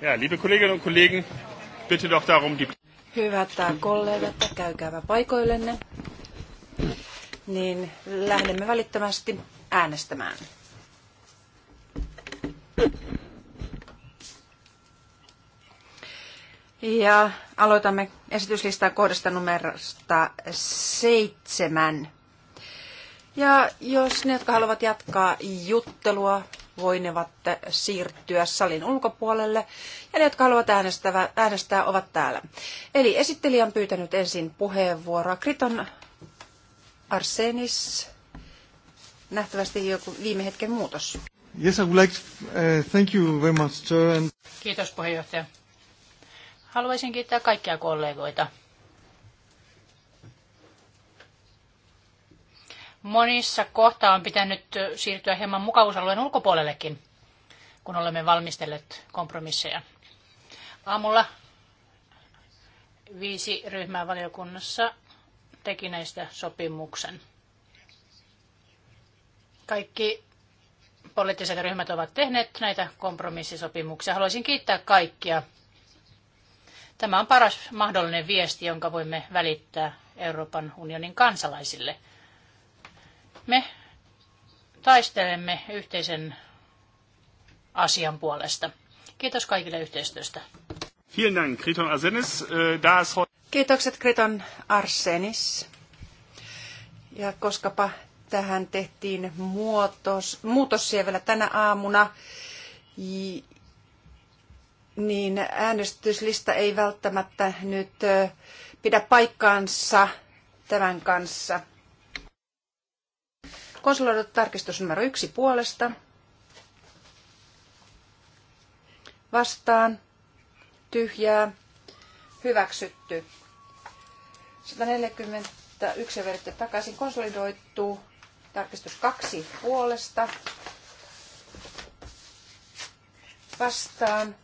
Ja, liebe Kolleginnen und Kollegen, bitte doch darum, die... Hyvät kollegat, käykääpä paikoillenne, niin lähdemme välittömästi äänestämään. Ja aloitamme esityslistan kohdasta numerosta seitsemän. Ja jos ne, jotka haluavat jatkaa juttelua, voinevat siirtyä salin ulkopuolelle ja ne, jotka haluavat äänestää, ovat täällä. Eli esittelijä on pyytänyt ensin puheenvuoroa. Kriton Arsenis, nähtävästi joku viime hetken muutos. Yes, I would like to, uh, thank you very much, sir, And... Kiitos puheenjohtaja. Haluaisin kiittää kaikkia kollegoita monissa kohtaa on pitänyt siirtyä hieman mukavuusalueen ulkopuolellekin, kun olemme valmistelleet kompromisseja. Aamulla viisi ryhmää valiokunnassa teki näistä sopimuksen. Kaikki poliittiset ryhmät ovat tehneet näitä kompromissisopimuksia. Haluaisin kiittää kaikkia. Tämä on paras mahdollinen viesti, jonka voimme välittää Euroopan unionin kansalaisille – me taistelemme yhteisen asian puolesta. Kiitos kaikille yhteistyöstä. Kriton Arsenis. Äh, Kiitokset Kriton Arsenis. Ja koskapa tähän tehtiin muutos, muutos vielä tänä aamuna, niin äänestyslista ei välttämättä nyt äh, pidä paikkaansa tämän kanssa. Konsoloitu tarkistus numero yksi puolesta. Vastaan. Tyhjää. Hyväksytty. 141 vedetty takaisin konsolidoituu. Tarkistus kaksi puolesta. Vastaan.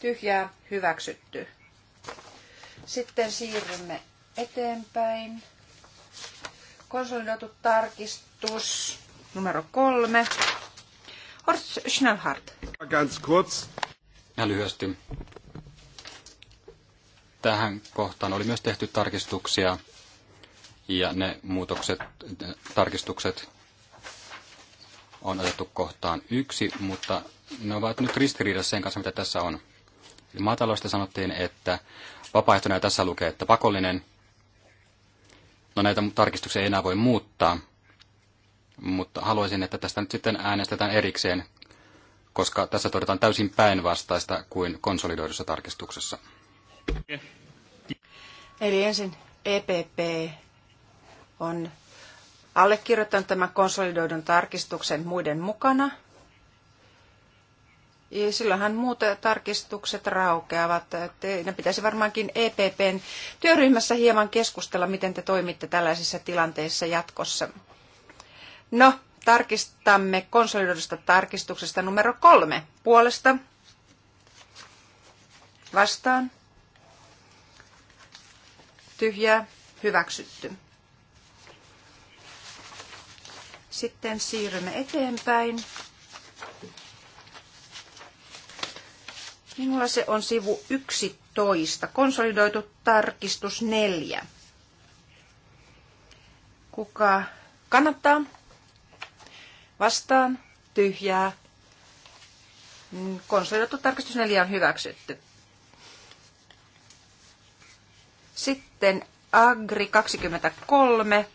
Tyhjää. Hyväksytty. Sitten siirrymme eteenpäin. Konsolidoitu tarkistus numero kolme. Horst Schnellhardt. Ganz kurz. Ja lyhyesti. Tähän kohtaan oli myös tehty tarkistuksia ja ne muutokset, tarkistukset on otettu kohtaan yksi, mutta ne ovat nyt ristiriidassa sen kanssa, mitä tässä on. Eli maataloista sanottiin, että vapaaehtoinen tässä lukee, että pakollinen – No näitä tarkistuksia ei enää voi muuttaa, mutta haluaisin, että tästä nyt sitten äänestetään erikseen, koska tässä todetaan täysin päinvastaista kuin konsolidoidussa tarkistuksessa. Eli ensin EPP on allekirjoittanut tämän konsolidoidun tarkistuksen muiden mukana – ja silloinhan muut tarkistukset raukeavat. Teidän pitäisi varmaankin EPPn työryhmässä hieman keskustella, miten te toimitte tällaisissa tilanteissa jatkossa. No, tarkistamme konsolidoidusta tarkistuksesta numero kolme puolesta. Vastaan. Tyhjää. Hyväksytty. Sitten siirrymme eteenpäin. Minulla se on sivu 11, konsolidoitu tarkistus 4. Kuka kannattaa? Vastaan, tyhjää. Konsolidoitu tarkistus 4 on hyväksytty. Sitten Agri 23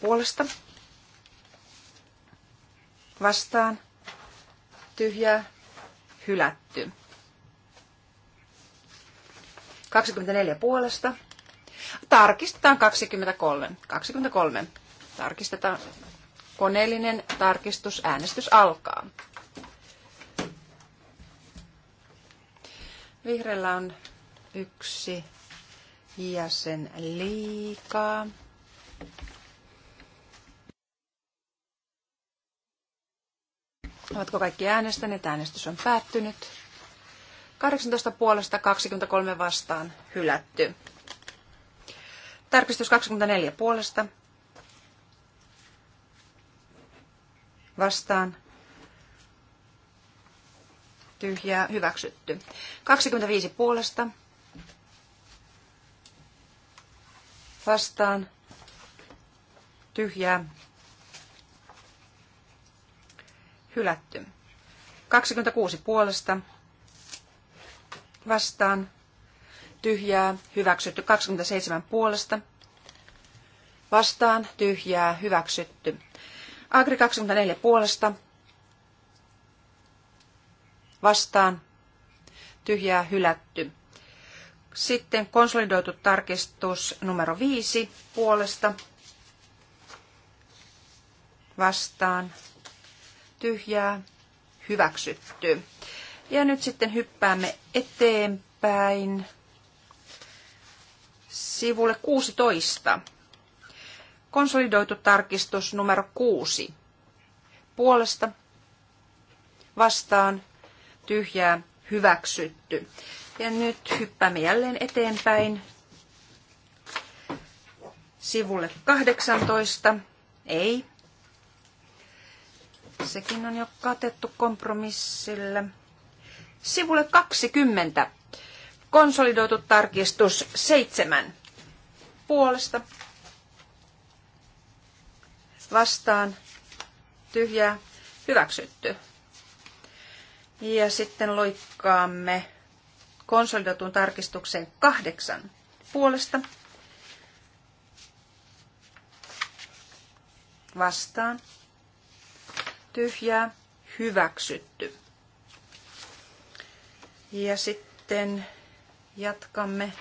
puolesta vastaan tyhjää hylätty. 24 puolesta. Tarkistetaan 23. 23. Tarkistetaan. Koneellinen tarkistus. Äänestys alkaa. Vihreällä on yksi jäsen liikaa. Ovatko kaikki äänestäneet? Äänestys on päättynyt. 18 puolesta 23 vastaan hylätty. Tarkistus 24 puolesta. Vastaan. Tyhjää hyväksytty. 25 puolesta. Vastaan. Tyhjää Hylätty. 26 puolesta. Vastaan. Tyhjää. Hyväksytty. 27 puolesta. Vastaan. Tyhjää. Hyväksytty. Agri 24 puolesta. Vastaan. Tyhjää. Hylätty. Sitten konsolidoitu tarkistus numero 5 puolesta vastaan, tyhjää, hyväksytty. Ja nyt sitten hyppäämme eteenpäin sivulle 16. Konsolidoitu tarkistus numero 6. Puolesta vastaan tyhjää hyväksytty. Ja nyt hyppäämme jälleen eteenpäin sivulle 18. Ei, Sekin on jo katettu kompromissille. Sivulle 20. Konsolidoitu tarkistus 7. Puolesta. Vastaan. Tyhjää. Hyväksytty. Ja sitten loikkaamme konsolidoituun tarkistukseen kahdeksan puolesta. Vastaan tyhjää hyväksytty. Ja sitten jatkamme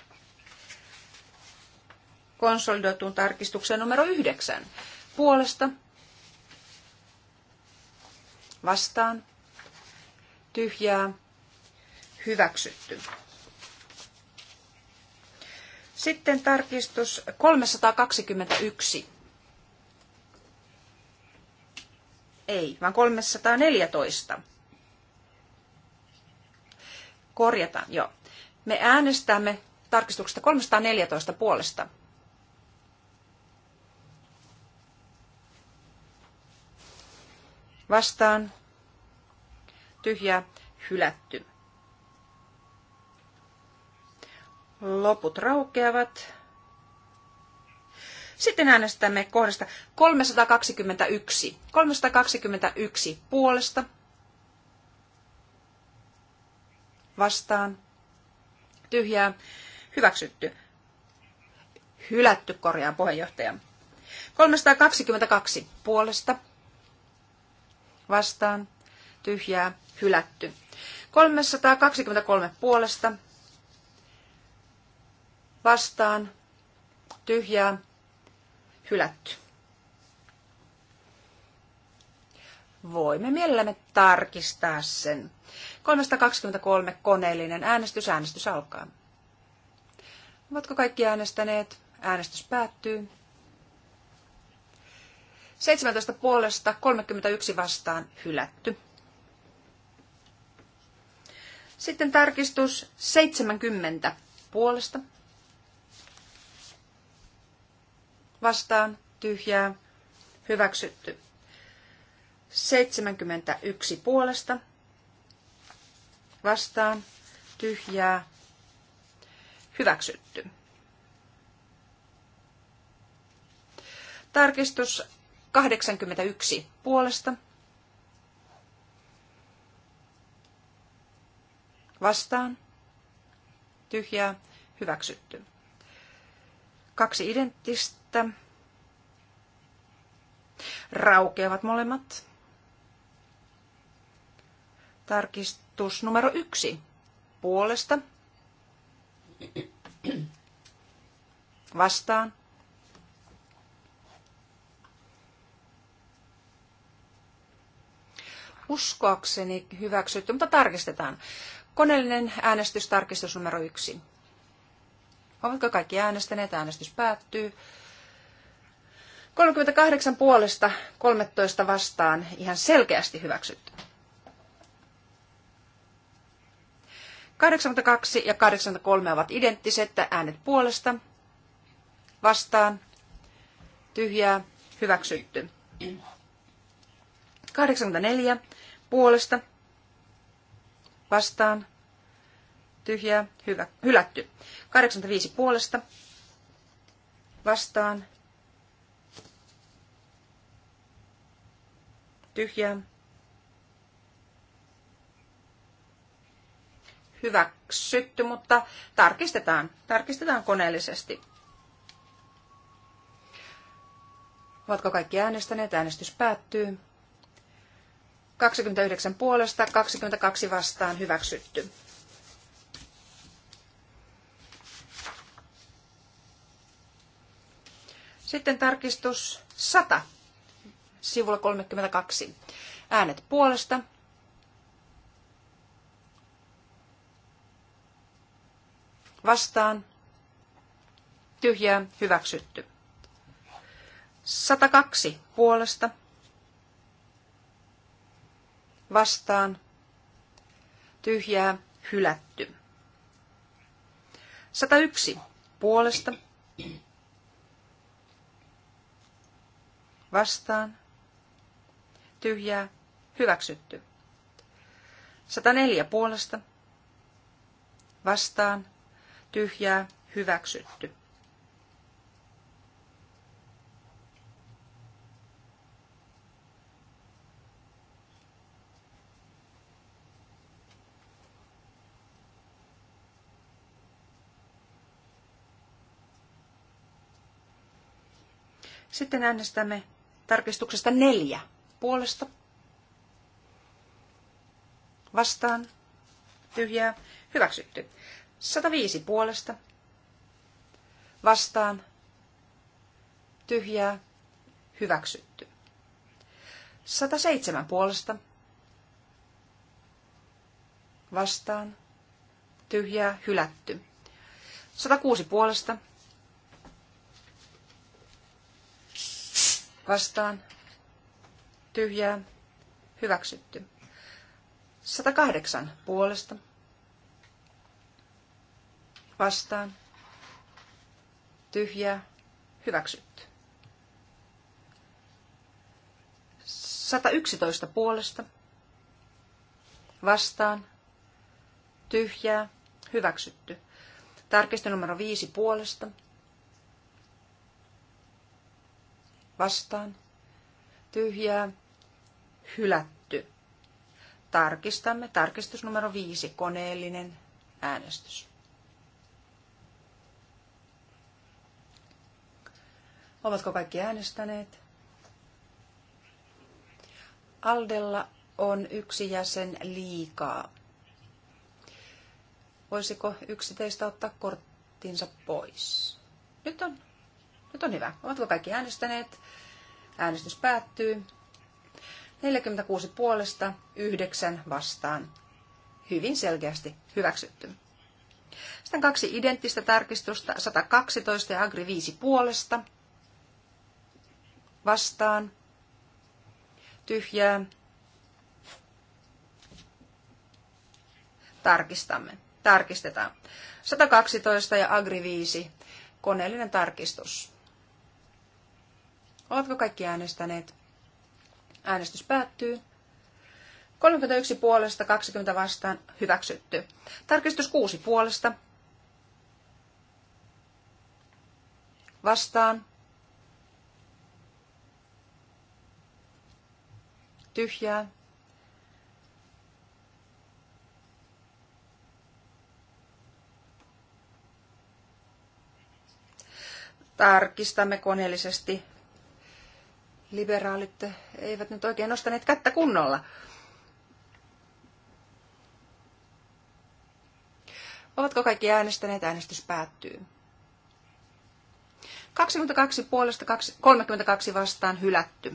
konsolidoituun tarkistukseen numero yhdeksän Puolesta vastaan tyhjää hyväksytty. Sitten tarkistus 321 Ei, vaan 314. Korjataan, joo. Me äänestämme tarkistuksesta 314 puolesta. Vastaan. Tyhjä. Hylätty. Loput raukeavat. Sitten äänestämme kohdasta 321. 321 puolesta. Vastaan. Tyhjää. Hyväksytty. Hylätty korjaa puheenjohtaja. 322 puolesta. Vastaan. Tyhjää. Hylätty. 323 puolesta. Vastaan. Tyhjää hylätty. Voimme mielellämme tarkistaa sen. 323 koneellinen äänestys. Äänestys alkaa. Ovatko kaikki äänestäneet? Äänestys päättyy. 17 puolesta 31 vastaan hylätty. Sitten tarkistus 70 puolesta vastaan tyhjää hyväksytty. 71 puolesta vastaan tyhjää hyväksytty. Tarkistus 81 puolesta vastaan tyhjää hyväksytty. Kaksi identtistä. Raukeavat molemmat. Tarkistus numero yksi puolesta. Vastaan. Uskoakseni hyväksytty, mutta tarkistetaan. Koneellinen äänestys tarkistus numero yksi. Ovatko kaikki äänestäneet? Äänestys päättyy. 38 puolesta 13 vastaan ihan selkeästi hyväksytty. 82 ja 83 ovat identtiset, äänet puolesta, vastaan, tyhjää, hyväksytty. 84 puolesta, vastaan, tyhjää, hyvä, hylätty. 85 puolesta vastaan tyhjää, hyväksytty, mutta tarkistetaan, tarkistetaan koneellisesti. Ovatko kaikki äänestäneet? Äänestys päättyy. 29 puolesta, 22 vastaan hyväksytty. Sitten tarkistus 100 sivulla 32. Äänet puolesta. Vastaan. Tyhjää. Hyväksytty. 102 puolesta. Vastaan. Tyhjää. Hylätty. 101 puolesta. vastaan, tyhjää, hyväksytty. 104 puolesta, vastaan, tyhjää, hyväksytty. Sitten tarkistuksesta neljä puolesta. Vastaan. Tyhjää. Hyväksytty. 105 puolesta. Vastaan. Tyhjää. Hyväksytty. 107 puolesta. Vastaan. Tyhjää. Hylätty. 106 puolesta vastaan, tyhjää, hyväksytty. 108 puolesta, vastaan, tyhjää, hyväksytty. 111 puolesta, vastaan, tyhjää, hyväksytty. Tarkiste numero 5 puolesta, vastaan, tyhjää, hylätty. Tarkistamme tarkistus numero viisi, koneellinen äänestys. Ovatko kaikki äänestäneet? Aldella on yksi jäsen liikaa. Voisiko yksi teistä ottaa korttinsa pois? Nyt on nyt on hyvä. Ovatko kaikki äänestäneet? Äänestys päättyy. 46 puolesta, 9 vastaan. Hyvin selkeästi hyväksytty. Sitten kaksi identtistä tarkistusta, 112 ja Agri 5 puolesta. Vastaan. Tyhjää. Tarkistamme. Tarkistetaan. 112 ja Agri 5. Koneellinen tarkistus. Ovatko kaikki äänestäneet? Äänestys päättyy. 31 puolesta, 20 vastaan, hyväksytty. Tarkistus 6 puolesta. Vastaan. Tyhjää. Tarkistamme koneellisesti liberaalit eivät nyt oikein nostaneet kättä kunnolla. Ovatko kaikki äänestäneet? Äänestys päättyy. 22 puolesta 32 vastaan hylätty.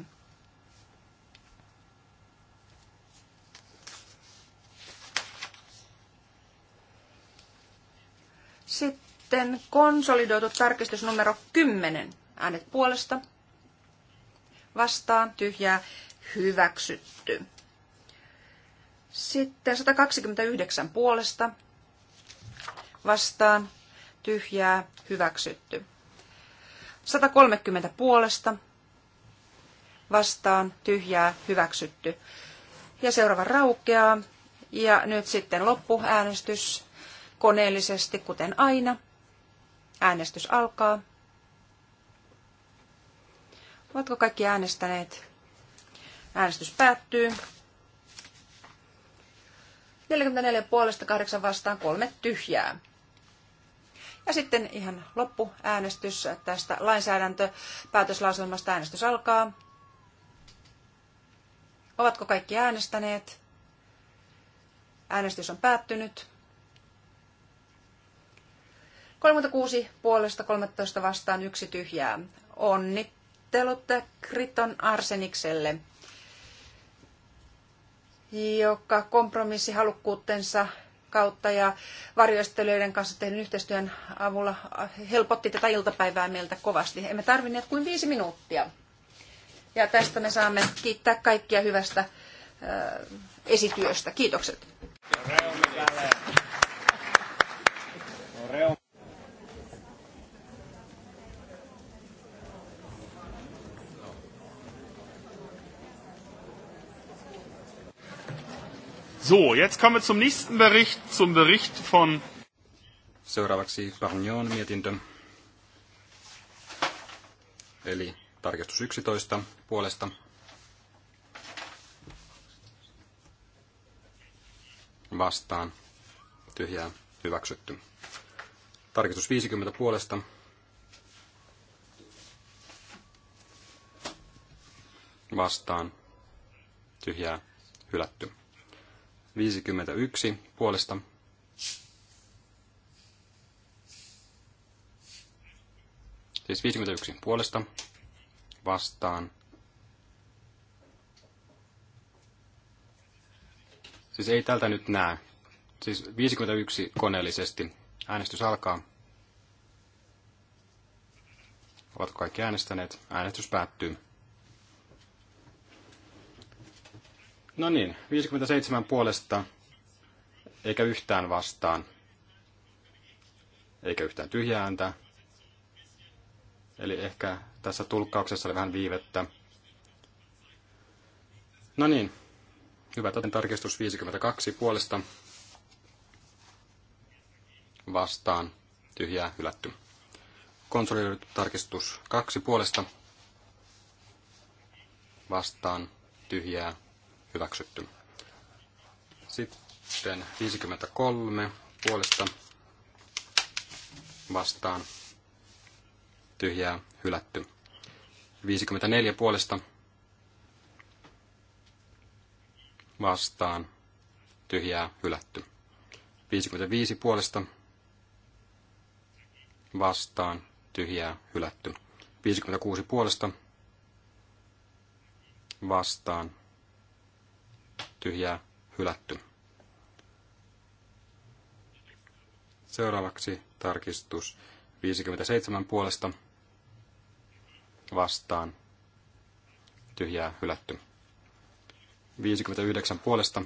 Sitten konsolidoitu tarkistus numero 10. Äänet puolesta, vastaan tyhjää hyväksytty. Sitten 129 puolesta vastaan tyhjää hyväksytty. 130 puolesta vastaan tyhjää hyväksytty. Ja seuraava raukeaa. Ja nyt sitten loppuäänestys koneellisesti, kuten aina. Äänestys alkaa. Ovatko kaikki äänestäneet? Äänestys päättyy. 44 puolesta 8 vastaan kolme tyhjää. Ja sitten ihan loppu äänestys tästä lainsäädäntöpäätöslauselmasta. Äänestys alkaa. Ovatko kaikki äänestäneet? Äänestys on päättynyt. 36 puolesta 13 vastaan yksi tyhjää. Onni onnittelut Kriton Arsenikselle, joka kompromissihalukkuutensa kautta ja varjoistelijoiden kanssa tehdyn yhteistyön avulla helpotti tätä iltapäivää meiltä kovasti. Emme tarvinneet kuin viisi minuuttia. Ja tästä me saamme kiittää kaikkia hyvästä esityöstä. Kiitokset. So, jetzt kommen wir zum nächsten Bericht, zum Bericht von... Seuraavaksi Pahnion mietintö. Eli tarkistus 11 puolesta. Vastaan. Tyhjää. Hyväksytty. Tarkistus 50 puolesta. Vastaan. Tyhjää. Hylätty. 51 puolesta Siis 51 puolesta vastaan. Siis ei tältä nyt näe. Siis 51 koneellisesti. Äänestys alkaa. Ovatko kaikki äänestäneet? Äänestys päättyy. No niin, 57 puolesta, eikä yhtään vastaan, eikä yhtään tyhjää ääntä. Eli ehkä tässä tulkkauksessa oli vähän viivettä. No niin, hyvä toten tarkistus 52 puolesta vastaan, tyhjää hylätty. Konsolidoitu tarkistus 2 puolesta vastaan, tyhjää hyväksytty. Sitten 53 puolesta vastaan tyhjää hylätty. 54 puolesta vastaan tyhjää hylätty. 55 puolesta vastaan tyhjää hylätty. 56 puolesta vastaan tyhjää hylätty. Seuraavaksi tarkistus 57 puolesta vastaan tyhjää hylätty. 59 puolesta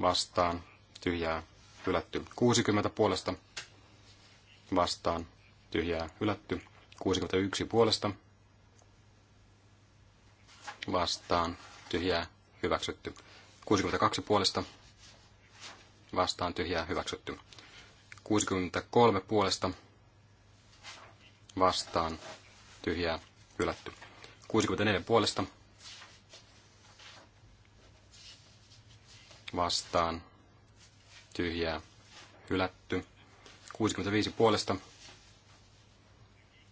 vastaan tyhjää hylätty. 60 puolesta vastaan tyhjää hylätty. 61 puolesta vastaan tyhjää hyväksytty. 62 puolesta vastaan tyhjää hyväksytty. 63 puolesta vastaan tyhjää hylätty. 64 puolesta vastaan tyhjää hylätty. 65 puolesta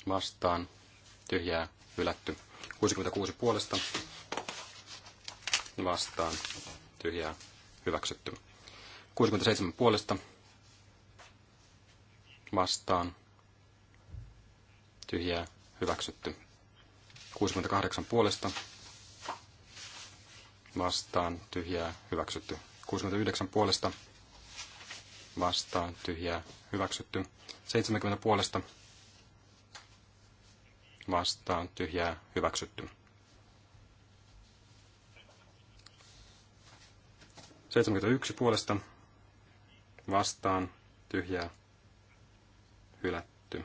vastaan tyhjää hylätty. 66 puolesta vastaan tyhjää hyväksytty. 67 puolesta vastaan tyhjää hyväksytty. 68 puolesta vastaan tyhjää hyväksytty. 69 puolesta vastaan tyhjää hyväksytty. 70 puolesta vastaan, tyhjää, vastaan tyhjää hyväksytty. 71 puolesta vastaan tyhjää hylätty.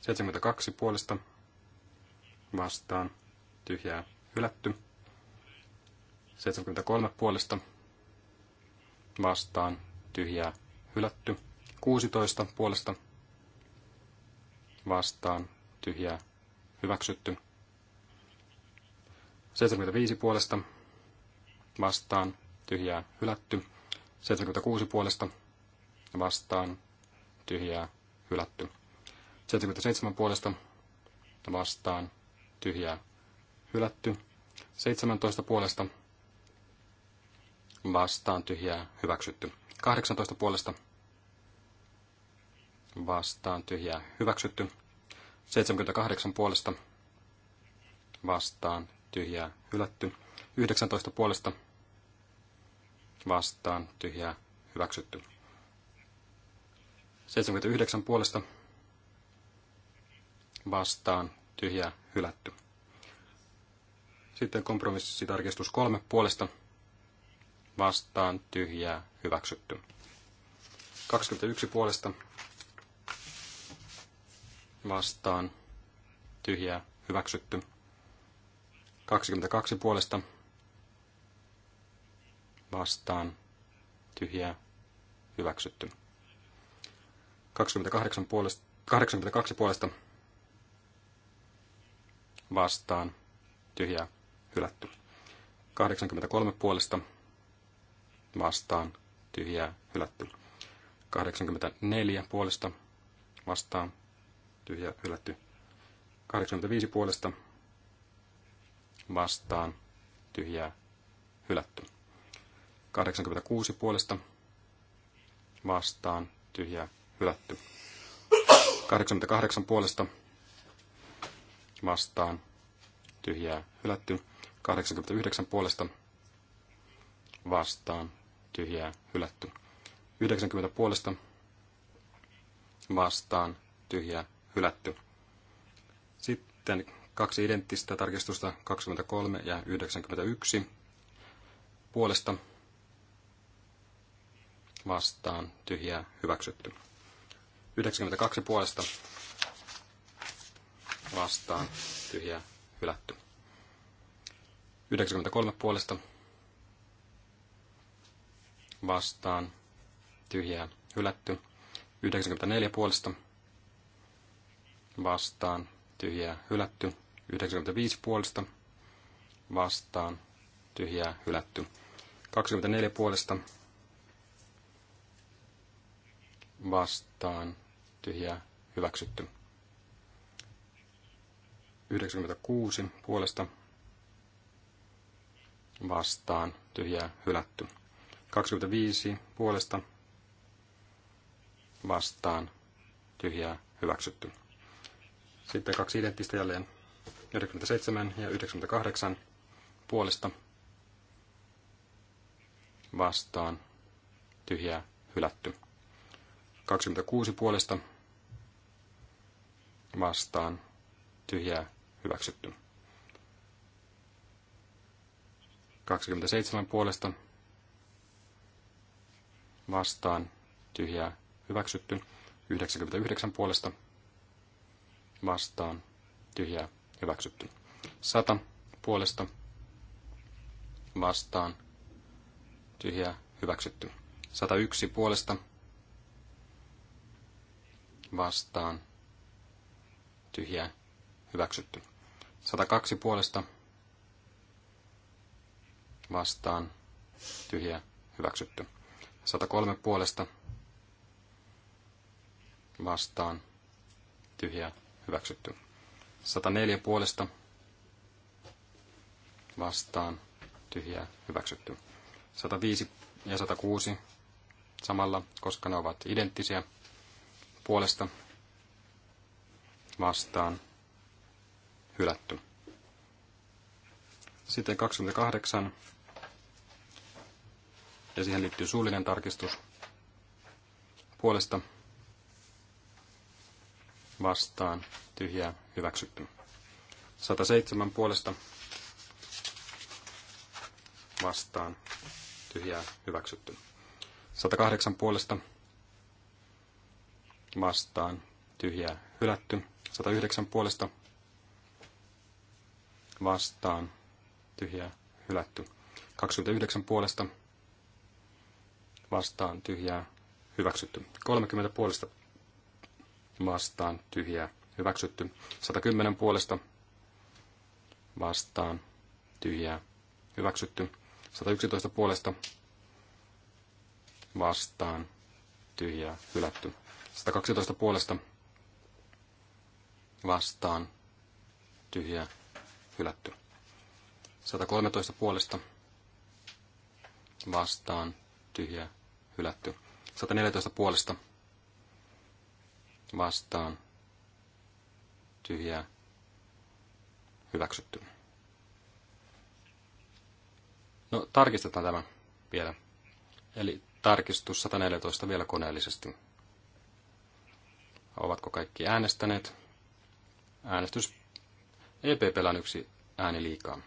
72 puolesta vastaan tyhjää hylätty. 73 puolesta vastaan tyhjää hylätty. 16 puolesta vastaan tyhjää hyväksytty. 75 puolesta vastaan tyhjää hylätty. 76 puolesta vastaan tyhjää hylätty. 77 puolesta vastaan tyhjää hylätty. 17 puolesta vastaan tyhjää hyväksytty. 18 puolesta vastaan tyhjää hyväksytty. 78 puolesta vastaan tyhjää hylätty. 19 puolesta vastaan tyhjää hyväksytty. 79 puolesta vastaan tyhjää hylätty. Sitten kompromissitarkistus 3 puolesta vastaan tyhjää hyväksytty. 21 puolesta vastaan tyhjää hyväksytty. 22 puolesta vastaan tyhjää hyväksytty. 28 puolesta, 82 puolesta vastaan tyhjää hylätty. 83 puolesta vastaan tyhjää hylätty. 84 puolesta vastaan hylätty ja hylätty. 85 puolesta vastaan tyhjää hylätty. 86 puolesta vastaan tyhjää hylätty. 88 puolesta vastaan tyhjää hylätty. 89 puolesta vastaan tyhjää hylätty. 90 puolesta vastaan tyhjää hylätty. Sitten kaksi identtistä tarkistusta 23 ja 91 puolesta vastaan tyhjää hyväksytty. 92 puolesta vastaan tyhjää hylätty. 93 puolesta vastaan tyhjää hylätty. 94 puolesta vastaan, vastaan, tyhjää hylätty. 95 puolesta vastaan, tyhjää hylätty. 24 puolesta vastaan, tyhjää hyväksytty. 96 puolesta vastaan, tyhjää hylätty. 25 puolesta vastaan, tyhjää hyväksytty. Sitten kaksi identtistä jälleen 97 ja 98 puolesta vastaan tyhjää hylätty. 26 puolesta vastaan tyhjää hyväksytty. 27 puolesta vastaan tyhjää hyväksytty. 99 puolesta vastaan tyhjää hyväksytty. sata puolesta vastaan tyhjää hyväksytty. sata yksi puolesta vastaan tyhjää hyväksytty. sata kaksi puolesta vastaan tyhjää hyväksytty. sata kolme puolesta vastaan tyhjää hyväksytty. 104 puolesta vastaan tyhjää hyväksytty. 105 ja 106 samalla, koska ne ovat identtisiä puolesta vastaan hylätty. Sitten 28 ja siihen liittyy suullinen tarkistus puolesta vastaan tyhjää hyväksytty. 107 puolesta vastaan tyhjää hyväksytty. 108 puolesta vastaan tyhjää hylätty. 109 puolesta vastaan tyhjää hylätty. 29 puolesta vastaan tyhjää hyväksytty. 30 puolesta vastaan tyhjää hyväksytty. 110 puolesta vastaan tyhjää hyväksytty. 111 puolesta vastaan tyhjää hylätty. 112 puolesta vastaan tyhjää hylätty. 113 puolesta vastaan tyhjää hylätty. 114 puolesta vastaan, vastaan tyhjää hyväksytty. No tarkistetaan tämä vielä. Eli tarkistus 114 vielä koneellisesti. Ovatko kaikki äänestäneet? Äänestys EPP on yksi ääni liikaa.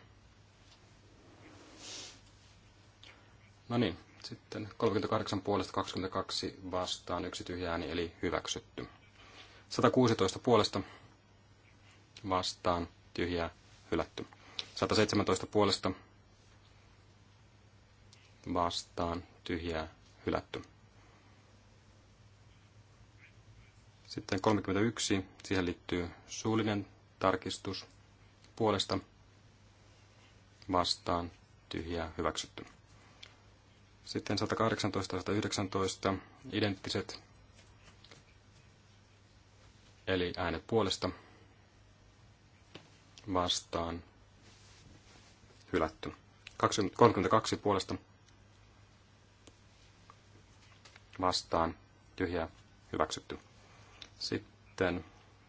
No niin, sitten 38 puolesta 22 vastaan yksi tyhjä ääni, eli hyväksytty. 116 puolesta vastaan tyhjää hylätty. 117 puolesta vastaan tyhjää hylätty. Sitten 31, siihen liittyy suullinen tarkistus puolesta vastaan tyhjää hyväksytty. Sitten 118-119 identtiset Eli äänet puolesta vastaan hylätty. 32 puolesta vastaan tyhjää hyväksytty. Sitten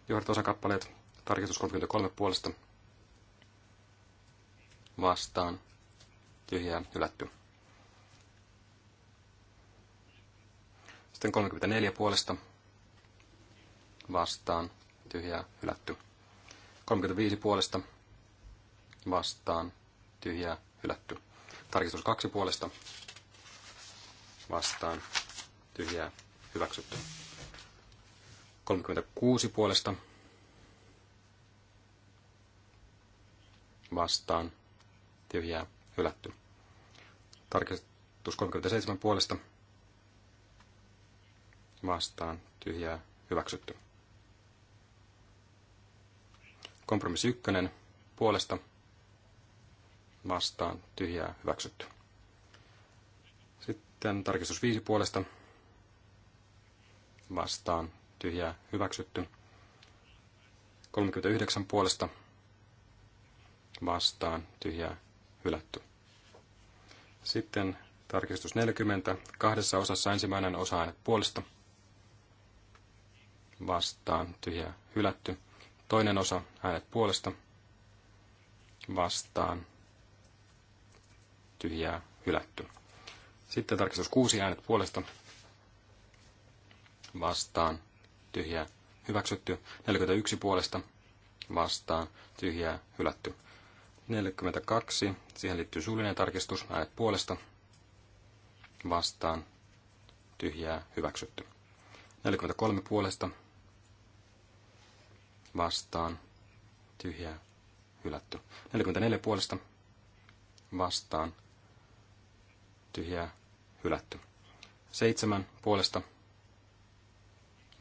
johdat osakappaleet tarkistus 33 puolesta vastaan tyhjää hylätty. Sitten 34 puolesta vastaan, tyhjää, hylätty. 35 puolesta vastaan, tyhjää, hylätty. Tarkistus 2 puolesta vastaan, tyhjää, hyväksytty. 36 puolesta vastaan, tyhjää, hylätty. Tarkistus 37 puolesta vastaan, tyhjää, hyväksytty. Kompromissi ykkönen puolesta vastaan tyhjää hyväksytty. Sitten tarkistus viisi puolesta vastaan tyhjää hyväksytty. 39 puolesta vastaan tyhjää hylätty. Sitten tarkistus 40. Kahdessa osassa ensimmäinen osa puolesta vastaan tyhjää hylätty. Toinen osa, äänet puolesta, vastaan, tyhjää, hylätty. Sitten tarkistus kuusi äänet puolesta, vastaan, tyhjää, hyväksytty. 41 puolesta, vastaan, tyhjää, hylätty. 42, siihen liittyy suullinen tarkistus, äänet puolesta, vastaan, tyhjää, hyväksytty. 43 puolesta, vastaan, tyhjää, hylätty. 44 puolesta vastaan, tyhjää, hylätty. 7 puolesta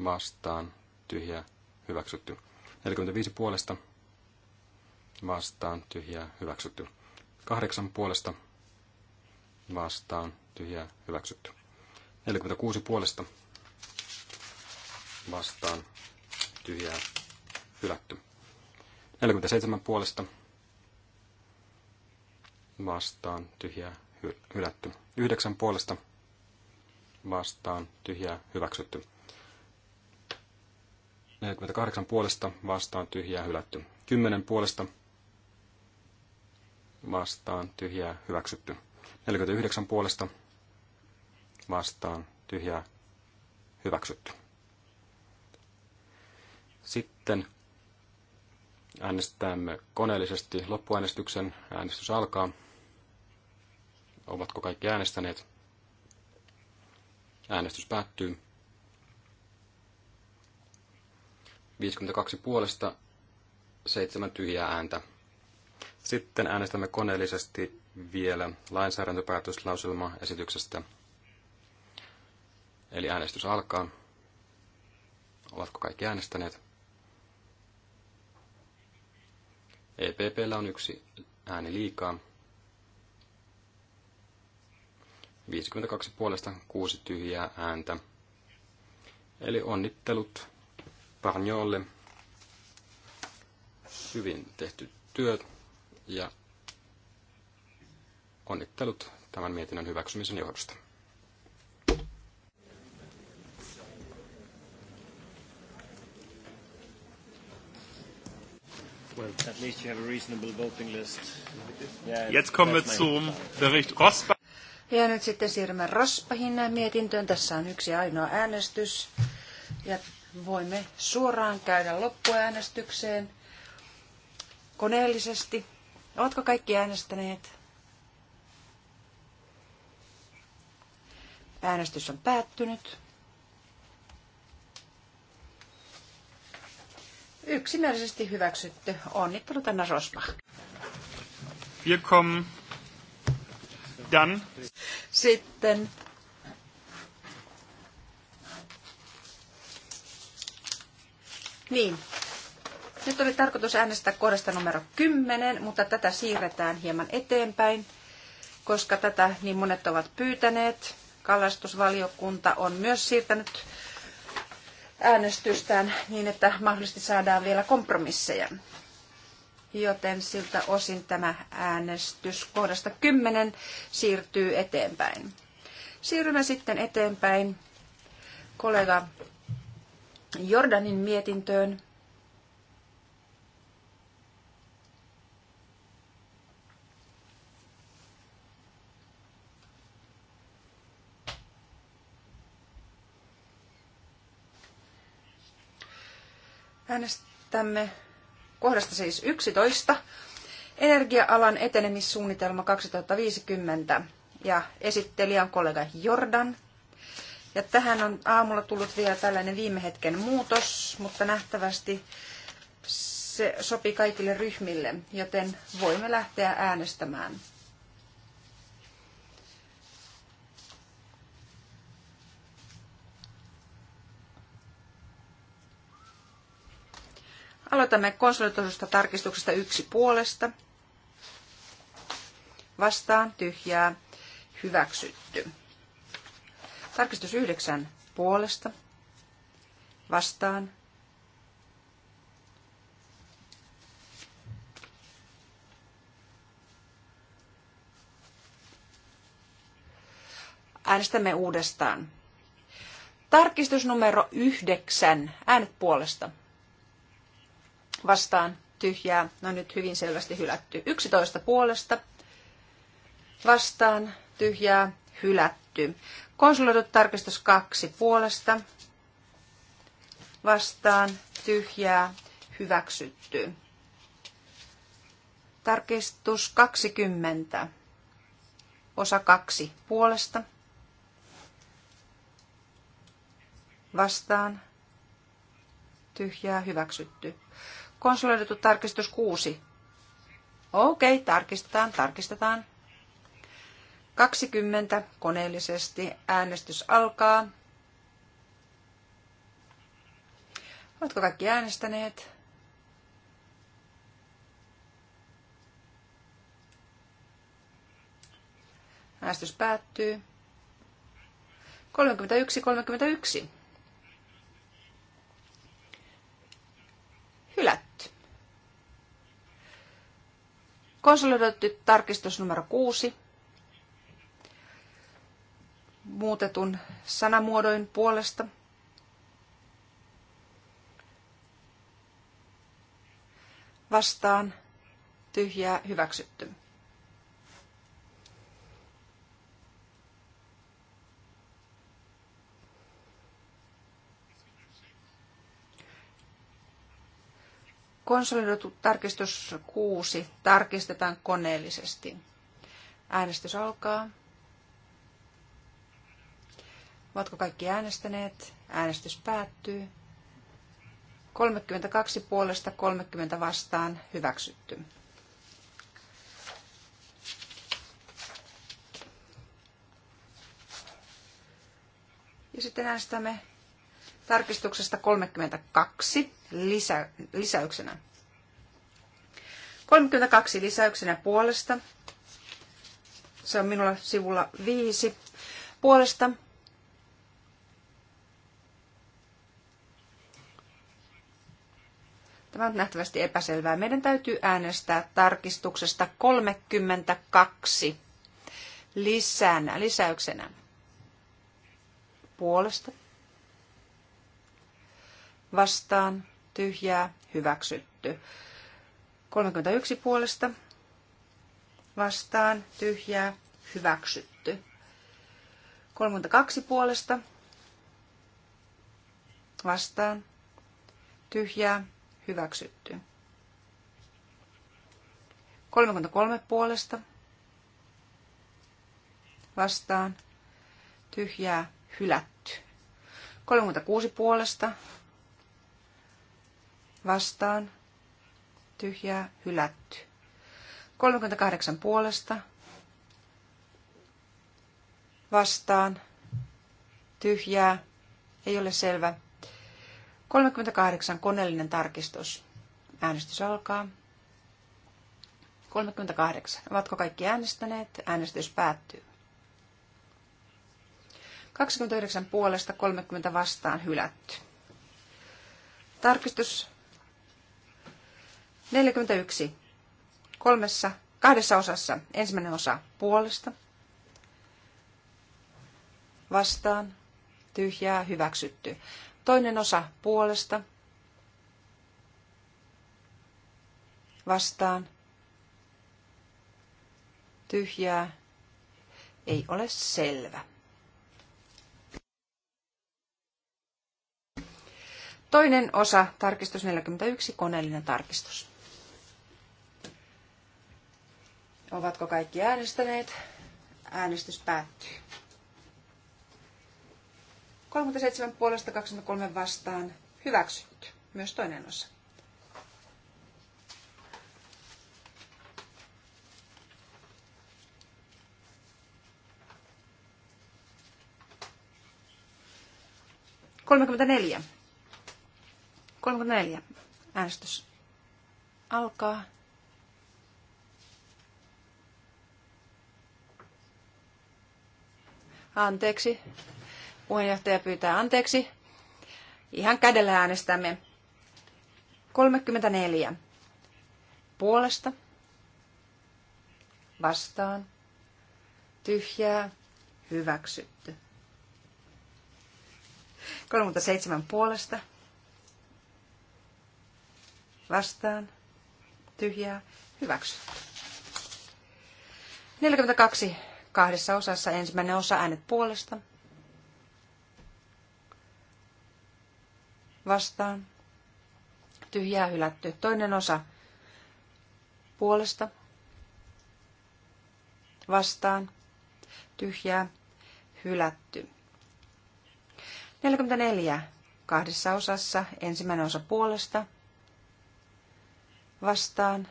vastaan, tyhjää, hyväksytty. 45 puolesta vastaan, tyhjää, hyväksytty. 8 puolesta vastaan, tyhjää, hyväksytty. 46 puolesta vastaan, tyhjää, hylätty. 47 puolesta vastaan tyhjää hylätty. 9 puolesta vastaan tyhjää hyväksytty. 48 puolesta vastaan tyhjää hylätty. 10 puolesta vastaan tyhjää hyväksytty. 49 puolesta vastaan tyhjää hyväksytty. Sitten Äänestämme koneellisesti loppuäänestyksen. Äänestys alkaa. Ovatko kaikki äänestäneet? Äänestys päättyy. 52 puolesta, 7 tyhjää ääntä. Sitten äänestämme koneellisesti vielä esityksestä Eli äänestys alkaa. Ovatko kaikki äänestäneet? EPPllä on yksi ääni liikaa. 52 puolesta, kuusi tyhjää ääntä. Eli onnittelut Parniolle. Hyvin tehty työ ja onnittelut tämän mietinnön hyväksymisen johdosta. Jetzt kommen wir zum Bericht Rosbach. Ja nyt sitten siirrymme Rospahin mietintöön. Tässä on yksi ainoa äänestys. Ja voimme suoraan käydä loppuäänestykseen koneellisesti. Oletko kaikki äänestäneet? Äänestys on päättynyt. Yksimielisesti hyväksytty. Onnittelut Anna Rosbach. Wir kommen dann. Sitten Niin. Nyt oli tarkoitus äänestää kohdasta numero 10, mutta tätä siirretään hieman eteenpäin, koska tätä niin monet ovat pyytäneet. Kalastusvaliokunta on myös siirtänyt äänestystään niin, että mahdollisesti saadaan vielä kompromisseja. Joten siltä osin tämä äänestys kohdasta 10 siirtyy eteenpäin. Siirrymme sitten eteenpäin kollega Jordanin mietintöön. Äänestämme kohdasta siis 11. Energia-alan etenemissuunnitelma 2050 ja esittelijä on kollega Jordan. Ja tähän on aamulla tullut vielä tällainen viime hetken muutos, mutta nähtävästi se sopii kaikille ryhmille, joten voimme lähteä äänestämään. Aloitamme konsolidoidusta tarkistuksesta yksi puolesta. Vastaan tyhjää hyväksytty. Tarkistus yhdeksän puolesta. Vastaan äänestämme uudestaan. Tarkistus numero yhdeksän. Äänet puolesta vastaan tyhjää, no nyt hyvin selvästi hylätty. 11 puolesta vastaan tyhjää, hylätty. Konsuloidut tarkistus 2 puolesta vastaan tyhjää, hyväksytty. Tarkistus 20. Osa 2 puolesta. Vastaan. Tyhjää hyväksytty konsolidoitu tarkistus 6. Okei, okay, tarkistetaan, tarkistetaan. 20 koneellisesti. Äänestys alkaa. Oletko kaikki äänestäneet? Äänestys päättyy. 31, 31. Hylät. Konsolidoitu tarkistus numero 6 muutetun sanamuodoin puolesta. Vastaan tyhjää hyväksytty. Konsolidoitu tarkistus 6 tarkistetaan koneellisesti. Äänestys alkaa. Ovatko kaikki äänestäneet? Äänestys päättyy. 32 puolesta 30 vastaan hyväksytty. Ja sitten äänestämme tarkistuksesta 32 lisä, lisäyksenä. 32 lisäyksenä puolesta. Se on minulla sivulla 5. Puolesta Tämä on nähtävästi epäselvää. Meidän täytyy äänestää tarkistuksesta 32 lisänä, lisäyksenä puolesta vastaan, tyhjää, hyväksytty. 31 puolesta vastaan, tyhjää, hyväksytty. 32 puolesta vastaan, tyhjää, hyväksytty. 33 puolesta vastaan, tyhjää, hylätty. 36 puolesta vastaan, tyhjää, hylätty. 38 puolesta, vastaan, tyhjää, ei ole selvä. 38 koneellinen tarkistus. Äänestys alkaa. 38. Ovatko kaikki äänestäneet? Äänestys päättyy. 29 puolesta 30 vastaan hylätty. Tarkistus 41. Kolmessa, kahdessa osassa. Ensimmäinen osa puolesta. Vastaan. Tyhjää. Hyväksytty. Toinen osa puolesta. Vastaan. Tyhjää. Ei ole selvä. Toinen osa, tarkistus 41, koneellinen tarkistus. Ovatko kaikki äänestäneet? Äänestys päättyy. 37 puolesta 23 vastaan hyväksytty. Myös toinen osa. Kolmekymmentä neljä. Äänestys alkaa. Anteeksi. Puheenjohtaja pyytää anteeksi. Ihan kädellä äänestämme. 34. Puolesta. Vastaan. Tyhjää. Hyväksytty. 37 puolesta. Vastaan. Tyhjää. Hyväksytty. 42 kahdessa osassa. Ensimmäinen osa äänet puolesta. Vastaan. Tyhjää hylätty. Toinen osa puolesta. Vastaan. Tyhjää hylätty. 44. Kahdessa osassa. Ensimmäinen osa puolesta. Vastaan.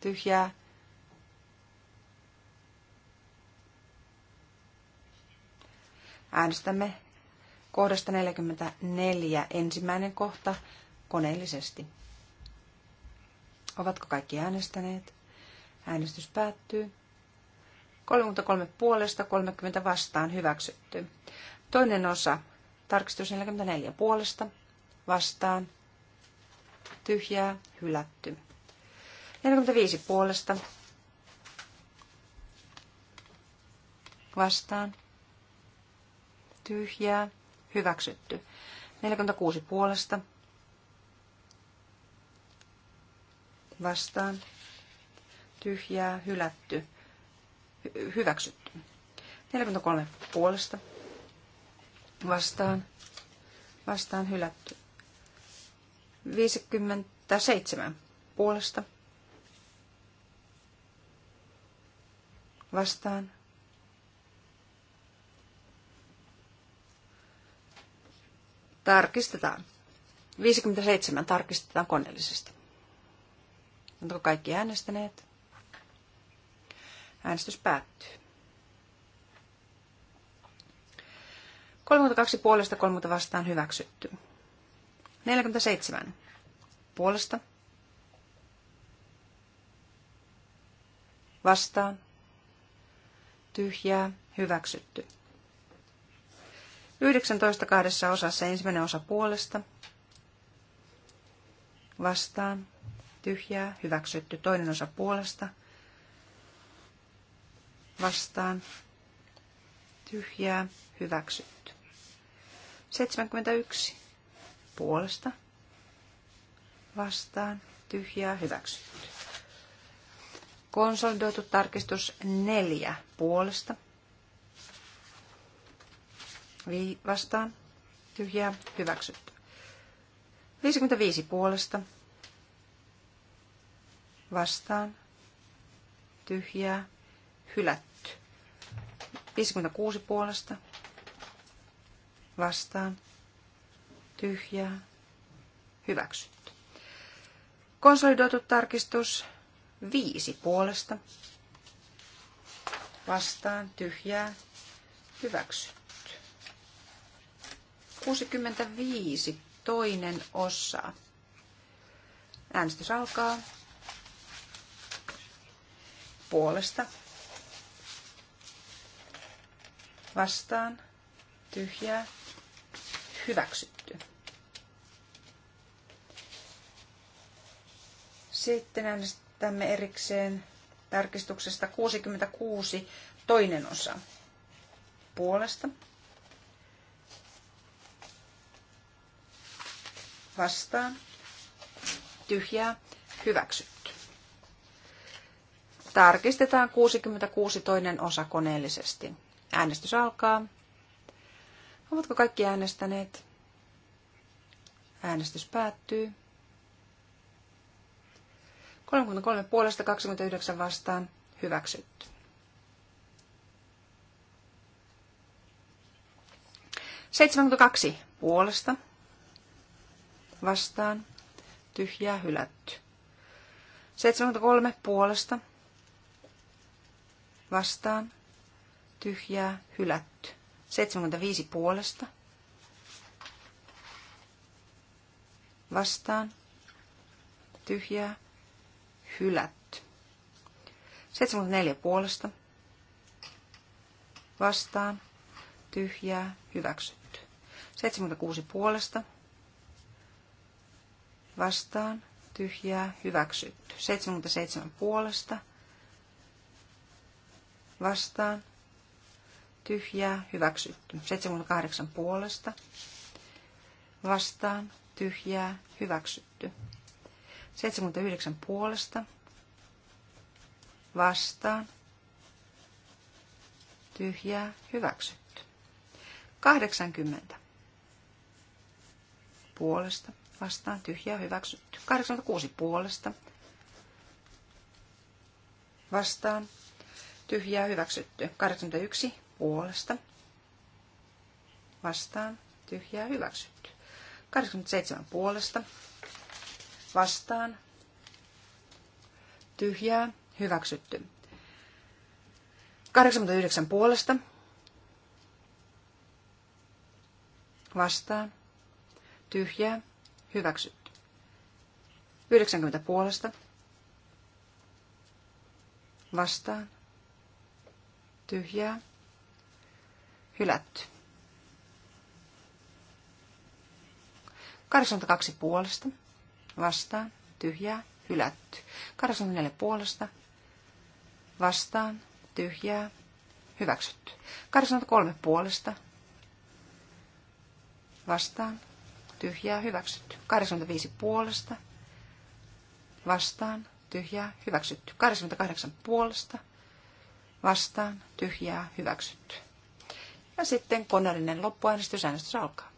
Tyhjää Äänestämme kohdasta 44 ensimmäinen kohta koneellisesti. Ovatko kaikki äänestäneet? Äänestys päättyy. 33 puolesta, 30 vastaan hyväksytty. Toinen osa, tarkistus 44 puolesta, vastaan, tyhjää, hylätty. 45 puolesta, vastaan, tyhjää, hyväksytty. 46 puolesta, vastaan, tyhjää, hylätty, hy- hyväksytty. 43 puolesta, vastaan, vastaan, hylätty. 57 puolesta, vastaan, Tarkistetaan. 57 tarkistetaan koneellisesti. Onko kaikki äänestäneet? Äänestys päättyy. 32 puolesta 3 vastaan hyväksytty. 47 puolesta vastaan tyhjää hyväksytty. 19 kahdessa osassa ensimmäinen osa puolesta. Vastaan. Tyhjää. Hyväksytty. Toinen osa puolesta. Vastaan. Tyhjää. Hyväksytty. 71. Puolesta. Vastaan. Tyhjää. Hyväksytty. Konsolidoitu tarkistus 4. Puolesta Vi vastaan. Tyhjää. Hyväksytty. 55 puolesta. Vastaan. Tyhjää. Hylätty. 56 puolesta. Vastaan. Tyhjää. Hyväksytty. Konsolidoitu tarkistus. 5 puolesta. Vastaan. Tyhjää. Hyväksytty. 65, toinen osa. Äänestys alkaa. Puolesta. Vastaan. Tyhjää. Hyväksytty. Sitten äänestämme erikseen tarkistuksesta 66 toinen osa puolesta vastaan, tyhjää, hyväksytty. Tarkistetaan 66 toinen osa koneellisesti. Äänestys alkaa. Ovatko kaikki äänestäneet? Äänestys päättyy. 33 puolesta 29 vastaan hyväksytty. Seitsemänkymmentäkaksi puolesta vastaan, tyhjää hylätty. 73 puolesta vastaan, tyhjää hylätty. 75 puolesta vastaan, tyhjää hylätty. 74 puolesta vastaan, tyhjää hyväksytty. 76 puolesta vastaan, tyhjää, hyväksytty. 77 puolesta, vastaan, tyhjää, hyväksytty. 78 puolesta, vastaan, tyhjää, hyväksytty. 79 puolesta, vastaan, tyhjää, hyväksytty. 80 puolesta, vastaan tyhjää hyväksytty. 86 puolesta vastaan tyhjää hyväksytty. 81 puolesta vastaan tyhjää hyväksytty. 87 puolesta vastaan tyhjää hyväksytty. 89 puolesta vastaan tyhjää Hyväksytty. 90 puolesta. Vastaan. Tyhjää. Hylätty. 82 puolesta. Vastaan. Tyhjää. Hylätty. 84 puolesta. Vastaan. Tyhjää. Hyväksytty. 83 puolesta. Vastaan tyhjää, hyväksytty. 85 puolesta, vastaan, tyhjää, hyväksytty. 88 puolesta, vastaan, tyhjää, hyväksytty. Ja sitten koneellinen loppuäänestys, äänestys alkaa.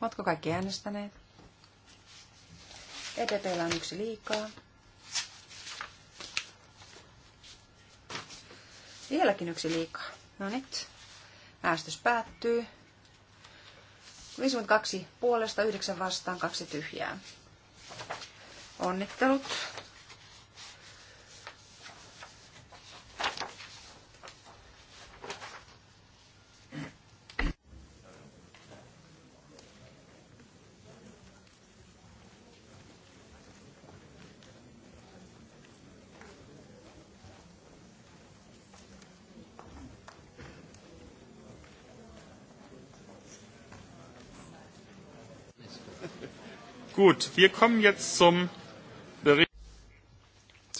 Oletko kaikki äänestäneet? Etepeillä on yksi liikaa. Vieläkin yksi liikaa. No nyt. Äästys päättyy. 52 puolesta, 9 vastaan, 2 tyhjää. Onnittelut Gut, wir kommen jetzt zum Bericht.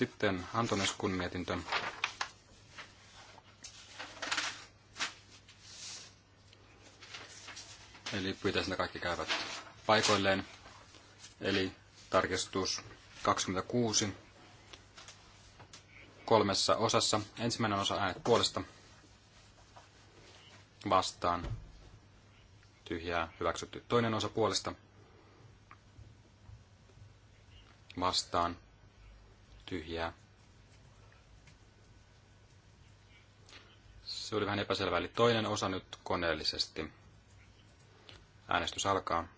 Sitten Antoneskun mietintö. Eli pyytäisin, ne kaikki käyvät paikoilleen. Eli tarkistus 26 kolmessa osassa. Ensimmäinen osa äänet puolesta vastaan. Tyhjää hyväksytty. Toinen osa puolesta vastaan tyhjää. Se oli vähän epäselvä, eli toinen osa nyt koneellisesti. Äänestys alkaa.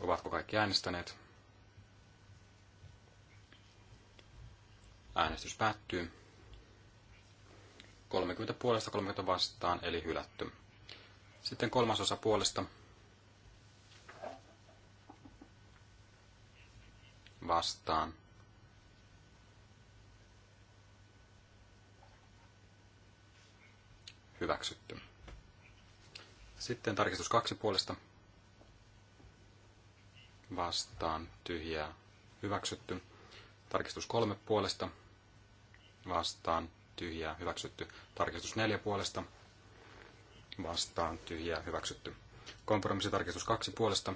Ovatko kaikki äänestäneet? Äänestys päättyy. 30 puolesta 30 vastaan, eli hylätty. Sitten kolmas osa puolesta. Vastaan. Hyväksytty. Sitten tarkistus kaksi puolesta. Vastaan. Tyhjää. Hyväksytty. Tarkistus kolme puolesta. Vastaan. Tyhjää. Hyväksytty. Tarkistus neljä puolesta vastaan tyhjää hyväksytty. Kompromissitarkistus kaksi puolesta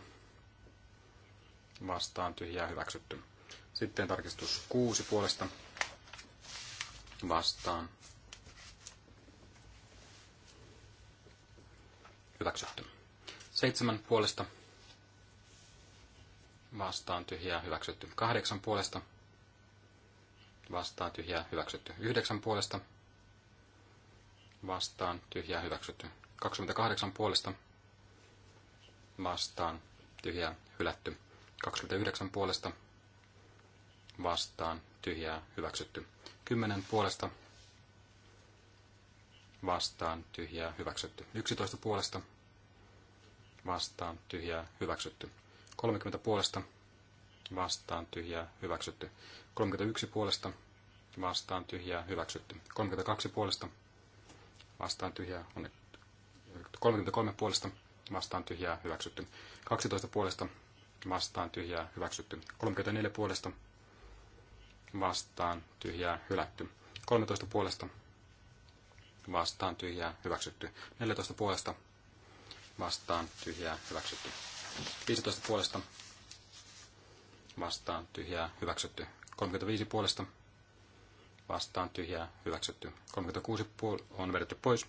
vastaan tyhjää hyväksytty. Sitten tarkistus kuusi puolesta vastaan hyväksytty. Seitsemän puolesta vastaan tyhjää hyväksytty. Kahdeksan puolesta vastaan tyhjää hyväksytty. Yhdeksän puolesta vastaan tyhjää hyväksytty. 28 puolesta vastaan tyhjä hylätty. 29 puolesta vastaan tyhjää hyväksytty. 10 puolesta vastaan tyhjää hyväksytty. 11 puolesta vastaan tyhjää hyväksytty. 30 puolesta vastaan tyhjää hyväksytty. 31 puolesta vastaan tyhjää hyväksytty. 32 puolesta vastaan tyhjää on 33 puolesta vastaan tyhjää hyväksytty. 12 puolesta vastaan tyhjää hyväksytty. 34 puolesta vastaan tyhjää hylätty. 13 puolesta vastaan tyhjää hyväksytty. 14 puolesta vastaan tyhjää hyväksytty. 15 puolesta vastaan tyhjää hyväksytty. 35 puolesta vastaan tyhjää hyväksytty. 36 puol- on vedetty pois.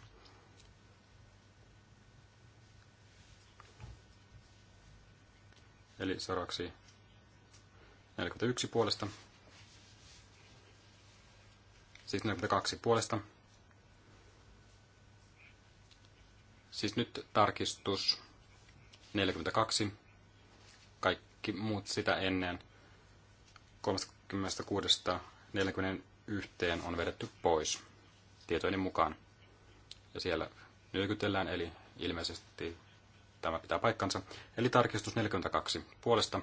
Eli saraksi 41 puolesta. Siis 42 puolesta. Siis nyt tarkistus 42. Kaikki muut sitä ennen 36.41 on vedetty pois tietojen mukaan. Ja siellä nyökytellään, eli ilmeisesti Tämä pitää paikkansa. Eli tarkistus 42 puolesta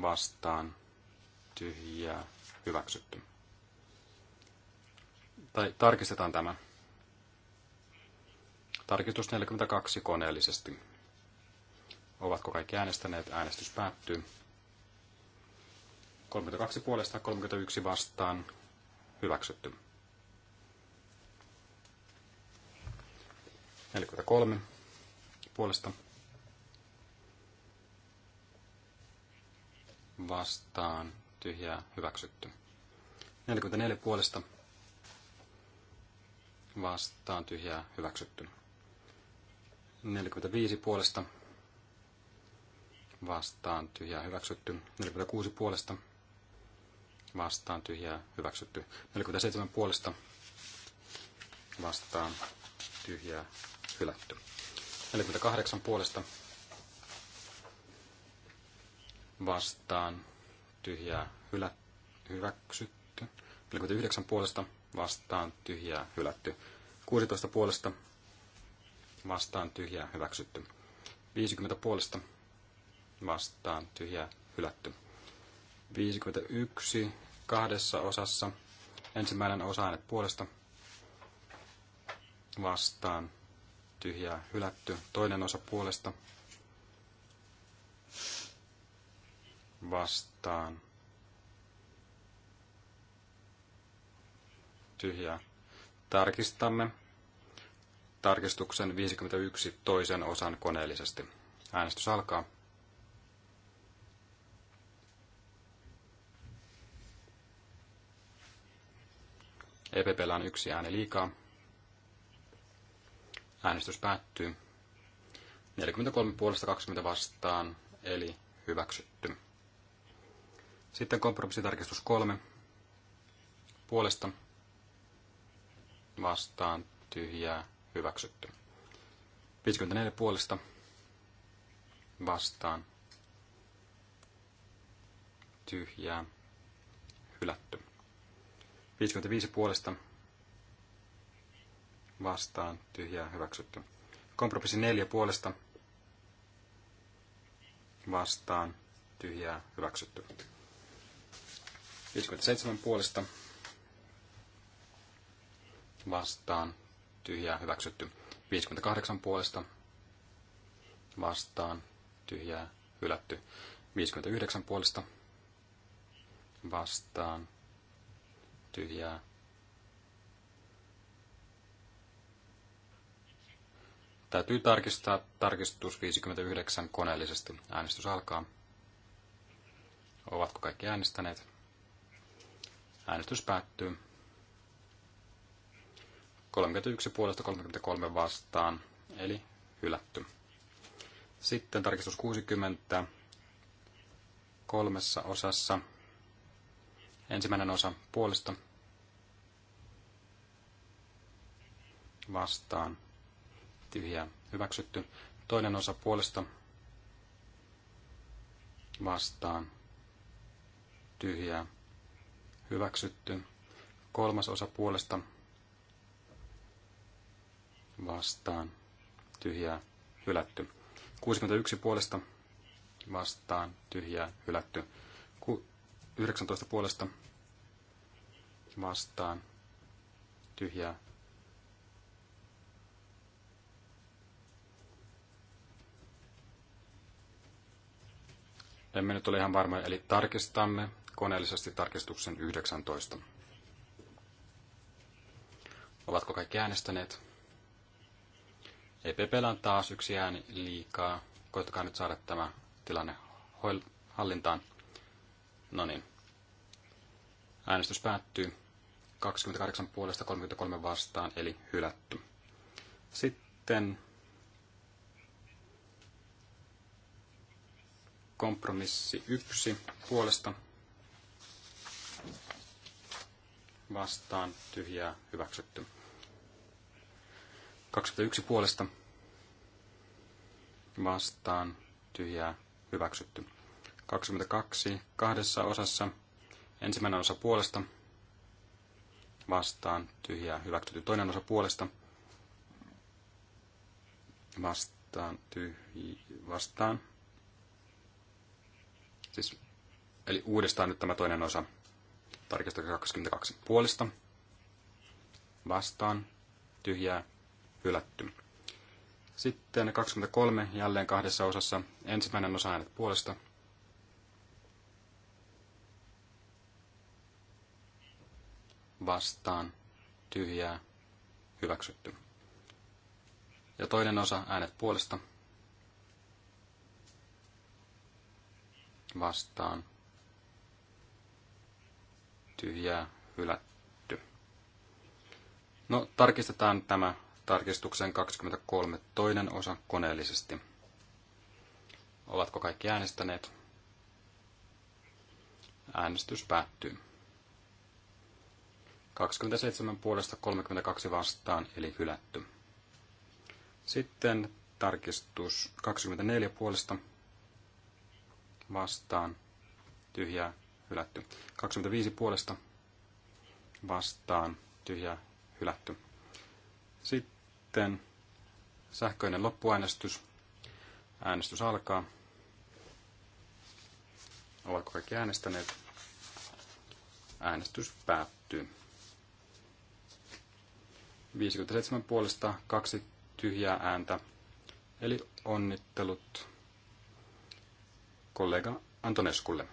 vastaan tyhjää hyväksytty. Tai tarkistetaan tämä. Tarkistus 42 koneellisesti. Ovatko kaikki äänestäneet? Äänestys päättyy. 32 puolesta, 31 vastaan. Hyväksytty. 43 puolesta vastaan tyhjää hyväksytty. 44 puolesta vastaan tyhjää hyväksytty. 45 puolesta vastaan tyhjää hyväksytty. 46 puolesta vastaan tyhjää hyväksytty. 47 puolesta vastaan tyhjää hylätty. 48 puolesta vastaan tyhjää hylä, hyväksytty. 49 puolesta vastaan tyhjää hylätty. 16 puolesta vastaan tyhjää hyväksytty. 50 puolesta vastaan tyhjää hylätty. 51 kahdessa osassa. Ensimmäinen osa puolesta vastaan tyhjää hylätty. Toinen osa puolesta vastaan tyhjää. Tarkistamme tarkistuksen 51 toisen osan koneellisesti. Äänestys alkaa. EPPllä on yksi ääni liikaa. Äänestys päättyy. 43 puolesta 20 vastaan, eli hyväksytty. Sitten kompromissitarkistus 3. Puolesta vastaan tyhjää hyväksytty. 54 puolesta vastaan tyhjää hylätty. 55 puolesta vastaan tyhjää hyväksytty. Kompromissi neljä puolesta vastaan tyhjää hyväksytty. 57 puolesta vastaan tyhjää hyväksytty. 58 puolesta vastaan tyhjää hylätty. 59 puolesta vastaan tyhjää Täytyy tarkistaa tarkistus 59 koneellisesti. Äänestys alkaa. Ovatko kaikki äänestäneet? Äänestys päättyy. 31 puolesta 33 vastaan, eli hylätty. Sitten tarkistus 60 kolmessa osassa. Ensimmäinen osa puolesta vastaan tyhjää hyväksytty. Toinen osa puolesta vastaan tyhjää hyväksytty. Kolmas osa puolesta vastaan tyhjää hylätty. 61 puolesta vastaan tyhjää hylätty. 19 puolesta vastaan tyhjää Emme nyt ole ihan varmoja, eli tarkistamme koneellisesti tarkistuksen 19. Ovatko kaikki äänestäneet? EPPllä on taas yksi ääni liikaa. Koittakaa nyt saada tämä tilanne hallintaan. No niin. Äänestys päättyy 28 puolesta 33 vastaan, eli hylätty. Sitten Kompromissi yksi puolesta vastaan tyhjää hyväksytty. 21 puolesta vastaan tyhjää hyväksytty. 22 kahdessa osassa ensimmäinen osa puolesta vastaan tyhjää hyväksytty. Toinen osa puolesta vastaan, tyhjää vastaan Siis, eli uudestaan nyt tämä toinen osa tarkistuksesta 22 puolista Vastaan. Tyhjää. Hylätty. Sitten 23 jälleen kahdessa osassa. Ensimmäinen osa äänet puolesta. Vastaan. Tyhjää. Hyväksytty. Ja toinen osa äänet puolesta. vastaan tyhjää hylätty. No, tarkistetaan tämä tarkistuksen 23 toinen osa koneellisesti. Ovatko kaikki äänestäneet? Äänestys päättyy. 27 puolesta 32 vastaan, eli hylätty. Sitten tarkistus 24 puolesta vastaan, tyhjää, hylätty. 25 puolesta vastaan, tyhjää, hylätty. Sitten sähköinen loppuäänestys. Äänestys alkaa. Ovatko kaikki äänestäneet? Äänestys päättyy. 57 puolesta, kaksi tyhjää ääntä. Eli onnittelut kollega Antoneskulle.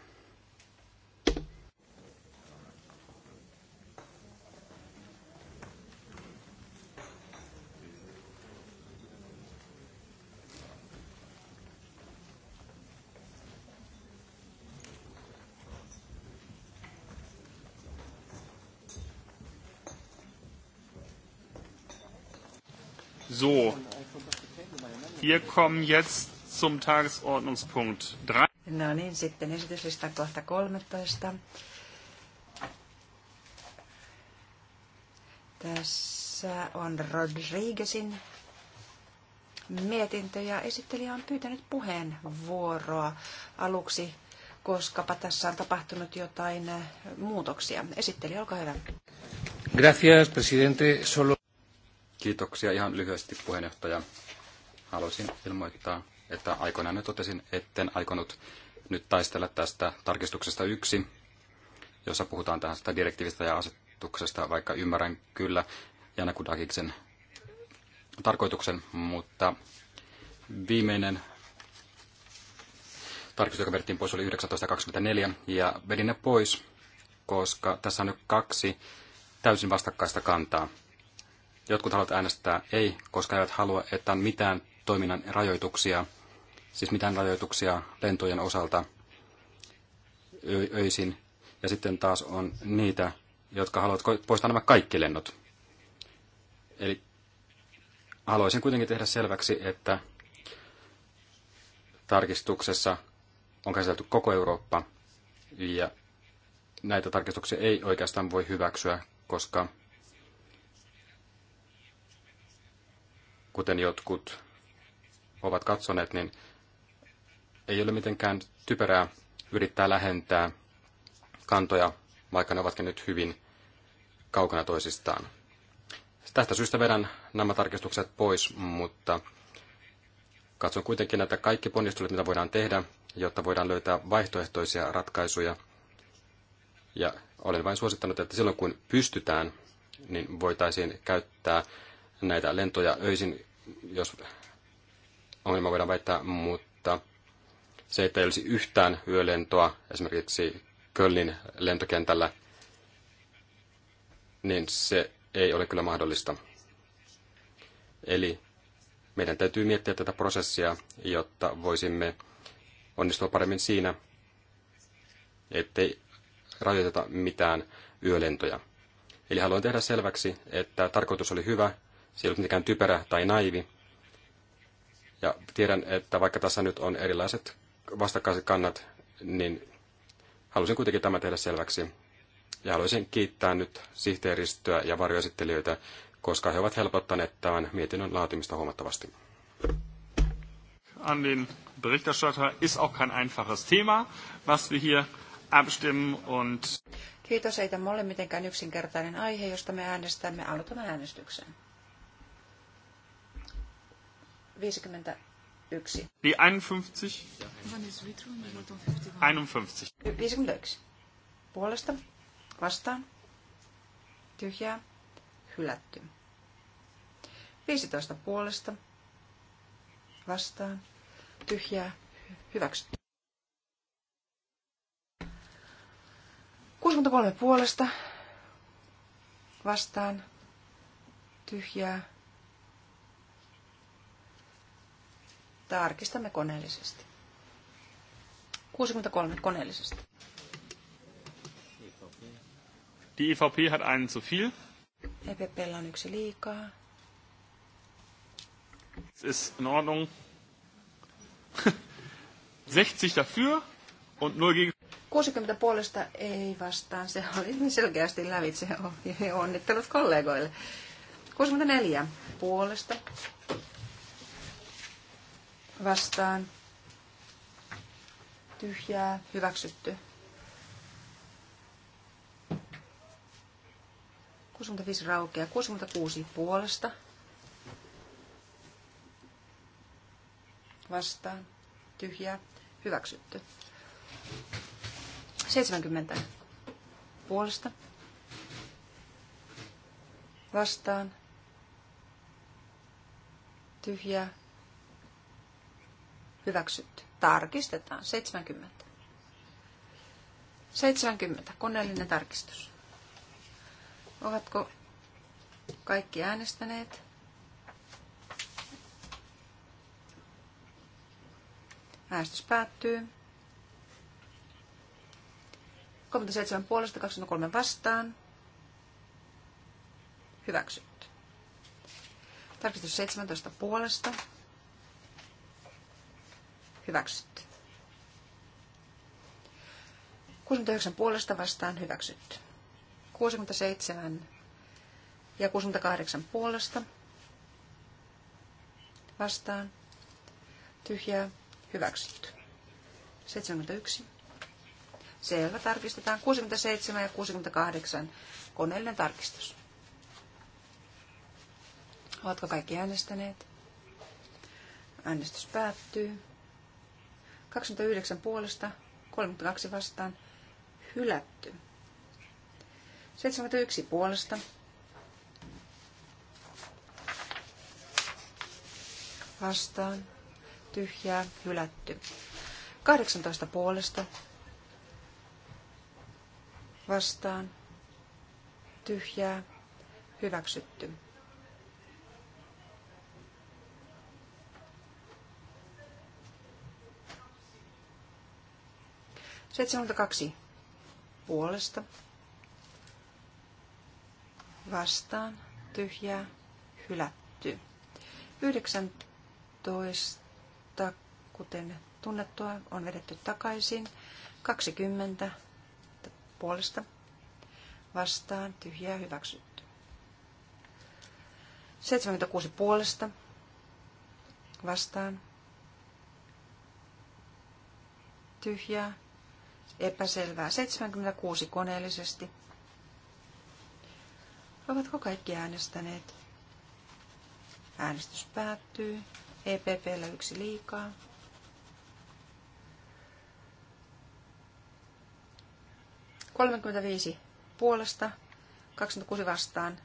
So, wir kommen jetzt zum Tagesordnungspunkt 3. No niin, sitten esityslistan kohta 13. Tässä on Rodriguezin mietintö ja esittelijä on pyytänyt puheenvuoroa aluksi, koskapa tässä on tapahtunut jotain muutoksia. Esittelijä, olkaa hyvä. Gracias, presidente. Solo... Kiitoksia ihan lyhyesti puheenjohtaja. Haluaisin ilmoittaa, että aikoinaan totesin, etten aikonut nyt taistella tästä tarkistuksesta yksi, jossa puhutaan tästä direktiivistä ja asetuksesta, vaikka ymmärrän kyllä Jana Kudakiksen tarkoituksen, mutta viimeinen tarkistus, joka vedettiin pois, oli 1924, ja vedin ne pois, koska tässä on nyt kaksi täysin vastakkaista kantaa. Jotkut haluavat äänestää ei, koska eivät halua, että on mitään toiminnan rajoituksia – siis mitään rajoituksia lentojen osalta öisin. Ja sitten taas on niitä, jotka haluavat poistaa nämä kaikki lennot. Eli haluaisin kuitenkin tehdä selväksi, että tarkistuksessa on käsitelty koko Eurooppa ja näitä tarkistuksia ei oikeastaan voi hyväksyä, koska kuten jotkut ovat katsoneet, niin ei ole mitenkään typerää yrittää lähentää kantoja, vaikka ne ovatkin nyt hyvin kaukana toisistaan. Tästä syystä vedän nämä tarkistukset pois, mutta katson kuitenkin, että kaikki ponnistelut, mitä voidaan tehdä, jotta voidaan löytää vaihtoehtoisia ratkaisuja. Ja olen vain suosittanut, että silloin kun pystytään, niin voitaisiin käyttää näitä lentoja öisin, jos ongelma voidaan väittää, mutta se, että ei olisi yhtään yölentoa esimerkiksi Kölnin lentokentällä, niin se ei ole kyllä mahdollista. Eli meidän täytyy miettiä tätä prosessia, jotta voisimme onnistua paremmin siinä, ettei rajoiteta mitään yölentoja. Eli haluan tehdä selväksi, että tarkoitus oli hyvä, se ei ollut mitenkään typerä tai naivi. Ja tiedän, että vaikka tässä nyt on erilaiset vastakkaiset kannat, niin halusin kuitenkin tämä tehdä selväksi. Ja haluaisin kiittää nyt sihteeristöä ja varjoesittelijöitä, koska he ovat helpottaneet tämän mietinnön laatimista huomattavasti. An den Berichterstatter ist auch kein einfaches Thema, was wir hier abstimmen und Kiitos, ei tämä ole mitenkään yksinkertainen aihe, josta me äänestämme. Aloitamme äänestyksen. 50 51. Die 51. 51. 51. Puolesta. Vastaan. Tyhjää. Hylätty. 15 puolesta. Vastaan. Tyhjää. Hyväksytty. 63 puolesta. Vastaan. Tyhjää Tarkistamme koneellisesti. 63 koneellisesti. Die EVP hat einen zu viel. EPPllä on yksi liikaa. Es ist in Ordnung. 60 dafür und 0 gegen... 60 puolesta ei vastaan. Se oli selkeästi lävitse. Onnittelut kollegoille. 64 puolesta vastaan tyhjää hyväksytty. 65 raukeaa, 66 puolesta vastaan tyhjää hyväksytty. 70 puolesta vastaan tyhjää Hyväksytty. Tarkistetaan. 70. 70. Koneellinen tarkistus. Ovatko kaikki äänestäneet? Äänestys päättyy. 37 puolesta, 23 vastaan. Hyväksytty. Tarkistus 17 puolesta hyväksytty. 69 puolesta vastaan hyväksytty. 67 ja 68 puolesta vastaan tyhjää hyväksytty. 71. Selvä, tarkistetaan 67 ja 68 koneellinen tarkistus. Ovatko kaikki äänestäneet? Äänestys päättyy. 29 puolesta, 32 vastaan, hylätty. 71 puolesta. Vastaan, tyhjää, hylätty. 18 puolesta. Vastaan, tyhjää, hyväksytty. 72 puolesta vastaan tyhjää hylätty. 19, kuten tunnettua, on vedetty takaisin. 20 puolesta vastaan tyhjää hyväksytty. 76 puolesta vastaan tyhjää epäselvää. 76 koneellisesti. Ovatko kaikki äänestäneet? Äänestys päättyy. EPPllä yksi liikaa. Kolmekymmentäviisi puolesta, 26 vastaan,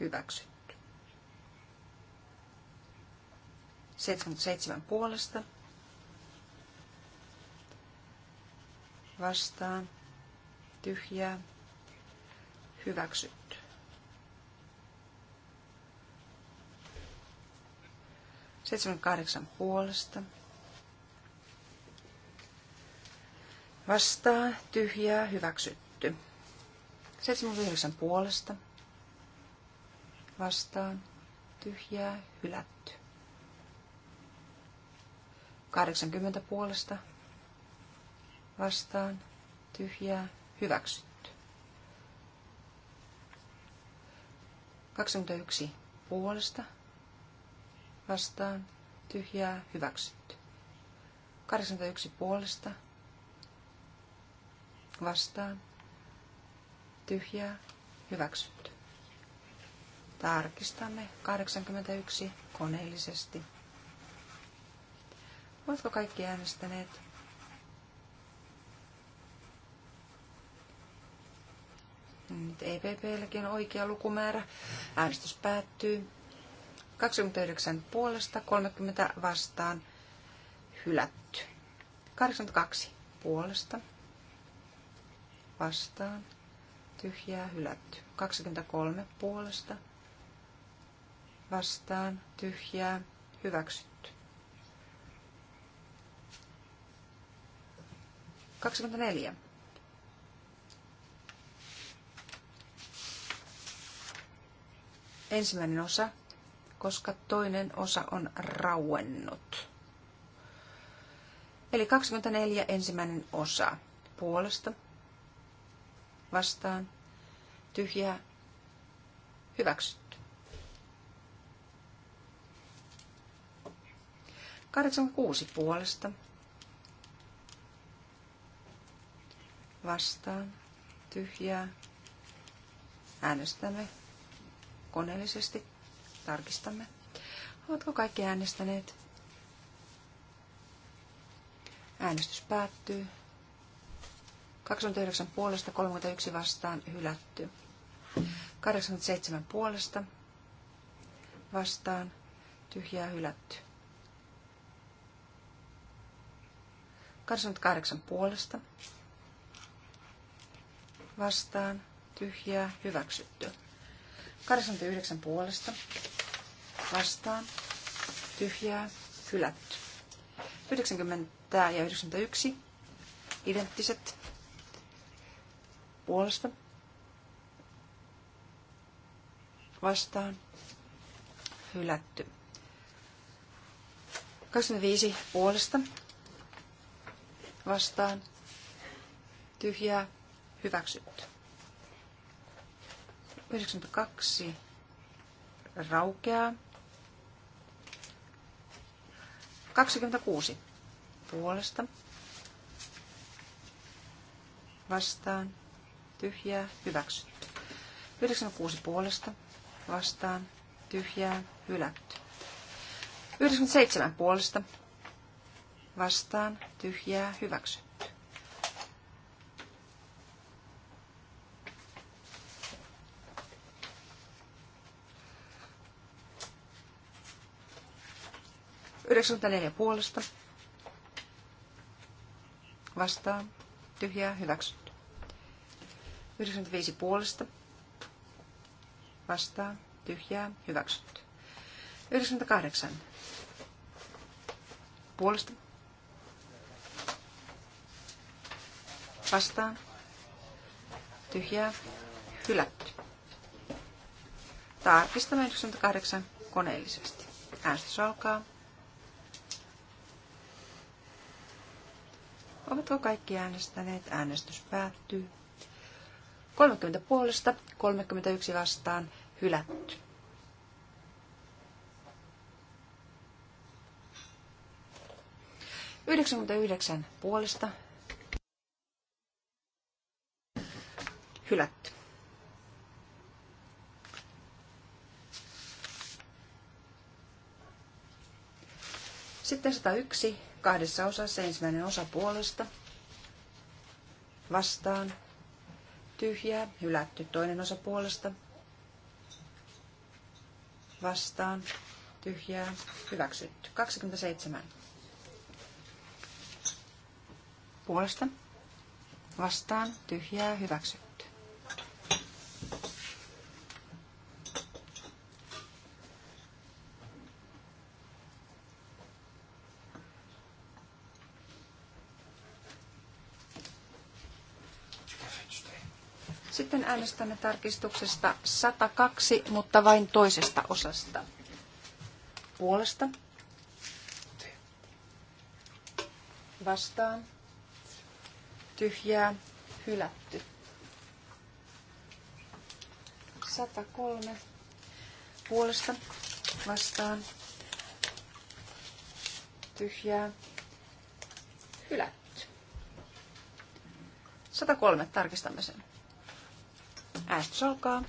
hyväksytty. 77 puolesta, vastaan, tyhjää, hyväksytty. Seitsemän kahdeksan puolesta. Vastaa, tyhjää, hyväksytty. 79 puolesta. Vastaan, tyhjää, hylätty. 80 puolesta vastaan, tyhjää, hyväksytty. 21 puolesta vastaan, tyhjää, hyväksytty. 81 puolesta vastaan, tyhjää, hyväksytty. Tarkistamme 81 koneellisesti. Oletko kaikki äänestäneet? EPPlläkin on oikea lukumäärä. Äänestys päättyy. 29 puolesta, 30 vastaan, hylätty. 82 puolesta, vastaan, tyhjää, hylätty. 23 puolesta, vastaan, tyhjää, hyväksytty. 24 ensimmäinen osa, koska toinen osa on rauennut. Eli 24 ensimmäinen osa puolesta, vastaan, tyhjää, hyväksytty. 86 puolesta, vastaan, tyhjää, äänestämme koneellisesti. Tarkistamme. Ovatko kaikki äänestäneet? Äänestys päättyy. 29 puolesta, 31 vastaan, hylätty. 87 puolesta, vastaan, tyhjää, hylätty. 88 puolesta, vastaan, tyhjää, hyväksytty. 89 puolesta vastaan tyhjää hylätty. 90 ja 91 identtiset puolesta vastaan hylätty. 25 puolesta vastaan tyhjää hyväksytty. 92 raukeaa. 26 puolesta. Vastaan. Tyhjää. hyväksy. 96 puolesta. Vastaan. Tyhjää. Hylätty. 97 puolesta. Vastaan. Tyhjää. hyväksy. 94 puolesta. Vastaan. Tyhjää. Hyväksytty. 95 puolesta. Vastaan. Tyhjää. Hyväksytty. 98 puolesta. Vastaan. Tyhjää. Hylätty. Tarkistamme 98 koneellisesti. Äänestys alkaa. Ovatko kaikki äänestäneet? Äänestys päättyy. 30 puolesta, 31 vastaan, hylätty. Yhdeksänkymmentäyhdeksän puolesta, hylätty. Sitten 101 kahdessa osassa ensimmäinen osa puolesta vastaan tyhjää, hylätty toinen osa puolesta vastaan tyhjää, hyväksytty 27 puolesta vastaan tyhjää, hyväksytty. Sitten äänestämme tarkistuksesta 102, mutta vain toisesta osasta. Puolesta. Vastaan. Tyhjää. Hylätty. 103. Puolesta. Vastaan. Tyhjää. Hylätty. 103. Tarkistamme sen. Äänestys alkaa.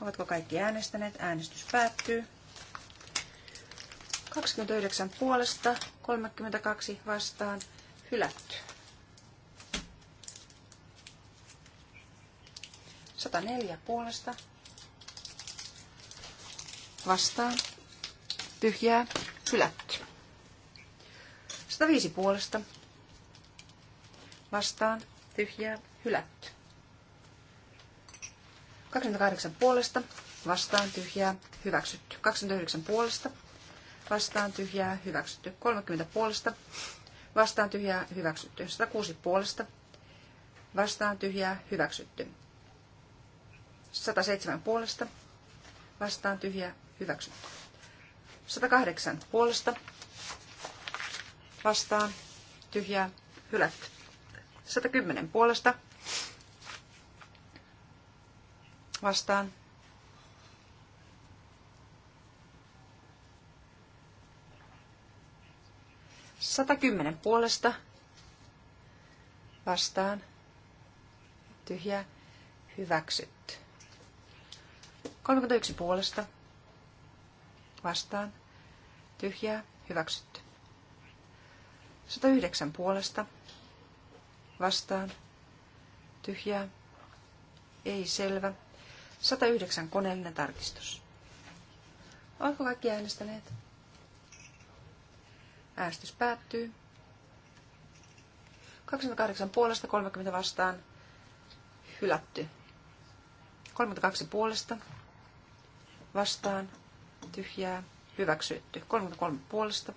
Ovatko kaikki äänestäneet? Äänestys päättyy. 29 puolesta, 32 vastaan, hylätty. 104 puolesta, vastaan, tyhjää, hylätty. 105 puolesta, vastaan, tyhjää, hylätty. 28 puolesta, vastaan, tyhjää, hyväksytty. 29 puolesta, vastaan, tyhjää, hyväksytty. 30 puolesta, vastaan, tyhjää, hyväksytty. 106 puolesta, vastaan, tyhjää, hyväksytty. 107 puolesta, vastaan, tyhjää, hyväksytty. 108 puolesta, vastaan, tyhjää, hylätty. 110 puolesta vastaan. Sata kymmenen puolesta vastaan. Tyhjä. Hyväksytty. 31 puolesta vastaan. Tyhjä. Hyväksytty. yhdeksän puolesta vastaan, tyhjää, ei selvä. 109 koneellinen tarkistus. onko kaikki äänestäneet? Äänestys päättyy. 28 puolesta, 30 vastaan, hylätty. 32 puolesta, vastaan, tyhjää, hyväksytty. 33 puolesta,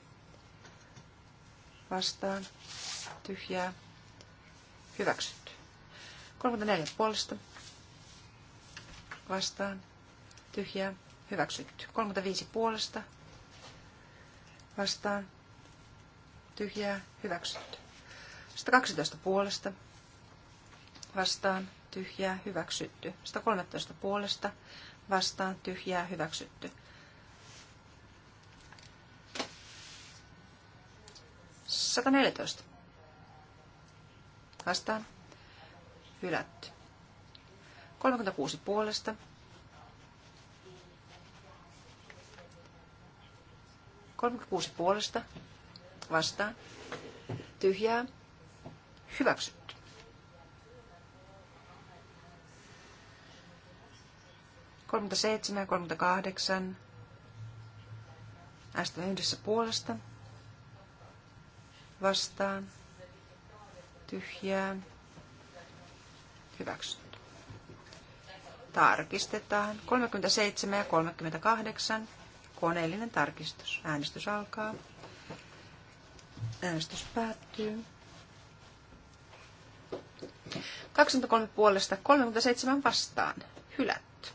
vastaan, tyhjää, Hyväksytty. 34 puolesta. Vastaan. Tyhjää. Hyväksytty. 35 puolesta. Vastaan. Tyhjää. Hyväksytty. 112 puolesta. Vastaan. Tyhjää. Hyväksytty. 113 puolesta. Vastaan. Tyhjää. Hyväksytty. 114 vastaan hylätty. 36 puolesta kuusi puolesta vastaan tyhjää hyväksytty. seitsemän ja kahdeksan, Äästämme yhdessä puolesta. Vastaan tyhjää, hyväksytty. Tarkistetaan. 37 ja 38. Koneellinen tarkistus. Äänestys alkaa. Äänestys päättyy. 23 puolesta 37 vastaan. Hylätty.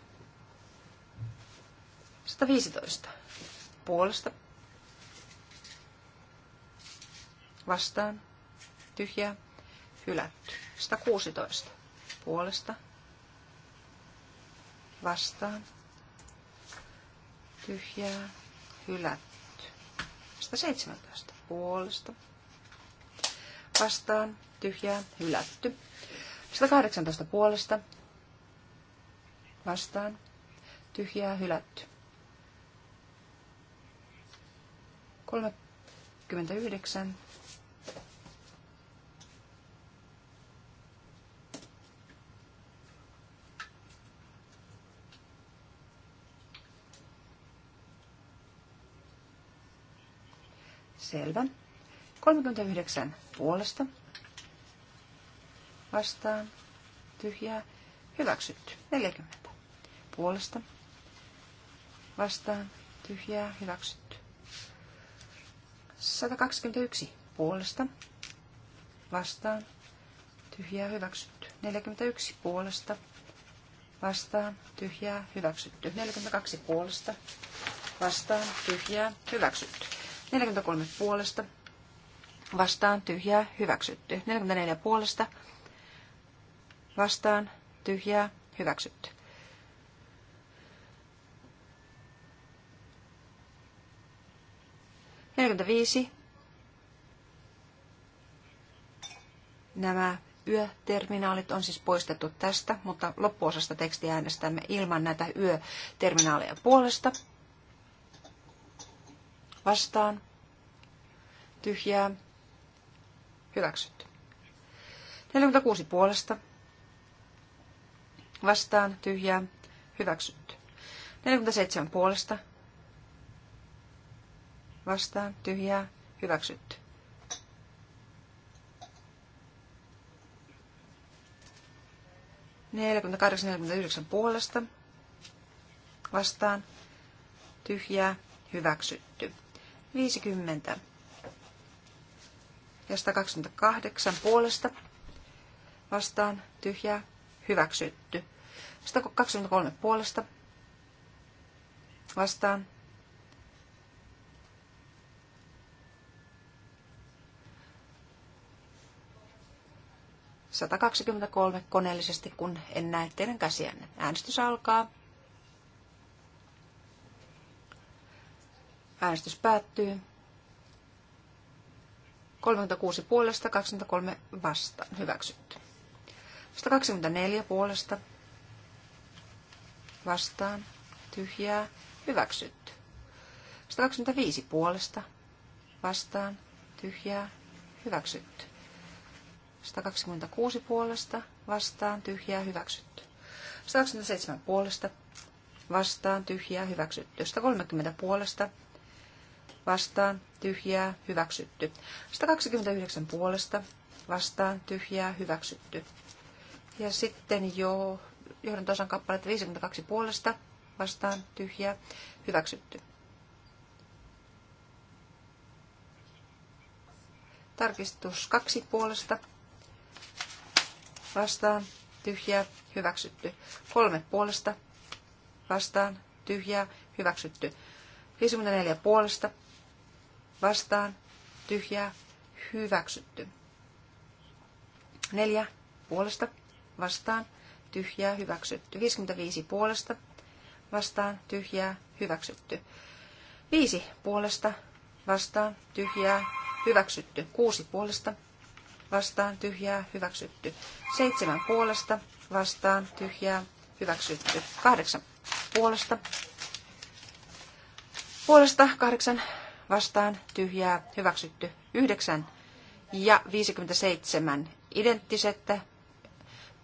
115 puolesta vastaan. Tyhjää hylätty. 116 puolesta vastaan tyhjää hylätty. 117 puolesta vastaan tyhjää hylätty. 118 puolesta vastaan tyhjää hylätty. 39 Selvä. 39 puolesta. Vastaan. Tyhjää. Hyväksytty. 40 puolesta. Vastaan. Tyhjää. Hyväksytty. 121 puolesta. Vastaan. Tyhjää. Hyväksytty. 41 puolesta. Vastaan. Tyhjää. Hyväksytty. 42 puolesta. Vastaan. Tyhjää. Hyväksytty. 43 puolesta vastaan tyhjää hyväksytty. 44 puolesta vastaan tyhjää hyväksytty. Neljäkymmentäviisi. Nämä yöterminaalit on siis poistettu tästä, mutta loppuosasta tekstiä äänestämme ilman näitä yöterminaaleja puolesta vastaan, tyhjää, hyväksytty. 46 puolesta, vastaan, tyhjää, hyväksytty. 47 puolesta, vastaan, tyhjää, hyväksytty. Neljäkymmentäkahdeksan, neljäkymmentäyhdeksän puolesta vastaan, tyhjää, hyväksytty. 50 ja 128 puolesta vastaan tyhjää hyväksytty. 123 puolesta vastaan kolme koneellisesti, kun en näe teidän käsiänne. Äänestys alkaa. Äänestys päättyy. 36 puolesta, 23 vastaan. Hyväksytty. 124 puolesta. Vastaan. Tyhjää. Hyväksytty. 125 puolesta. Vastaan. Tyhjää. Hyväksytty. 126 puolesta. Vastaan. Tyhjää. Hyväksytty. 127 puolesta. Vastaan. Tyhjää. Hyväksytty. 130 puolesta vastaan, tyhjää, hyväksytty. 129 puolesta, vastaan, tyhjää, hyväksytty. Ja sitten jo johdantosan kappaletta 52 puolesta, vastaan, tyhjää, hyväksytty. Tarkistus kaksi puolesta, vastaan, tyhjää, hyväksytty. Kolme puolesta, vastaan, tyhjää, hyväksytty. 54 puolesta, vastaan, tyhjää, hyväksytty. Neljä puolesta, vastaan, tyhjää, hyväksytty. 55 puolesta, vastaan, tyhjää, hyväksytty. Viisi puolesta, vastaan, tyhjää, hyväksytty. Kuusi puolesta, vastaan, tyhjää, hyväksytty. Seitsemän puolesta, vastaan, tyhjää, hyväksytty. Kahdeksan puolesta, puolesta kahdeksan vastaan tyhjää hyväksytty 9 ja 57 identtiset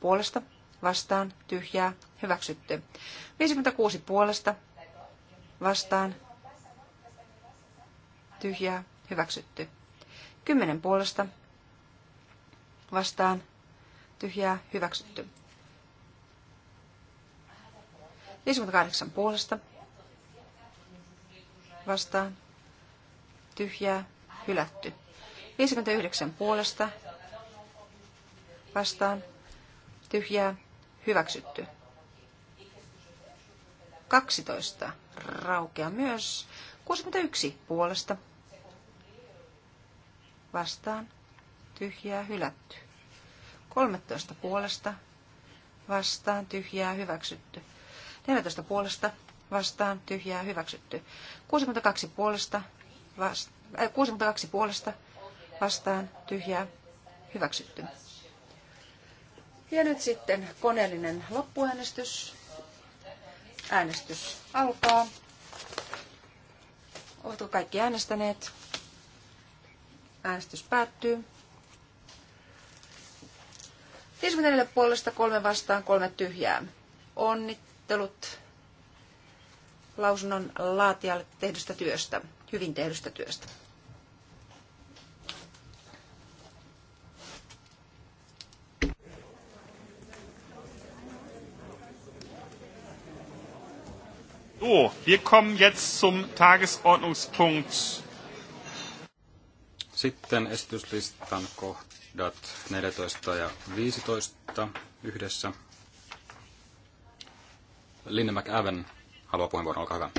puolesta vastaan tyhjää hyväksytty. 56 puolesta vastaan tyhjää hyväksytty. 10 puolesta vastaan tyhjää hyväksytty. 58 puolesta vastaan tyhjää, hylätty. 59 puolesta vastaan, tyhjää, hyväksytty. 12 raukea myös. 61 puolesta vastaan, tyhjää, hylätty. 13 puolesta vastaan, tyhjää, hyväksytty. 14 puolesta vastaan, tyhjää, hyväksytty. 62 puolesta 62 äh, puolesta vastaan tyhjää hyväksytty. Ja nyt sitten koneellinen loppuäänestys. Äänestys alkaa. Oletko kaikki äänestäneet? Äänestys päättyy. 54 puolesta, kolme vastaan, kolme tyhjää. Onnittelut lausunnon laatijalle tehdystä työstä hyvin tehdystä työstä. So, wir kommen jetzt zum Tagesordnungspunkt. Sitten esityslistan kohdat 14 ja 15 yhdessä. Linne McAven haluaa puheenvuoron, olkaa hyvä.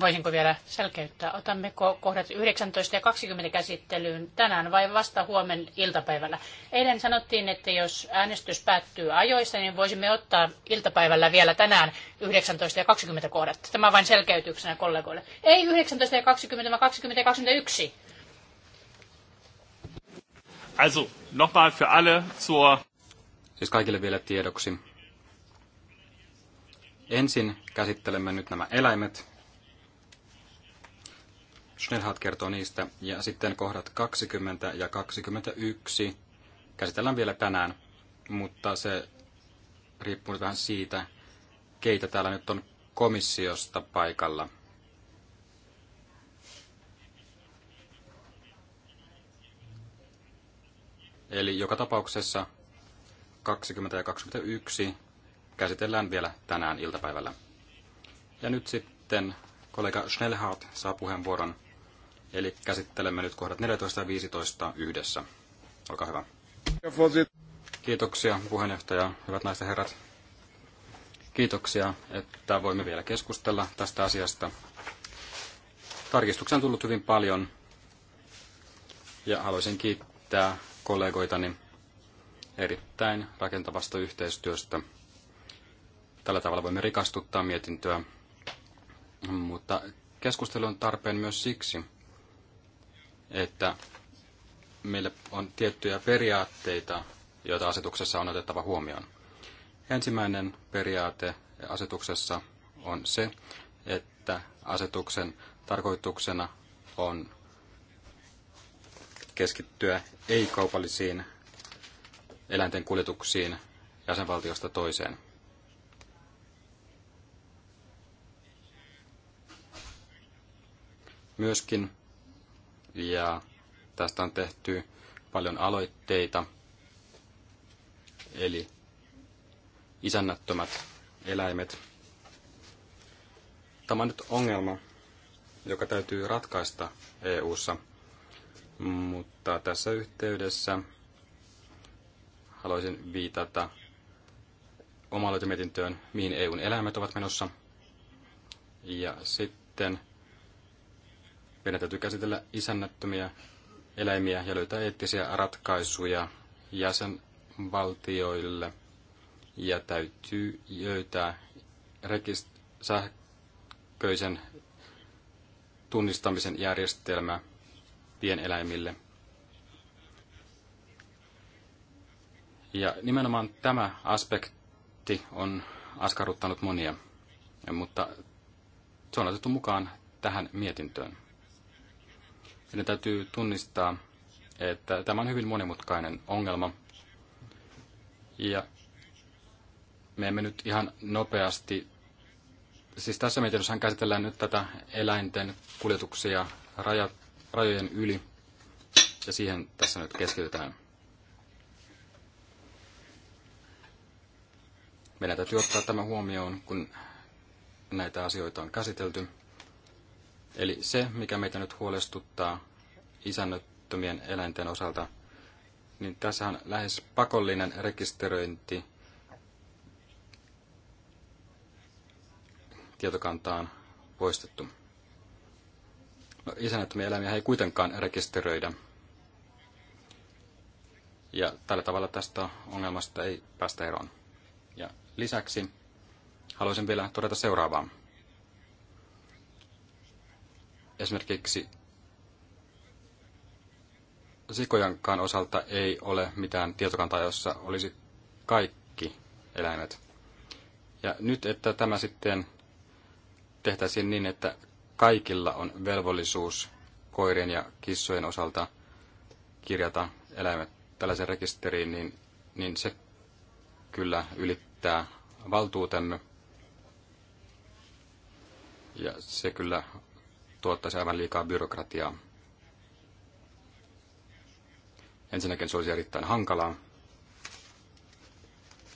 Voisinko vielä selkeyttää? Otammeko kohdat 19 ja 20 käsittelyyn tänään vai vasta huomen iltapäivällä? Eilen sanottiin, että jos äänestys päättyy ajoissa, niin voisimme ottaa iltapäivällä vielä tänään 19 ja 20 kohdat. Tämä vain selkeytyksenä kollegoille. Ei 19 ja 20, vaan 20 ja 21. Also, nochmal für alle zur... Siis kaikille vielä tiedoksi. Ensin käsittelemme nyt nämä eläimet, Schnellhardt kertoo niistä. Ja sitten kohdat 20 ja 21 käsitellään vielä tänään, mutta se riippuu nyt vähän siitä, keitä täällä nyt on komissiosta paikalla. Eli joka tapauksessa 20 ja 21 käsitellään vielä tänään iltapäivällä. Ja nyt sitten kollega Schnellhardt saa puheenvuoron. Eli käsittelemme nyt kohdat 14 ja 15 yhdessä. Olkaa hyvä. Kiitoksia puheenjohtaja, hyvät naiset ja herrat. Kiitoksia, että voimme vielä keskustella tästä asiasta. Tarkistuksia on tullut hyvin paljon ja haluaisin kiittää kollegoitani erittäin rakentavasta yhteistyöstä. Tällä tavalla voimme rikastuttaa mietintöä, mutta keskustelu on tarpeen myös siksi, että meillä on tiettyjä periaatteita, joita asetuksessa on otettava huomioon. Ensimmäinen periaate asetuksessa on se, että asetuksen tarkoituksena on keskittyä ei-kaupallisiin eläinten kuljetuksiin jäsenvaltiosta toiseen. Myöskin ja tästä on tehty paljon aloitteita, eli isännättömät eläimet. Tämä on nyt ongelma, joka täytyy ratkaista EU:ssa, mutta tässä yhteydessä haluaisin viitata oma mihin EUn eläimet ovat menossa. Ja sitten meidän täytyy käsitellä isännättömiä eläimiä ja löytää eettisiä ratkaisuja jäsenvaltioille ja täytyy löytää rekist- sähköisen tunnistamisen järjestelmä pieneläimille. Ja nimenomaan tämä aspekti on askarruttanut monia, mutta se on otettu mukaan tähän mietintöön. Meidän täytyy tunnistaa, että tämä on hyvin monimutkainen ongelma. Ja me emme nyt ihan nopeasti, siis tässä mietinnössä käsitellään nyt tätä eläinten kuljetuksia raja, rajojen yli, ja siihen tässä nyt keskitytään. Meidän täytyy ottaa tämä huomioon, kun näitä asioita on käsitelty. Eli se, mikä meitä nyt huolestuttaa isännöttömien eläinten osalta, niin tässä on lähes pakollinen rekisteröinti tietokantaan poistettu. No, isännöttömiä eläimiä ei kuitenkaan rekisteröidä. Ja tällä tavalla tästä ongelmasta ei päästä eroon. Ja lisäksi haluaisin vielä todeta seuraavaa. Esimerkiksi sikojankaan osalta ei ole mitään tietokantaa, jossa olisi kaikki eläimet. Ja nyt, että tämä sitten tehtäisiin niin, että kaikilla on velvollisuus koirien ja kissojen osalta kirjata eläimet tällaisen rekisteriin, niin, niin se kyllä ylittää valtuutemme. Ja se kyllä tuottaisi aivan liikaa byrokratiaa. Ensinnäkin se olisi erittäin hankalaa.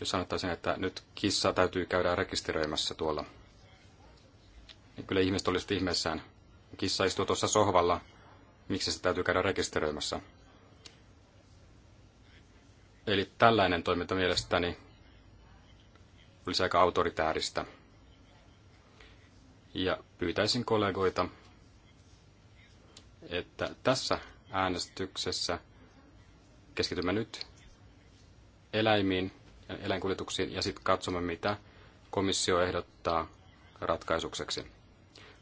Jos sanottaisiin, että nyt kissa täytyy käydä rekisteröimässä tuolla, niin kyllä ihmiset olisivat ihmeessään. Kissa istuu tuossa sohvalla, miksi se täytyy käydä rekisteröimässä. Eli tällainen toiminta mielestäni olisi aika autoritääristä. Ja pyytäisin kollegoita että tässä äänestyksessä keskitymme nyt eläimiin ja eläinkuljetuksiin ja sitten katsomme, mitä komissio ehdottaa ratkaisukseksi.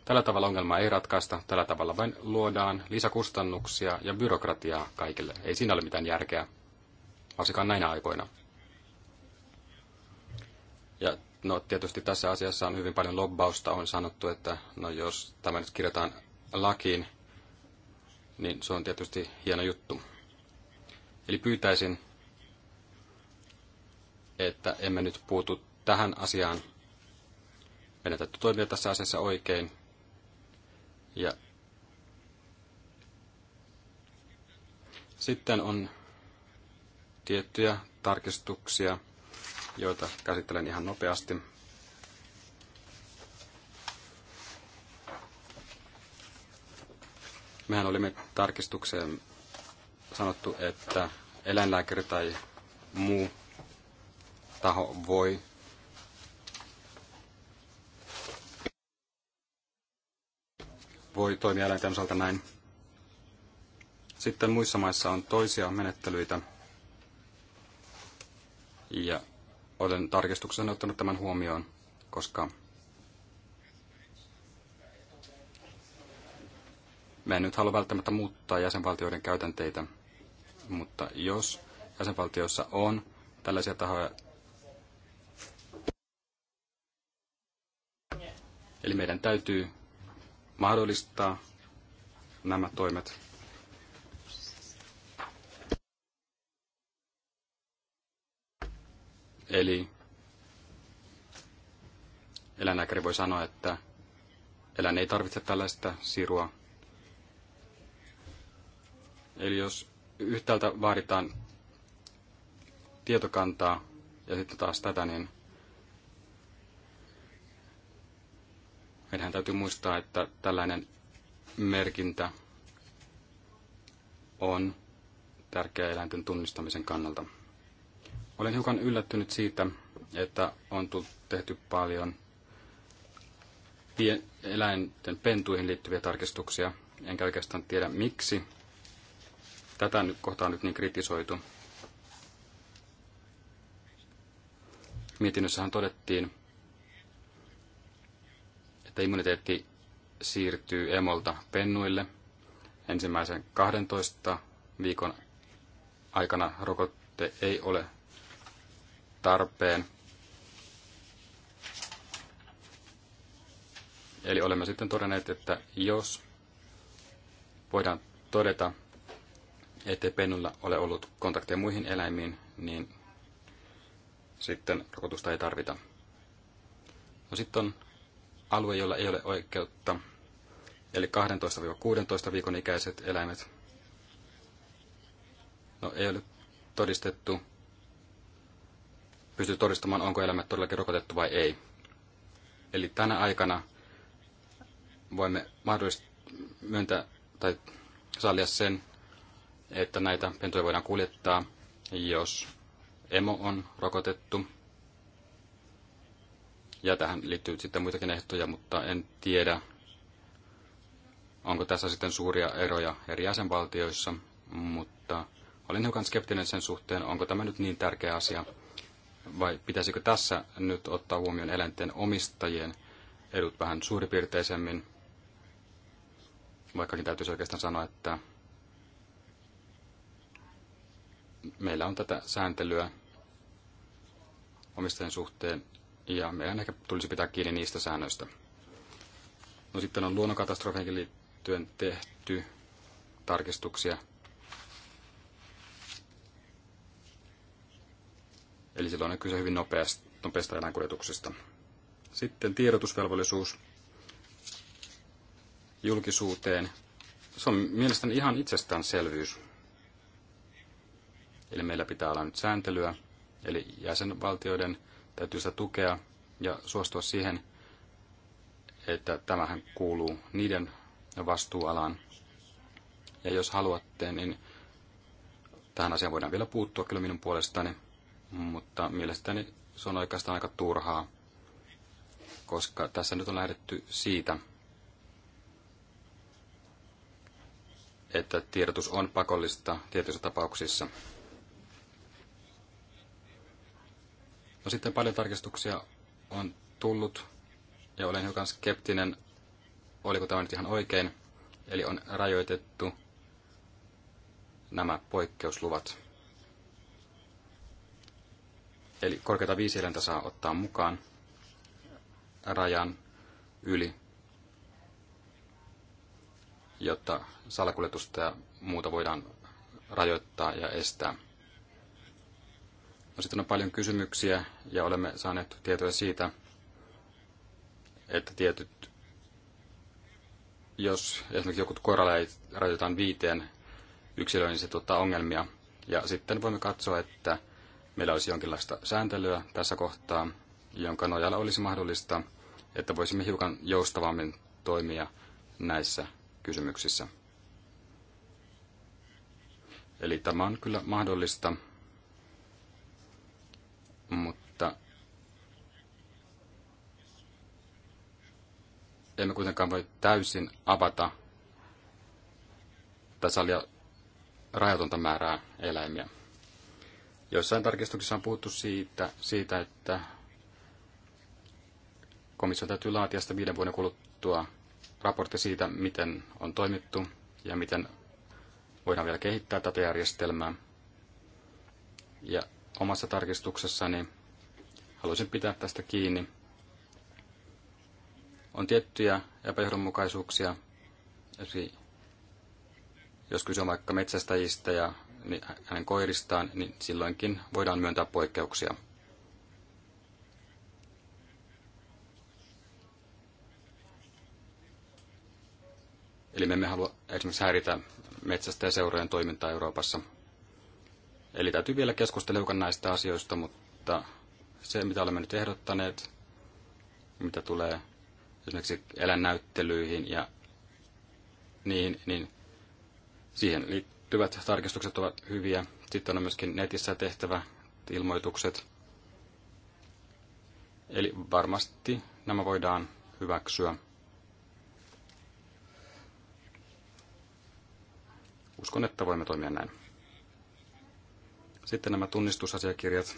Tällä tavalla ongelmaa ei ratkaista, tällä tavalla vain luodaan lisäkustannuksia ja byrokratiaa kaikille. Ei siinä ole mitään järkeä, varsinkaan näinä aikoina. Ja no, tietysti tässä asiassa on hyvin paljon lobbausta. On sanottu, että no, jos tämä nyt kirjataan lakiin, niin se on tietysti hieno juttu. Eli pyytäisin, että emme nyt puutu tähän asiaan. Meidän täytyy toimia tässä asiassa oikein. Ja sitten on tiettyjä tarkistuksia, joita käsittelen ihan nopeasti. Mehän olimme tarkistukseen sanottu, että eläinlääkäri tai muu taho voi voi toimia eläinten osalta näin. Sitten muissa maissa on toisia menettelyitä. Ja olen tarkistuksen ottanut tämän huomioon, koska Me en nyt halua välttämättä muuttaa jäsenvaltioiden käytänteitä, mutta jos jäsenvaltioissa on tällaisia tahoja, eli meidän täytyy mahdollistaa nämä toimet. Eli eläinlääkäri voi sanoa, että eläin ei tarvitse tällaista sirua, Eli jos yhtäältä vaaditaan tietokantaa ja sitten taas tätä, niin meidän täytyy muistaa, että tällainen merkintä on tärkeä eläinten tunnistamisen kannalta. Olen hiukan yllättynyt siitä, että on tehty paljon eläinten pentuihin liittyviä tarkistuksia. Enkä oikeastaan tiedä miksi tätä nyt kohtaa nyt niin kritisoitu. Mietinnössähän todettiin, että immuniteetti siirtyy emolta pennuille ensimmäisen 12 viikon aikana rokotte ei ole tarpeen. Eli olemme sitten todenneet, että jos voidaan todeta, ettei pennulla ole ollut kontakteja muihin eläimiin, niin sitten rokotusta ei tarvita. No sitten on alue, jolla ei ole oikeutta, eli 12-16 viikon ikäiset eläimet. No ei ole todistettu, pysty todistamaan, onko eläimet todellakin rokotettu vai ei. Eli tänä aikana voimme mahdollisesti myöntää tai sallia sen, että näitä pentuja voidaan kuljettaa, jos emo on rokotettu. Ja tähän liittyy sitten muitakin ehtoja, mutta en tiedä, onko tässä sitten suuria eroja eri jäsenvaltioissa, mutta olin hiukan skeptinen sen suhteen, onko tämä nyt niin tärkeä asia, vai pitäisikö tässä nyt ottaa huomioon eläinten omistajien edut vähän suuripiirteisemmin, vaikkakin täytyisi oikeastaan sanoa, että meillä on tätä sääntelyä omistajien suhteen, ja meidän ehkä tulisi pitää kiinni niistä säännöistä. No sitten on luonnonkatastrofeihin liittyen tehty tarkistuksia. Eli silloin on kyse hyvin nopeasta, nopeasta eläinkuljetuksesta. Sitten tiedotusvelvollisuus julkisuuteen. Se on mielestäni ihan itsestäänselvyys. Eli meillä pitää olla nyt sääntelyä, eli jäsenvaltioiden täytyy sitä tukea ja suostua siihen, että tämähän kuuluu niiden vastuualaan. Ja jos haluatte, niin tähän asiaan voidaan vielä puuttua kyllä minun puolestani, mutta mielestäni se on oikeastaan aika turhaa, koska tässä nyt on lähdetty siitä, että tiedotus on pakollista tietyissä tapauksissa. No sitten paljon tarkistuksia on tullut ja olen hiukan skeptinen, oliko tämä nyt ihan oikein. Eli on rajoitettu nämä poikkeusluvat. Eli korkeata viisi eläintä saa ottaa mukaan rajan yli, jotta salakuljetusta ja muuta voidaan rajoittaa ja estää. No, sitten on paljon kysymyksiä ja olemme saaneet tietoja siitä, että tietyt, jos esimerkiksi joku koiralle rajoitetaan viiteen yksilöön, niin se tuottaa ongelmia. Ja sitten voimme katsoa, että meillä olisi jonkinlaista sääntelyä tässä kohtaa, jonka nojalla olisi mahdollista, että voisimme hiukan joustavammin toimia näissä kysymyksissä. Eli tämä on kyllä mahdollista mutta emme kuitenkaan voi täysin avata tässä oli rajatonta määrää eläimiä. Joissain tarkistuksissa on puhuttu siitä, siitä että komissio täytyy laatia sitä viiden vuoden kuluttua raportti siitä, miten on toimittu ja miten voidaan vielä kehittää tätä järjestelmää. Ja omassa tarkistuksessani. Haluaisin pitää tästä kiinni. On tiettyjä epäjohdonmukaisuuksia. Jos kyse on vaikka metsästäjistä ja hänen koiristaan, niin silloinkin voidaan myöntää poikkeuksia. Eli me emme halua esimerkiksi häiritä metsästä ja seurojen toimintaa Euroopassa. Eli täytyy vielä keskustella hiukan näistä asioista, mutta se, mitä olemme nyt ehdottaneet, mitä tulee esimerkiksi elännäyttelyihin ja niihin, niin siihen liittyvät tarkistukset ovat hyviä. Sitten on myöskin netissä tehtävä ilmoitukset. Eli varmasti nämä voidaan hyväksyä. Uskon, että voimme toimia näin. Sitten nämä tunnistusasiakirjat.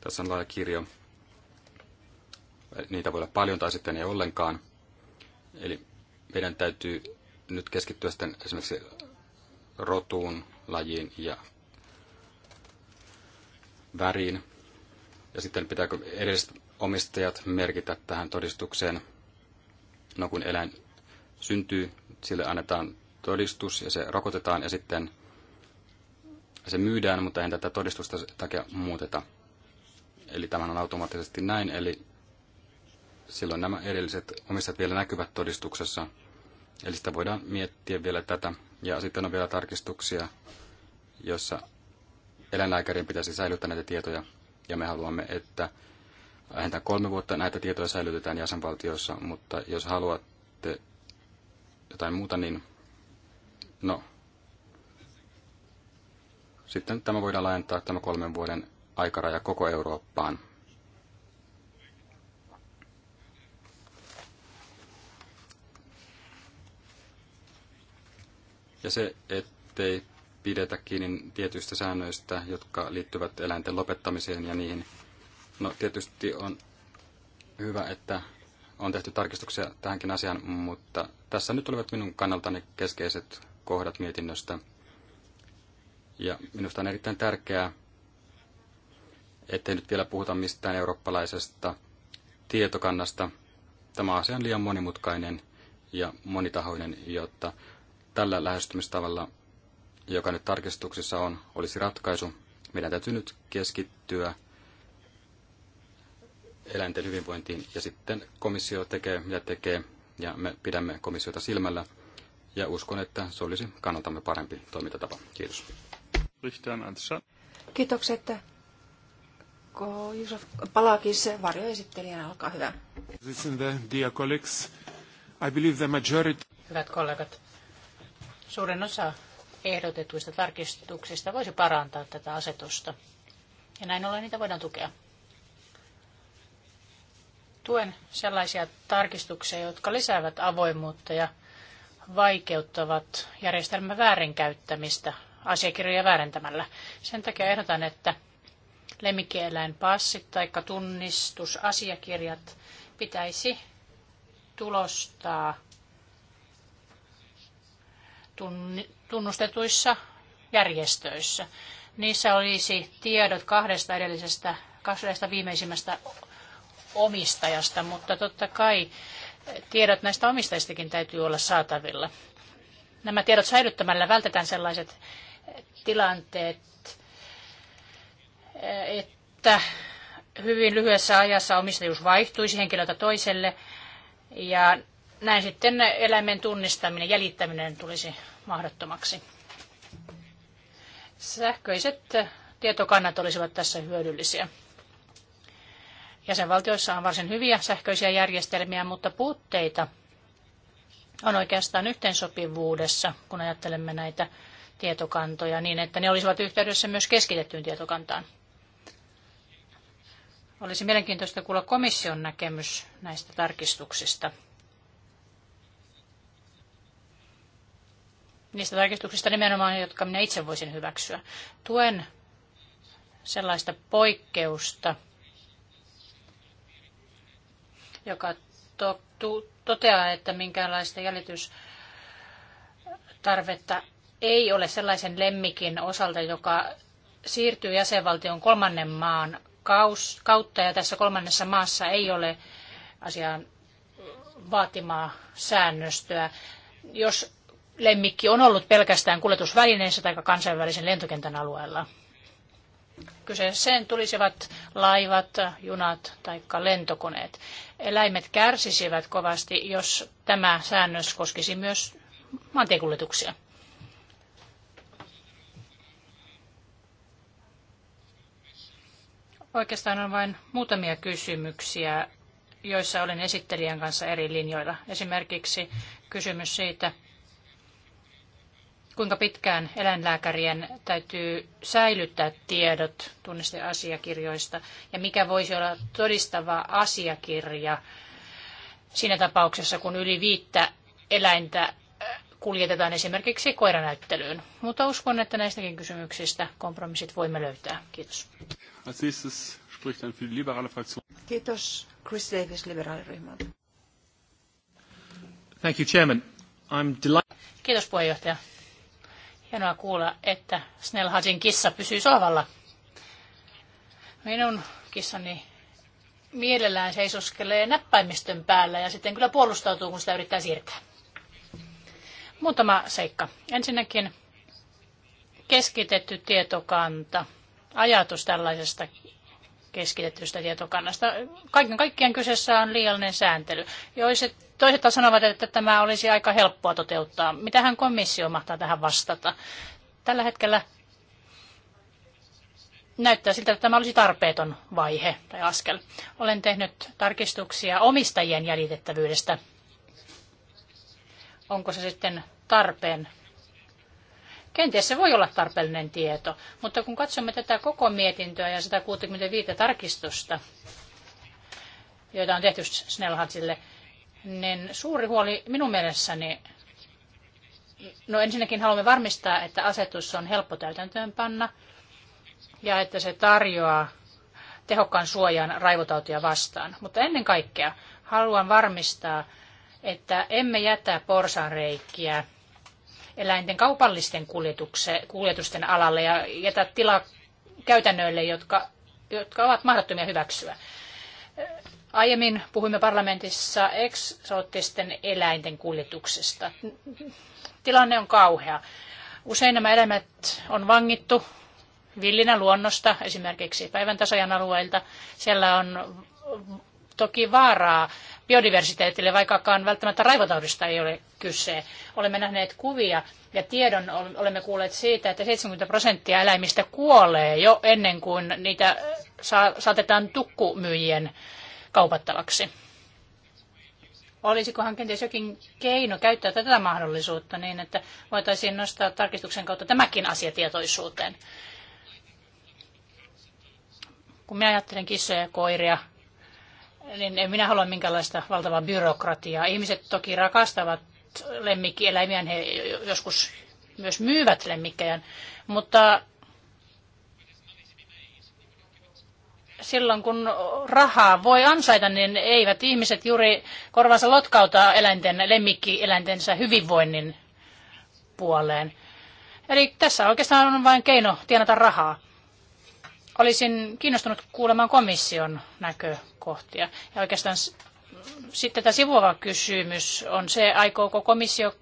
Tässä on laaja kirjo. Niitä voi olla paljon tai sitten ei ollenkaan. Eli meidän täytyy nyt keskittyä sitten esimerkiksi rotuun, lajiin ja väriin. Ja sitten pitääkö edelliset omistajat merkitä tähän todistukseen. No kun eläin syntyy, sille annetaan todistus ja se rokotetaan ja sitten se myydään, mutta eihän tätä todistusta takia muuteta. Eli tämä on automaattisesti näin, eli silloin nämä edelliset omistajat vielä näkyvät todistuksessa. Eli sitä voidaan miettiä vielä tätä. Ja sitten on vielä tarkistuksia, jossa eläinlääkärin pitäisi säilyttää näitä tietoja. Ja me haluamme, että vähintään kolme vuotta näitä tietoja säilytetään jäsenvaltioissa, mutta jos haluatte jotain muuta, niin no, sitten tämä voidaan laajentaa tämä kolmen vuoden aikaraja koko Eurooppaan. Ja se, ettei pidetä kiinni tietyistä säännöistä, jotka liittyvät eläinten lopettamiseen ja niihin. No tietysti on hyvä, että on tehty tarkistuksia tähänkin asiaan, mutta tässä nyt olivat minun kannaltani keskeiset kohdat mietinnöstä. Ja minusta on erittäin tärkeää, ettei nyt vielä puhuta mistään eurooppalaisesta tietokannasta. Tämä asia on liian monimutkainen ja monitahoinen, jotta tällä lähestymistavalla, joka nyt tarkistuksessa on, olisi ratkaisu. Meidän täytyy nyt keskittyä eläinten hyvinvointiin ja sitten komissio tekee mitä tekee ja me pidämme komissiota silmällä ja uskon, että se olisi kannaltamme parempi toimintatapa. Kiitos. Kiitokset. Josef Palakis, varjoesittelijänä, olkaa hyvä. Hyvät kollegat, suurin osa ehdotetuista tarkistuksista voisi parantaa tätä asetusta. Ja näin ollen niitä voidaan tukea. Tuen sellaisia tarkistuksia, jotka lisäävät avoimuutta ja vaikeuttavat järjestelmän väärinkäyttämistä asiakirjoja väärentämällä. Sen takia ehdotan, että lemmikkieläinpassit tai tunnistusasiakirjat pitäisi tulostaa tunnustetuissa järjestöissä. Niissä olisi tiedot kahdesta edellisestä, kahdesta viimeisimmästä omistajasta, mutta totta kai tiedot näistä omistajistakin täytyy olla saatavilla. Nämä tiedot säilyttämällä vältetään sellaiset tilanteet, että hyvin lyhyessä ajassa omistajuus vaihtuisi henkilöltä toiselle ja näin sitten eläimen tunnistaminen, jäljittäminen tulisi mahdottomaksi. Sähköiset tietokannat olisivat tässä hyödyllisiä. Jäsenvaltioissa on varsin hyviä sähköisiä järjestelmiä, mutta puutteita on oikeastaan yhteensopivuudessa, kun ajattelemme näitä tietokantoja niin, että ne olisivat yhteydessä myös keskitettyyn tietokantaan. Olisi mielenkiintoista kuulla komission näkemys näistä tarkistuksista. Niistä tarkistuksista nimenomaan, jotka minä itse voisin hyväksyä. Tuen sellaista poikkeusta, joka to- toteaa, että minkäänlaista jäljitystarvetta ei ole sellaisen lemmikin osalta, joka siirtyy jäsenvaltion kolmannen maan kautta ja tässä kolmannessa maassa ei ole asiaan vaatimaa säännöstöä. Jos lemmikki on ollut pelkästään kuljetusvälineessä tai kansainvälisen lentokentän alueella. Kyseeseen tulisivat laivat, junat tai lentokoneet. Eläimet kärsisivät kovasti, jos tämä säännös koskisi myös maantiekuljetuksia. Oikeastaan on vain muutamia kysymyksiä, joissa olen esittelijän kanssa eri linjoilla. Esimerkiksi kysymys siitä, kuinka pitkään eläinlääkärien täytyy säilyttää tiedot tunnisteasiakirjoista ja mikä voisi olla todistava asiakirja siinä tapauksessa, kun yli viittä eläintä kuljetetaan esimerkiksi koiranäyttelyyn. Mutta uskon, että näistäkin kysymyksistä kompromissit voimme löytää. Kiitos. Kiitos. Chris Davis, liberaaliryhmältä. Thank you, Chairman. I'm delighted. Kiitos puheenjohtaja. Hienoa kuulla, että Snellhajin kissa pysyy sohvalla. Minun kissani mielellään seisoskelee näppäimistön päällä ja sitten kyllä puolustautuu, kun sitä yrittää siirtää. Muutama seikka. Ensinnäkin keskitetty tietokanta, ajatus tällaisesta keskitettystä tietokannasta. Kaiken kaikkiaan kyseessä on liiallinen sääntely. Joiset, toiset sanovat, että tämä olisi aika helppoa toteuttaa. Mitähän komissio mahtaa tähän vastata? Tällä hetkellä näyttää siltä, että tämä olisi tarpeeton vaihe tai askel. Olen tehnyt tarkistuksia omistajien jäljitettävyydestä onko se sitten tarpeen. Kenties se voi olla tarpeellinen tieto, mutta kun katsomme tätä koko mietintöä ja 165 tarkistusta, joita on tehty Snellhatsille, niin suuri huoli minun mielessäni, no ensinnäkin haluamme varmistaa, että asetus on helppo täytäntöönpanna ja että se tarjoaa tehokkaan suojan raivotautia vastaan. Mutta ennen kaikkea haluan varmistaa, että emme jätä porsareikiä eläinten kaupallisten kuljetusten alalle ja jätä tilaa käytännöille, jotka, jotka ovat mahdottomia hyväksyä. Aiemmin puhuimme parlamentissa eksoottisten eläinten kuljetuksesta. Tilanne on kauhea. Usein nämä eläimet on vangittu villinä luonnosta, esimerkiksi päivän tasajan alueilta. Siellä on toki vaaraa biodiversiteetille, vaikkakaan välttämättä raivotaudista ei ole kyse. Olemme nähneet kuvia ja tiedon olemme kuulleet siitä, että 70 prosenttia eläimistä kuolee jo ennen kuin niitä saatetaan tukkumyyjien kaupattavaksi. Olisikohan kenties jokin keino käyttää tätä mahdollisuutta niin, että voitaisiin nostaa tarkistuksen kautta tämäkin asia tietoisuuteen? Kun minä ajattelen kissoja ja koiria, niin en minä halua minkälaista valtavaa byrokratiaa. Ihmiset toki rakastavat lemmikkieläimiä, he joskus myös myyvät lemmikkejä, mutta silloin kun rahaa voi ansaita, niin eivät ihmiset juuri korvansa lotkauta eläinten, lemmikkieläintensä hyvinvoinnin puoleen. Eli tässä oikeastaan on vain keino tienata rahaa. Olisin kiinnostunut kuulemaan komission näkö epäkohtia. Ja oikeastaan sitten tämä sivuava kysymys on se, aikooko komissio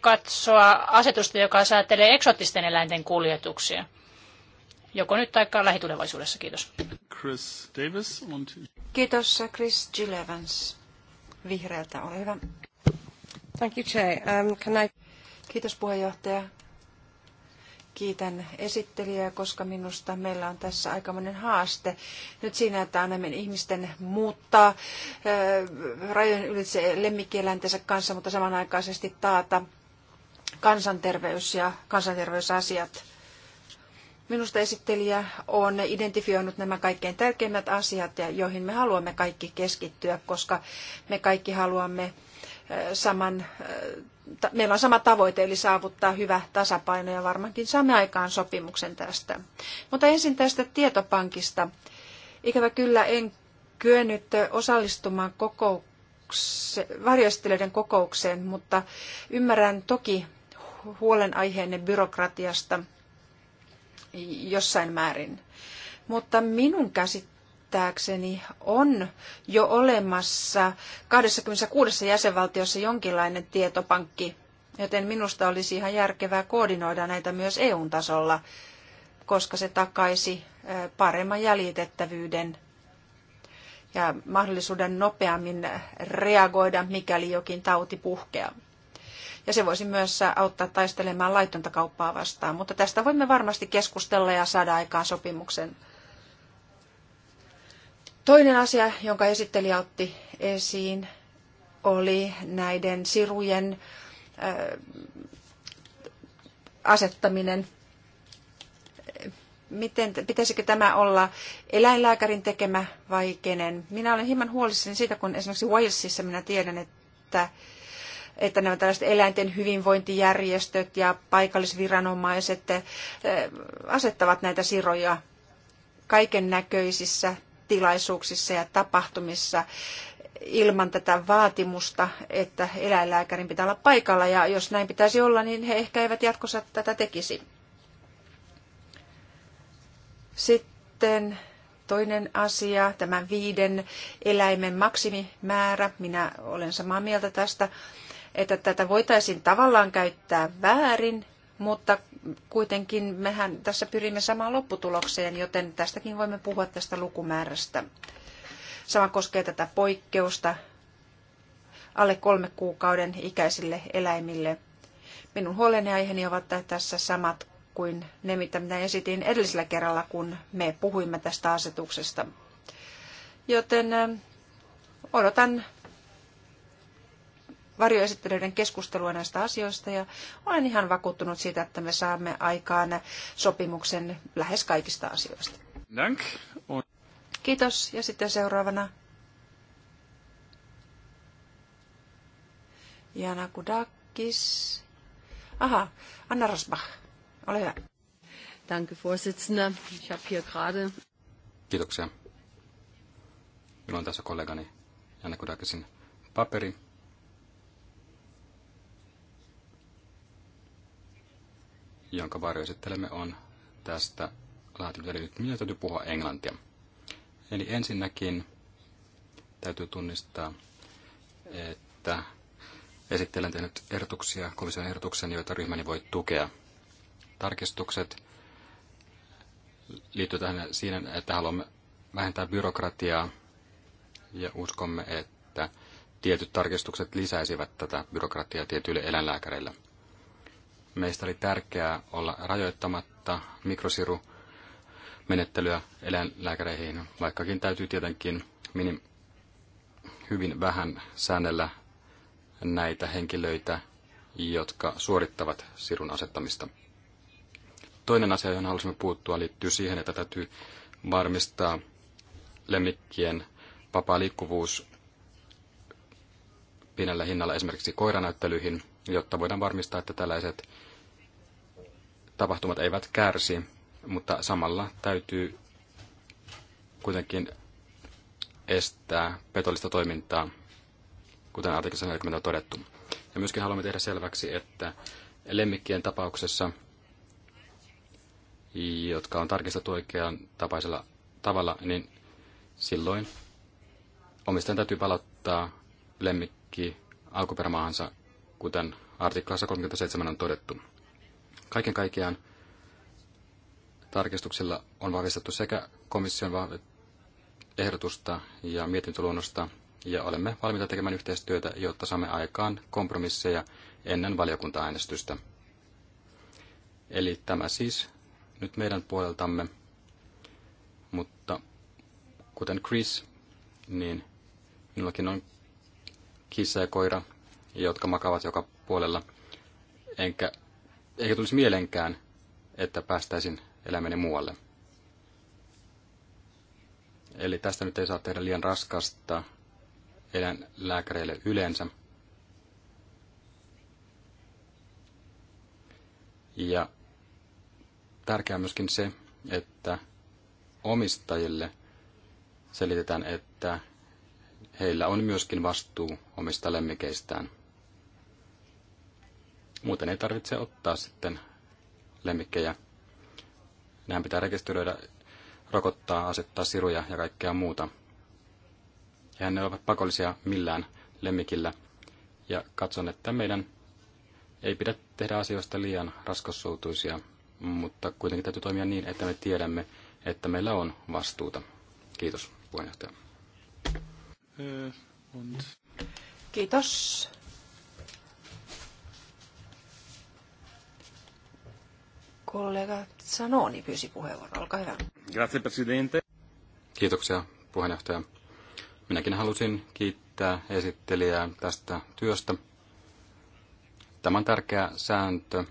katsoa asetusta, joka säätelee eksotisten eläinten kuljetuksia. Joko nyt tai lähitulevaisuudessa. Kiitos. Chris Davis. Kiitos Chris Gillevans. Vihreältä, ole hyvä. Thank you, Chair. Um, can I... Kiitos puheenjohtaja kiitän esittelijää, koska minusta meillä on tässä aikamoinen haaste nyt siinä, että annamme ihmisten muuttaa äh, rajojen ylitse lemmikkieläintensä kanssa, mutta samanaikaisesti taata kansanterveys ja kansanterveysasiat. Minusta esittelijä on identifioinut nämä kaikkein tärkeimmät asiat, joihin me haluamme kaikki keskittyä, koska me kaikki haluamme saman, meillä on sama tavoite, eli saavuttaa hyvä tasapaino ja varmaankin saamme aikaan sopimuksen tästä. Mutta ensin tästä tietopankista. Ikävä kyllä en kyennyt osallistumaan kokoukse, varjostelijoiden kokoukseen, mutta ymmärrän toki huolenaiheenne byrokratiasta jossain määrin. Mutta minun käsittääkseni käsittääkseni on jo olemassa 26 jäsenvaltiossa jonkinlainen tietopankki, joten minusta olisi ihan järkevää koordinoida näitä myös EU-tasolla, koska se takaisi paremman jäljitettävyyden ja mahdollisuuden nopeammin reagoida, mikäli jokin tauti puhkeaa. Ja se voisi myös auttaa taistelemaan laitonta kauppaa vastaan, mutta tästä voimme varmasti keskustella ja saada aikaan sopimuksen. Toinen asia, jonka esittelijä otti esiin, oli näiden sirujen äh, asettaminen. Miten, pitäisikö tämä olla eläinlääkärin tekemä vai kenen? Minä olen hieman huolissani siitä, kun esimerkiksi Walesissa minä tiedän, että, että nämä tällaiset eläinten hyvinvointijärjestöt ja paikallisviranomaiset äh, asettavat näitä siroja kaiken näköisissä tilaisuuksissa ja tapahtumissa ilman tätä vaatimusta, että eläinlääkärin pitää olla paikalla. Ja jos näin pitäisi olla, niin he ehkä eivät jatkossa tätä tekisi. Sitten toinen asia, tämä viiden eläimen maksimimäärä. Minä olen samaa mieltä tästä, että tätä voitaisiin tavallaan käyttää väärin, mutta kuitenkin mehän tässä pyrimme samaan lopputulokseen, joten tästäkin voimme puhua tästä lukumäärästä. Sama koskee tätä poikkeusta alle kolme kuukauden ikäisille eläimille. Minun huolenaiheeni ovat tässä samat kuin ne, mitä minä esitin edellisellä kerralla, kun me puhuimme tästä asetuksesta. Joten odotan varjoesittelyiden keskustelua näistä asioista ja olen ihan vakuuttunut siitä, että me saamme aikaan sopimuksen lähes kaikista asioista. Dank. Kiitos ja sitten seuraavana Jana Kudakis. Aha, Anna Rosbach, ole hyvä. Danke, Vorsitzende, Ich habe hier gerade... Kiitoksia. Minulla on tässä kollegani Jana Kudakisin paperi, jonka varjoesittelemme on tästä laatinut. Eli minä täytyy puhua englantia. Eli ensinnäkin täytyy tunnistaa, että esittelen tehnyt ehdotuksia, komission ehdotuksen, joita ryhmäni voi tukea. Tarkistukset liittyy tähän siinä, että haluamme vähentää byrokratiaa ja uskomme, että tietyt tarkistukset lisäisivät tätä byrokratiaa tietyille eläinlääkäreille – meistä oli tärkeää olla rajoittamatta mikrosiru menettelyä eläinlääkäreihin, vaikkakin täytyy tietenkin minim- hyvin vähän säännellä näitä henkilöitä, jotka suorittavat sirun asettamista. Toinen asia, johon halusimme puuttua, liittyy siihen, että täytyy varmistaa lemmikkien vapaa liikkuvuus pienellä hinnalla esimerkiksi koiranäyttelyihin jotta voidaan varmistaa, että tällaiset tapahtumat eivät kärsi, mutta samalla täytyy kuitenkin estää petollista toimintaa, kuten artiklassa 40 on todettu. Ja myöskin haluamme tehdä selväksi, että lemmikkien tapauksessa, jotka on tarkistettu oikean tapaisella tavalla, niin silloin omistajan täytyy palauttaa lemmikki alkuperämaahansa kuten artiklassa 37 on todettu. Kaiken kaikkiaan tarkistuksilla on vahvistettu sekä komission ehdotusta ja mietintöluonnosta, ja olemme valmiita tekemään yhteistyötä, jotta saamme aikaan kompromisseja ennen valiokuntaäänestystä. Eli tämä siis nyt meidän puoleltamme, mutta kuten Chris, niin minullakin on kissa ja koira, jotka makavat joka puolella. Enkä, eikä tulisi mielenkään, että päästäisin elämäni muualle. Eli tästä nyt ei saa tehdä liian raskasta lääkäreille yleensä. Ja tärkeää myöskin se, että omistajille selitetään, että heillä on myöskin vastuu omista lemmikeistään. Muuten ei tarvitse ottaa sitten lemmikkejä. Nehän pitää rekisteröidä, rokottaa, asettaa siruja ja kaikkea muuta. Ja ne ovat pakollisia millään lemmikillä. Ja katson, että meidän ei pidä tehdä asioista liian raskassoutuisia, mutta kuitenkin täytyy toimia niin, että me tiedämme, että meillä on vastuuta. Kiitos, puheenjohtaja. Kiitos. kollega Zanoni pyysi puheenvuoron. Olkaa hyvä. Grazie, presidente. Kiitoksia, puheenjohtaja. Minäkin halusin kiittää esittelijää tästä työstä. Tämä on tärkeä sääntö,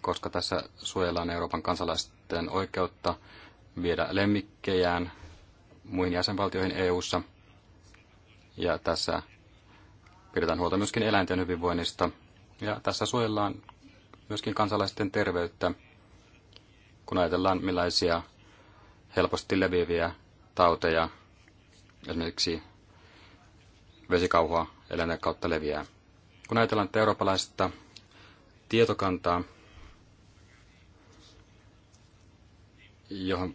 koska tässä suojellaan Euroopan kansalaisten oikeutta viedä lemmikkejään muihin jäsenvaltioihin EU-ssa. Ja tässä pidetään huolta myöskin eläinten hyvinvoinnista. Ja tässä suojellaan myöskin kansalaisten terveyttä kun ajatellaan millaisia helposti leviäviä tauteja, esimerkiksi vesikauhua eläinten kautta leviää. Kun ajatellaan tätä eurooppalaista tietokantaa, johon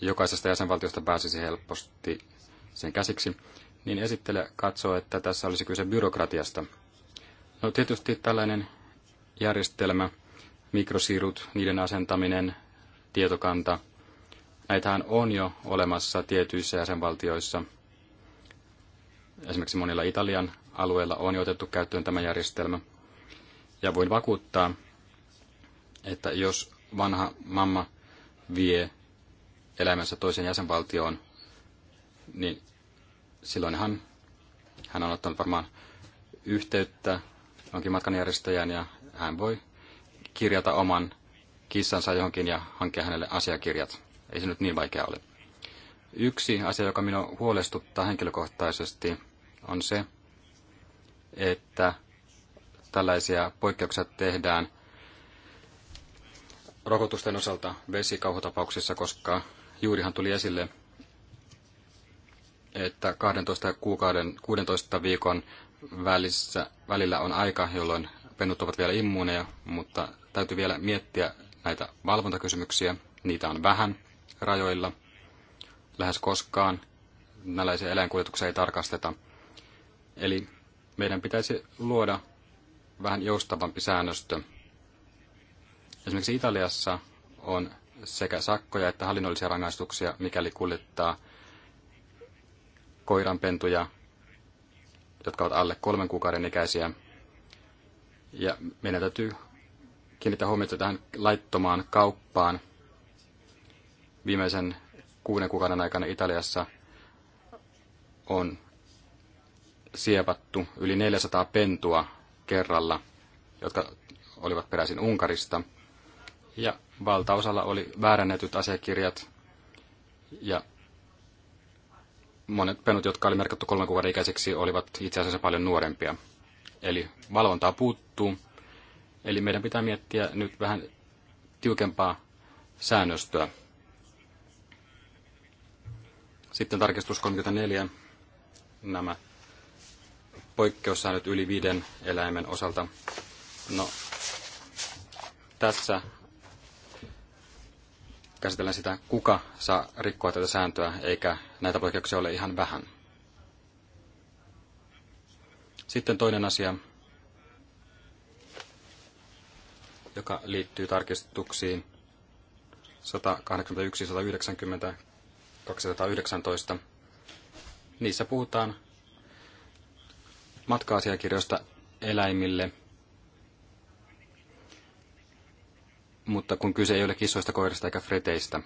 jokaisesta jäsenvaltiosta pääsisi helposti sen käsiksi, niin esittele katsoo, että tässä olisi kyse byrokratiasta. No tietysti tällainen järjestelmä mikrosiirut, niiden asentaminen, tietokanta. Näitähän on jo olemassa tietyissä jäsenvaltioissa. Esimerkiksi monilla Italian alueilla on jo otettu käyttöön tämä järjestelmä. Ja voin vakuuttaa, että jos vanha mamma vie eläimensä toiseen jäsenvaltioon, niin silloinhan hän on ottanut varmaan yhteyttä jonkin matkanjärjestäjään ja hän voi kirjata oman kissansa johonkin ja hankkia hänelle asiakirjat. Ei se nyt niin vaikea ole. Yksi asia, joka minua huolestuttaa henkilökohtaisesti, on se, että tällaisia poikkeuksia tehdään rokotusten osalta vesikauhutapauksissa, koska juurihan tuli esille, että 12 kuukauden 16 viikon välissä, välillä on aika, jolloin pennut ovat vielä immuuneja, mutta täytyy vielä miettiä näitä valvontakysymyksiä. Niitä on vähän rajoilla. Lähes koskaan näläisiä eläinkuljetuksia ei tarkasteta. Eli meidän pitäisi luoda vähän joustavampi säännöstö. Esimerkiksi Italiassa on sekä sakkoja että hallinnollisia rangaistuksia, mikäli kuljettaa koiranpentuja, jotka ovat alle kolmen kuukauden ikäisiä. Ja meidän täytyy kiinnittää huomiota tähän laittomaan kauppaan. Viimeisen kuuden kuukauden aikana Italiassa on siepattu yli 400 pentua kerralla, jotka olivat peräisin Unkarista. Ja valtaosalla oli väärännetyt asiakirjat ja monet penut, jotka oli merkattu kolmen kuukauden ikäiseksi, olivat itse asiassa paljon nuorempia. Eli valvontaa puuttuu Eli meidän pitää miettiä nyt vähän tiukempaa säännöstöä. Sitten tarkistus 34, nämä poikkeussäännöt yli viiden eläimen osalta. No, tässä käsitellään sitä, kuka saa rikkoa tätä sääntöä, eikä näitä poikkeuksia ole ihan vähän. Sitten toinen asia, joka liittyy tarkistuksiin 181, 190, 219. Niissä puhutaan matka-asiakirjoista eläimille, mutta kun kyse ei ole kissoista, koirista eikä freteistä,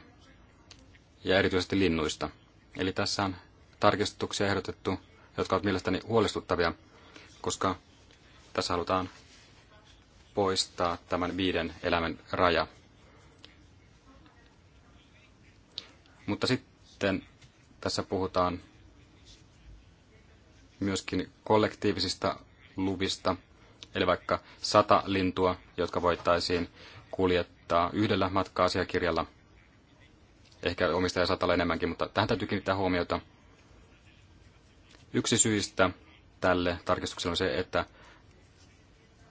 ja erityisesti linnuista. Eli tässä on tarkistuksia ehdotettu, jotka ovat mielestäni huolestuttavia, koska tässä halutaan poistaa tämän viiden elämän raja. Mutta sitten tässä puhutaan myöskin kollektiivisista luvista, eli vaikka sata lintua, jotka voitaisiin kuljettaa yhdellä matka-asiakirjalla. Ehkä omistaja saattaa enemmänkin, mutta tähän täytyy kiinnittää huomiota. Yksi syistä tälle tarkistukselle on se, että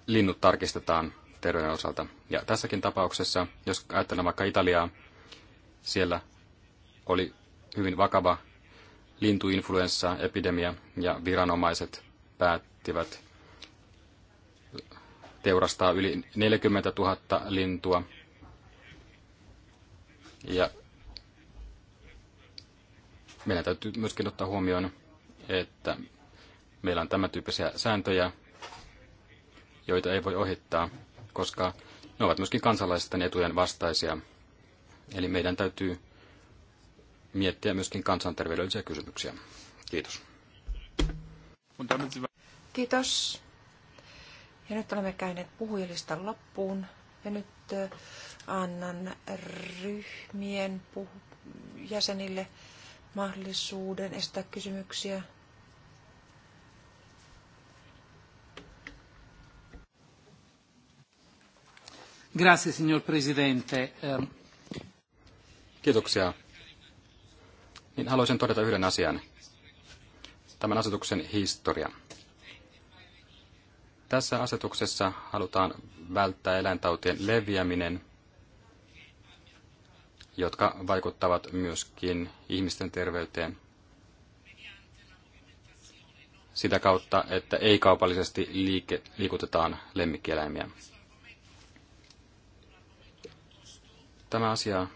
linnut tarkistetaan terveyden osalta. Ja tässäkin tapauksessa, jos ajatellaan vaikka Italiaa, siellä oli hyvin vakava epidemia ja viranomaiset päättivät teurastaa yli 40 000 lintua. Ja meidän täytyy myöskin ottaa huomioon, että meillä on tämän tyyppisiä sääntöjä, joita ei voi ohittaa, koska ne ovat myöskin kansalaisten etujen vastaisia. Eli meidän täytyy miettiä myöskin kansanterveydellisiä kysymyksiä. Kiitos. Kiitos. Ja nyt olemme käyneet puhujalistan loppuun. Ja nyt äh, annan ryhmien puhu- jäsenille mahdollisuuden esittää kysymyksiä. Ehm, Kiitoksia. Niin haluaisin todeta yhden asian. Tämän asetuksen historia. Tässä asetuksessa halutaan välttää eläintautien leviäminen, jotka vaikuttavat myöskin ihmisten terveyteen sitä kautta, että ei-kaupallisesti liike, liikutetaan lemmikkieläimiä. Tämä asia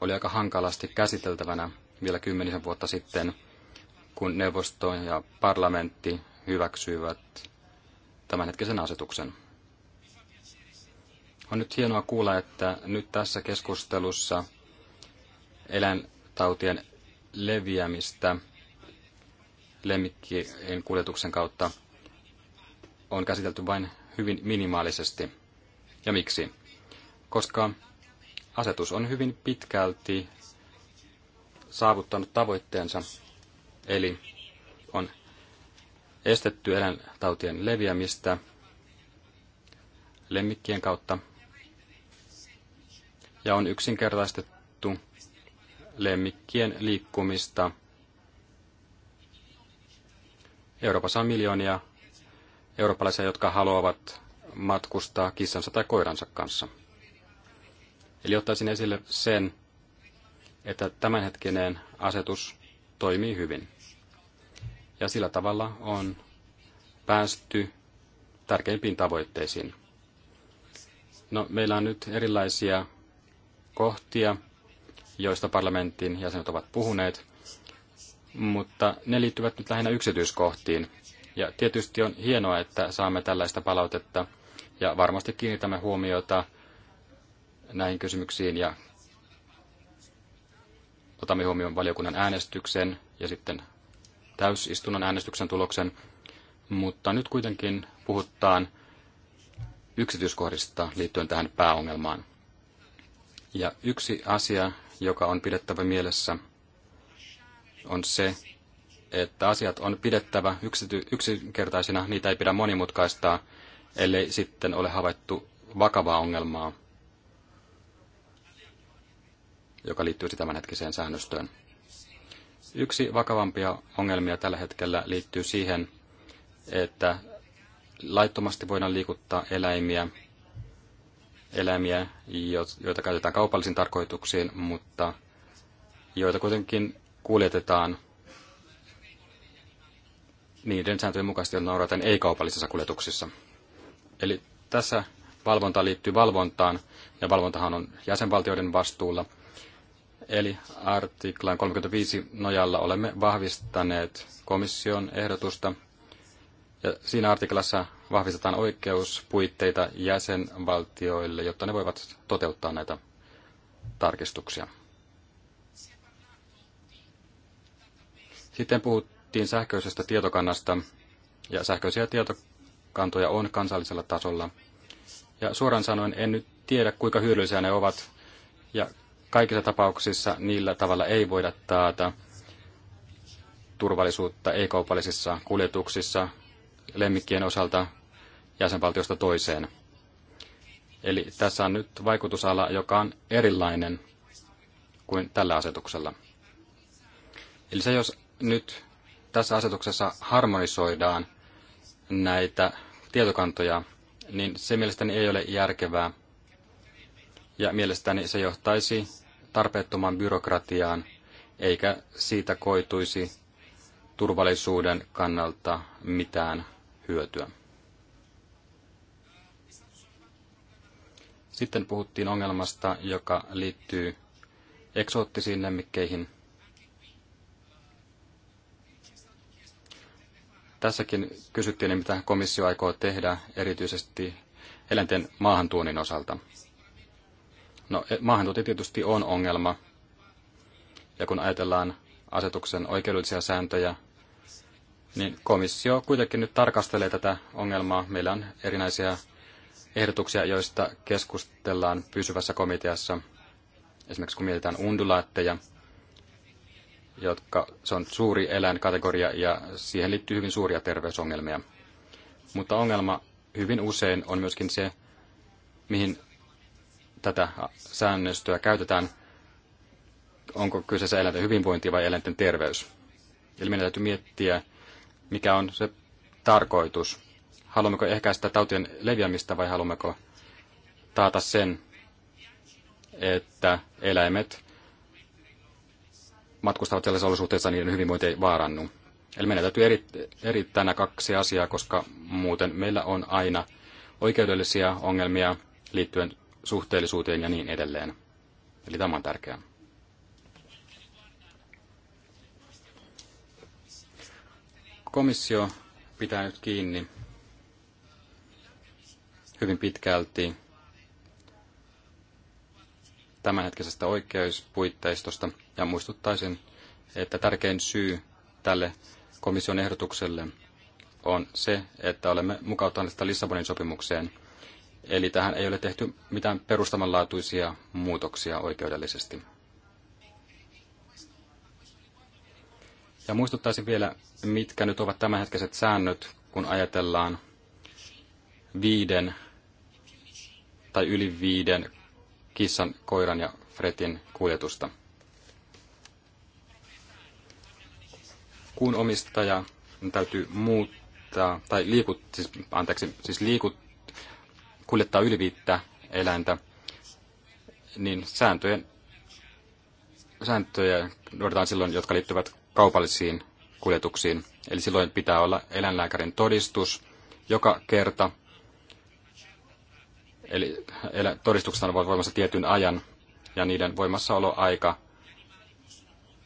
oli aika hankalasti käsiteltävänä vielä kymmenisen vuotta sitten, kun neuvosto ja parlamentti hyväksyivät tämänhetkisen asetuksen. On nyt hienoa kuulla, että nyt tässä keskustelussa eläintautien leviämistä lemmikkien kuljetuksen kautta on käsitelty vain hyvin minimaalisesti. Ja miksi? Koska asetus on hyvin pitkälti saavuttanut tavoitteensa, eli on estetty eläintautien leviämistä lemmikkien kautta ja on yksinkertaistettu lemmikkien liikkumista. Euroopassa on miljoonia eurooppalaisia, jotka haluavat matkustaa kissansa tai koiransa kanssa. Eli ottaisin esille sen, että tämänhetkinen asetus toimii hyvin. Ja sillä tavalla on päästy tärkeimpiin tavoitteisiin. No, meillä on nyt erilaisia kohtia, joista parlamentin jäsenet ovat puhuneet, mutta ne liittyvät nyt lähinnä yksityiskohtiin. Ja tietysti on hienoa, että saamme tällaista palautetta ja varmasti kiinnitämme huomiota näihin kysymyksiin ja otamme huomioon valiokunnan äänestyksen ja sitten täysistunnon äänestyksen tuloksen. Mutta nyt kuitenkin puhutaan yksityiskohdista liittyen tähän pääongelmaan. Ja yksi asia, joka on pidettävä mielessä, on se, että asiat on pidettävä yksity- yksinkertaisina, niitä ei pidä monimutkaistaa, ellei sitten ole havaittu vakavaa ongelmaa, joka liittyy tämänhetkiseen säännöstöön. Yksi vakavampia ongelmia tällä hetkellä liittyy siihen, että laittomasti voidaan liikuttaa eläimiä, eläimiä, joita käytetään kaupallisiin tarkoituksiin, mutta joita kuitenkin kuljetetaan niiden sääntöjen mukaisesti, joita ei-kaupallisissa kuljetuksissa. Eli tässä valvonta liittyy valvontaan, ja valvontahan on jäsenvaltioiden vastuulla. Eli artiklan 35 nojalla olemme vahvistaneet komission ehdotusta, ja siinä artiklassa vahvistetaan oikeuspuitteita jäsenvaltioille, jotta ne voivat toteuttaa näitä tarkistuksia. Sitten puhuttiin sähköisestä tietokannasta, ja sähköisiä tietokannasta kantoja on kansallisella tasolla. Ja suoraan sanoen en nyt tiedä, kuinka hyödyllisiä ne ovat. Ja kaikissa tapauksissa niillä tavalla ei voida taata turvallisuutta ei-kaupallisissa kuljetuksissa lemmikkien osalta jäsenvaltiosta toiseen. Eli tässä on nyt vaikutusala, joka on erilainen kuin tällä asetuksella. Eli se, jos nyt tässä asetuksessa harmonisoidaan näitä tietokantoja, niin se mielestäni ei ole järkevää. Ja mielestäni se johtaisi tarpeettomaan byrokratiaan, eikä siitä koituisi turvallisuuden kannalta mitään hyötyä. Sitten puhuttiin ongelmasta, joka liittyy eksoottisiin lemmikkeihin – Tässäkin kysyttiin, mitä komissio aikoo tehdä erityisesti eläinten maahantuonnin osalta. No, e, maahantuonti tietysti on ongelma. Ja kun ajatellaan asetuksen oikeudellisia sääntöjä, niin komissio kuitenkin nyt tarkastelee tätä ongelmaa. Meillä on erinäisiä ehdotuksia, joista keskustellaan pysyvässä komiteassa. Esimerkiksi kun mietitään undulaatteja, jotka, se on suuri eläinkategoria ja siihen liittyy hyvin suuria terveysongelmia. Mutta ongelma hyvin usein on myöskin se, mihin tätä säännöstöä käytetään, onko kyseessä eläinten hyvinvointi vai eläinten terveys. Eli meidän täytyy miettiä, mikä on se tarkoitus. Haluammeko ehkäistä tautien leviämistä vai haluammeko taata sen, että eläimet matkustavat sellaisissa olosuhteissa, niin niiden hyvinvointi ei vaarannu. Eli meidän täytyy eri, erittää nämä kaksi asiaa, koska muuten meillä on aina oikeudellisia ongelmia liittyen suhteellisuuteen ja niin edelleen. Eli tämä on tärkeää. Komissio pitää nyt kiinni hyvin pitkälti tämänhetkisestä oikeuspuitteistosta ja muistuttaisin, että tärkein syy tälle komission ehdotukselle on se, että olemme mukauttaneet sitä Lissabonin sopimukseen. Eli tähän ei ole tehty mitään perustamanlaatuisia muutoksia oikeudellisesti. Ja muistuttaisin vielä, mitkä nyt ovat tämänhetkiset säännöt, kun ajatellaan viiden tai yli viiden kissan, koiran ja fretin kuljetusta. Kuun omistaja täytyy muuttaa, tai liikut, siis, anteeksi, siis liikut, kuljettaa yli eläintä, niin sääntöjen, sääntöjä noudataan silloin, jotka liittyvät kaupallisiin kuljetuksiin. Eli silloin pitää olla eläinlääkärin todistus joka kerta, Eli todistukset ovat voimassa tietyn ajan ja niiden voimassaoloaika.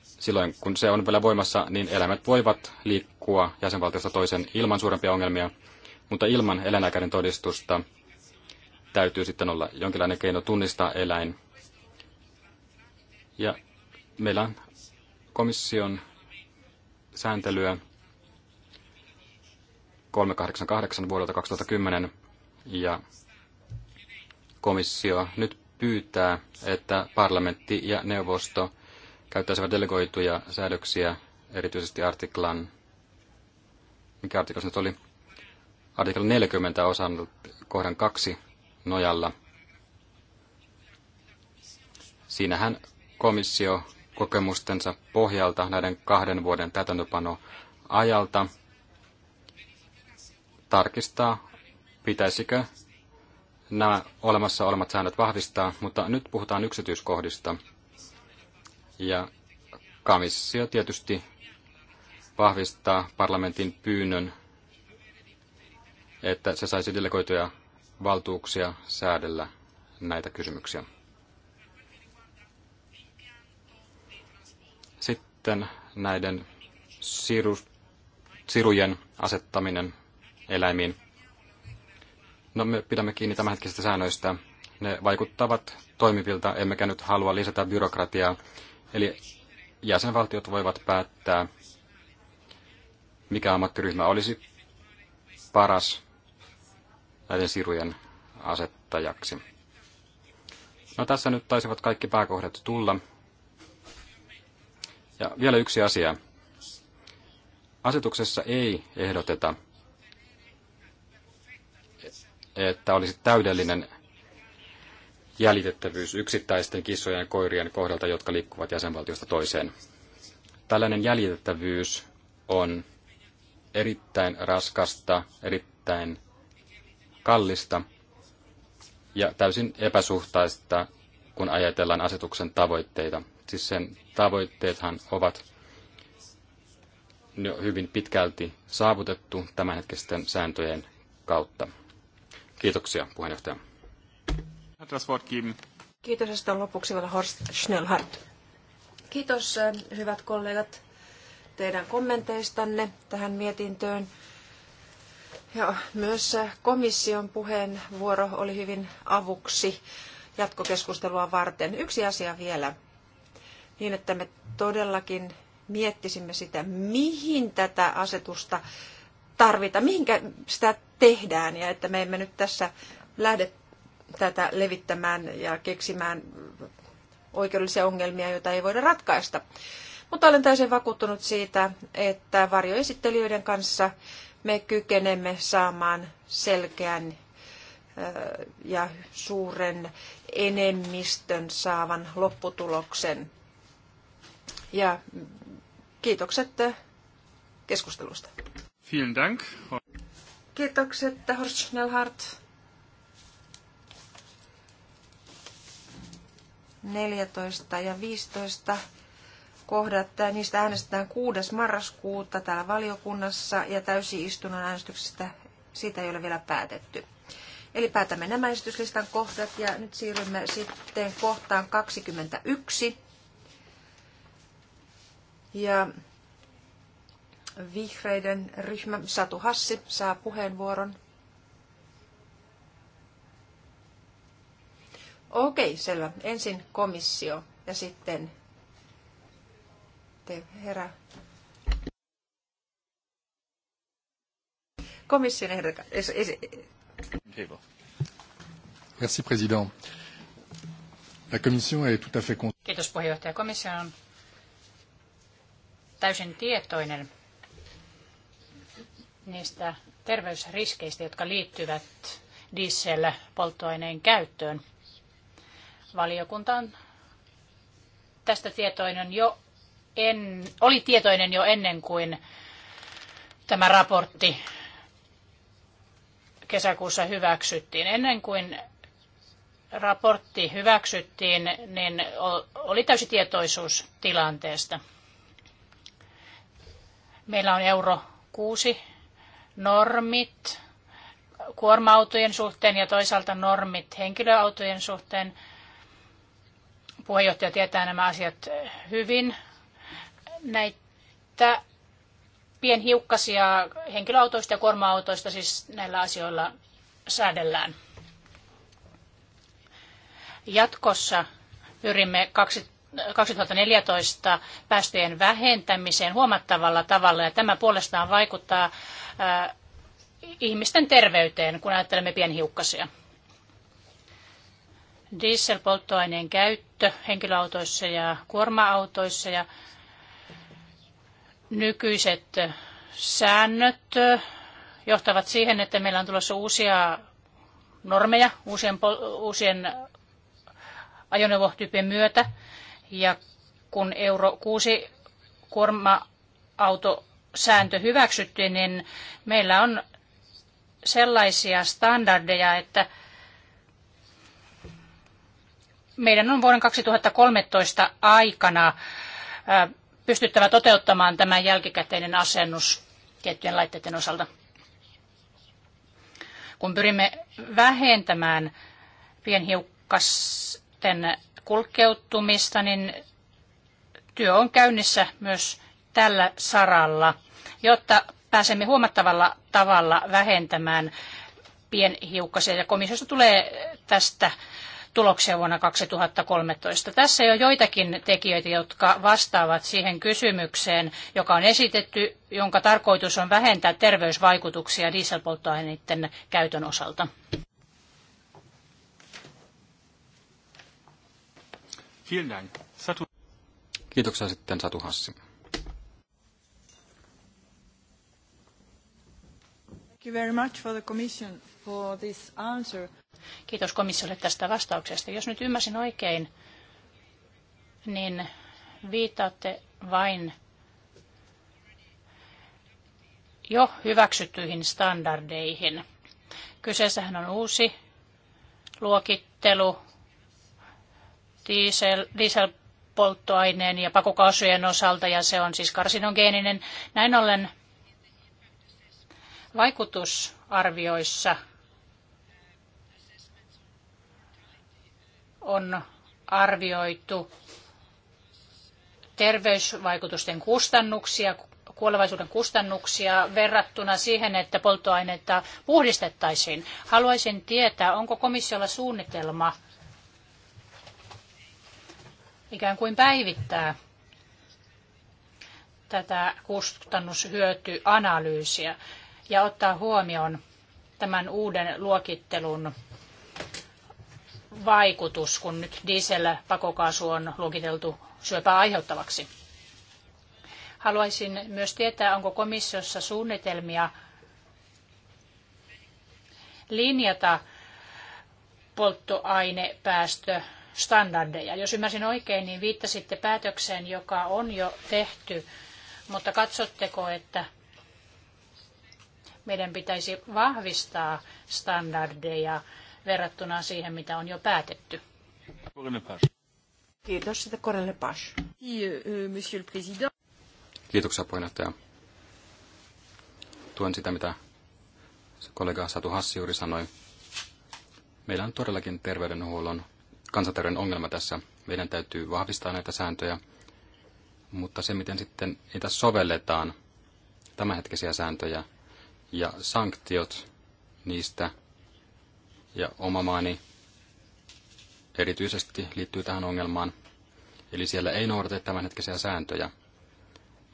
Silloin kun se on vielä voimassa, niin eläimet voivat liikkua jäsenvaltiosta toisen ilman suurempia ongelmia, mutta ilman eläinlääkärin todistusta täytyy sitten olla jonkinlainen keino tunnistaa eläin. Ja meillä on komission sääntelyä 388 vuodelta 2010 ja komissio nyt pyytää, että parlamentti ja neuvosto käyttäisivät delegoituja säädöksiä, erityisesti artiklan, mikä artikla nyt oli, artikla 40 osan kohdan 2 nojalla. Siinähän komissio kokemustensa pohjalta näiden kahden vuoden täytäntöpano ajalta tarkistaa, pitäisikö nämä olemassa olemat säännöt vahvistaa, mutta nyt puhutaan yksityiskohdista. Ja komissio tietysti vahvistaa parlamentin pyynnön, että se saisi delegoituja valtuuksia säädellä näitä kysymyksiä. Sitten näiden siru, sirujen asettaminen eläimiin. No me pidämme kiinni tämänhetkisistä säännöistä. Ne vaikuttavat toimivilta, emmekä nyt halua lisätä byrokratiaa. Eli jäsenvaltiot voivat päättää, mikä ammattiryhmä olisi paras näiden sirujen asettajaksi. No tässä nyt taisivat kaikki pääkohdat tulla. Ja vielä yksi asia. Asetuksessa ei ehdoteta, että olisi täydellinen jäljitettävyys yksittäisten kissojen ja koirien kohdalta, jotka liikkuvat jäsenvaltiosta toiseen. Tällainen jäljitettävyys on erittäin raskasta, erittäin kallista ja täysin epäsuhtaista, kun ajatellaan asetuksen tavoitteita. Siis sen tavoitteethan ovat hyvin pitkälti saavutettu tämänhetkisten sääntöjen kautta. Kiitoksia, puheenjohtaja. Kiitos, ja sitten lopuksi vielä Horst Schnellhardt. Kiitos, äh, hyvät kollegat, teidän kommenteistanne tähän mietintöön. Ja myös äh, komission puheenvuoro oli hyvin avuksi jatkokeskustelua varten. Yksi asia vielä, niin että me todellakin miettisimme sitä, mihin tätä asetusta tarvita, mihinkä sitä tehdään ja että me emme nyt tässä lähde tätä levittämään ja keksimään oikeudellisia ongelmia, joita ei voida ratkaista. Mutta olen täysin vakuuttunut siitä, että varjoesittelijöiden kanssa me kykenemme saamaan selkeän ja suuren enemmistön saavan lopputuloksen. Ja kiitokset keskustelusta. Vielen Dank. Kiitokset, Horst Schnellhardt. Neljätoista ja 15 kohdat. Niistä äänestetään 6. marraskuuta täällä valiokunnassa ja täysiistunnon äänestyksestä siitä ei ole vielä päätetty. Eli päätämme nämä esityslistan kohdat ja nyt siirrymme sitten kohtaan 21. Ja Vihreiden ryhmä Satu Hassi saa puheenvuoron. Okei, selvä. Ensin komissio ja sitten te herra. Komission ehdokas. Merci, président. La commission est tout à fait... Kiitos puheenjohtaja. Komissio on täysin tietoinen niistä terveysriskeistä, jotka liittyvät dieselpolttoaineen käyttöön. Valiokunta on tästä tietoinen jo en, oli tietoinen jo ennen kuin tämä raportti kesäkuussa hyväksyttiin. Ennen kuin raportti hyväksyttiin, niin oli täysi tietoisuus tilanteesta. Meillä on euro 6 normit kuorma-autojen suhteen ja toisaalta normit henkilöautojen suhteen. Puheenjohtaja tietää nämä asiat hyvin. Näitä pienhiukkasia henkilöautoista ja kuorma-autoista siis näillä asioilla säädellään. Jatkossa pyrimme 2 2014 päästöjen vähentämiseen huomattavalla tavalla ja tämä puolestaan vaikuttaa äh, ihmisten terveyteen, kun ajattelemme pienhiukkasia. Dieselpolttoaineen käyttö henkilöautoissa ja kuorma-autoissa ja nykyiset säännöt johtavat siihen, että meillä on tulossa uusia normeja uusien, uusien ajoneuvotyypien myötä. Ja kun euro 6 kuorma-autosääntö hyväksyttiin, niin meillä on sellaisia standardeja, että meidän on vuoden 2013 aikana pystyttävä toteuttamaan tämä jälkikäteinen asennus tiettyjen laitteiden osalta. Kun pyrimme vähentämään pienhiukkasten kulkeutumista, niin työ on käynnissä myös tällä saralla, jotta pääsemme huomattavalla tavalla vähentämään pienhiukkasia. Ja komissiosta tulee tästä tuloksia vuonna 2013. Tässä jo joitakin tekijöitä, jotka vastaavat siihen kysymykseen, joka on esitetty, jonka tarkoitus on vähentää terveysvaikutuksia dieselpolttoaineiden käytön osalta. Vielen Dank. Satu. Kiitoksia sitten Satu Hassi. Thank you very much for the commission for this answer. Kiitos komissiolle tästä vastauksesta. Jos nyt ymmärsin oikein, niin viitaatte vain jo hyväksyttyihin standardeihin. Kyseessähän on uusi luokittelu diesel, dieselpolttoaineen ja pakokaasujen osalta, ja se on siis karsinogeeninen. Näin ollen vaikutusarvioissa on arvioitu terveysvaikutusten kustannuksia, kuolevaisuuden kustannuksia verrattuna siihen, että polttoaineita puhdistettaisiin. Haluaisin tietää, onko komissiolla suunnitelma ikään kuin päivittää tätä kustannushyötyanalyysiä ja ottaa huomioon tämän uuden luokittelun vaikutus, kun nyt dieselpakokaasu on luokiteltu syöpää aiheuttavaksi. Haluaisin myös tietää, onko komissiossa suunnitelmia linjata polttoainepäästö standardeja. Jos ymmärsin oikein, niin viittasitte päätökseen, joka on jo tehty, mutta katsotteko, että meidän pitäisi vahvistaa standardeja verrattuna siihen, mitä on jo päätetty? Kiitos, sitä Monsieur le Président. Kiitoksia, puheenjohtaja. Tuen sitä, mitä kollega Satu Hassi juuri sanoi. Meillä on todellakin terveydenhuollon kansanterveyden ongelma tässä. Meidän täytyy vahvistaa näitä sääntöjä, mutta se, miten sitten niitä sovelletaan, tämänhetkisiä sääntöjä ja sanktiot niistä ja oma maani erityisesti liittyy tähän ongelmaan. Eli siellä ei noudateta tämänhetkisiä sääntöjä.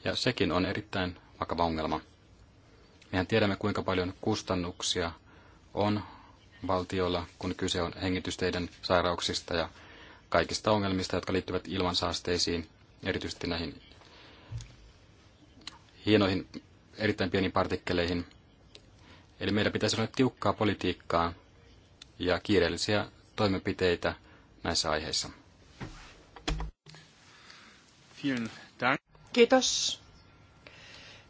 Ja sekin on erittäin vakava ongelma. Mehän tiedämme, kuinka paljon kustannuksia on valtioilla, kun kyse on hengitysteiden sairauksista ja kaikista ongelmista, jotka liittyvät ilmansaasteisiin, erityisesti näihin hienoihin, erittäin pieniin partikkeleihin. Eli meidän pitäisi olla tiukkaa politiikkaa ja kiireellisiä toimenpiteitä näissä aiheissa. Kiitos.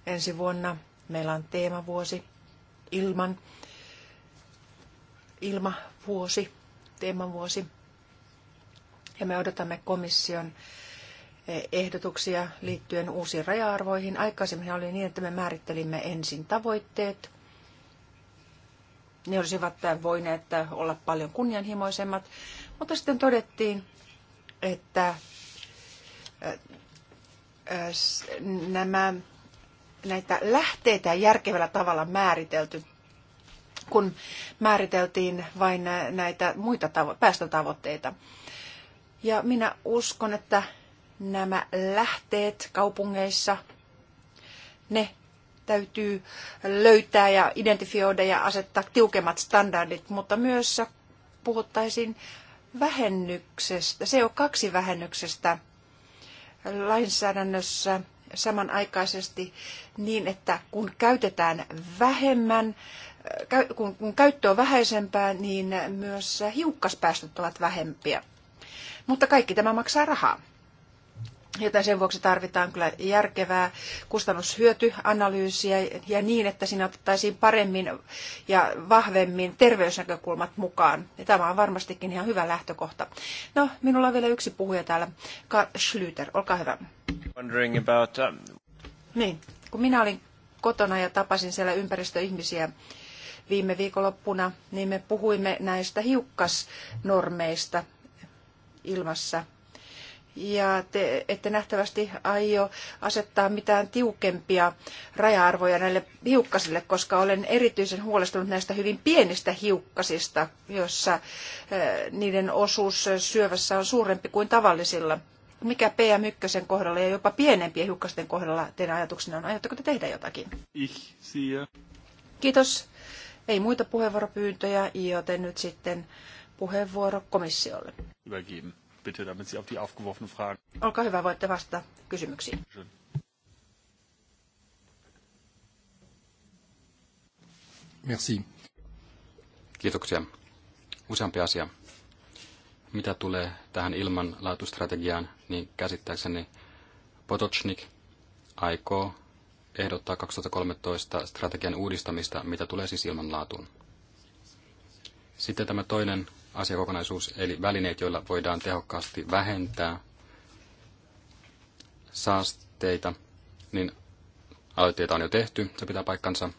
Ensi vuonna meillä on teemavuosi ilman ilmavuosi, teemavuosi. Ja me odotamme komission eh, ehdotuksia liittyen uusiin raja-arvoihin. Aikaisemmin oli niin, että me määrittelimme ensin tavoitteet. Ne olisivat voineet olla paljon kunnianhimoisemmat, mutta sitten todettiin, että eh, eh, nämä, näitä lähteitä järkevällä tavalla määritelty kun määriteltiin vain näitä muita tavo- päästötavoitteita. Ja minä uskon, että nämä lähteet kaupungeissa, ne täytyy löytää ja identifioida ja asettaa tiukemmat standardit, mutta myös puhuttaisiin vähennyksestä, CO2-vähennyksestä lainsäädännössä samanaikaisesti niin, että kun käytetään vähemmän kun käyttö on vähäisempää, niin myös hiukkaspäästöt ovat vähempiä. Mutta kaikki tämä maksaa rahaa. Joten sen vuoksi tarvitaan kyllä järkevää kustannushyötyanalyysiä ja niin, että siinä otettaisiin paremmin ja vahvemmin terveysnäkökulmat mukaan. Ja tämä on varmastikin ihan hyvä lähtökohta. No, minulla on vielä yksi puhuja täällä, Karl Schlüter, olkaa hyvä. About, um... Niin, kun minä olin kotona ja tapasin siellä ympäristöihmisiä, viime viikonloppuna, niin me puhuimme näistä hiukkasnormeista ilmassa. Ja te ette nähtävästi aio asettaa mitään tiukempia raja-arvoja näille hiukkasille, koska olen erityisen huolestunut näistä hyvin pienistä hiukkasista, joissa eh, niiden osuus syövässä on suurempi kuin tavallisilla mikä PM1 kohdalla ja jopa pienempien hiukkasten kohdalla teidän ajatuksena on? Aiotteko te tehdä jotakin? Ich, Kiitos. Ei muita puheenvuoropyyntöjä, joten nyt sitten puheenvuoro komissiolle. Übergeben. Bitte, damit Sie auf die aufgeworfenen Fragen. Olkaa hyvä, voitte vastata kysymyksiin. Merci. Kiitoksia. Useampi asia. Mitä tulee tähän ilmanlaatustrategiaan, niin käsittääkseni Potocnik aikoo ehdottaa 2013 strategian uudistamista, mitä tulee siis ilmanlaatuun. Sitten tämä toinen asiakokonaisuus, eli välineet, joilla voidaan tehokkaasti vähentää saasteita, niin aloitteita on jo tehty, se pitää paikkansa,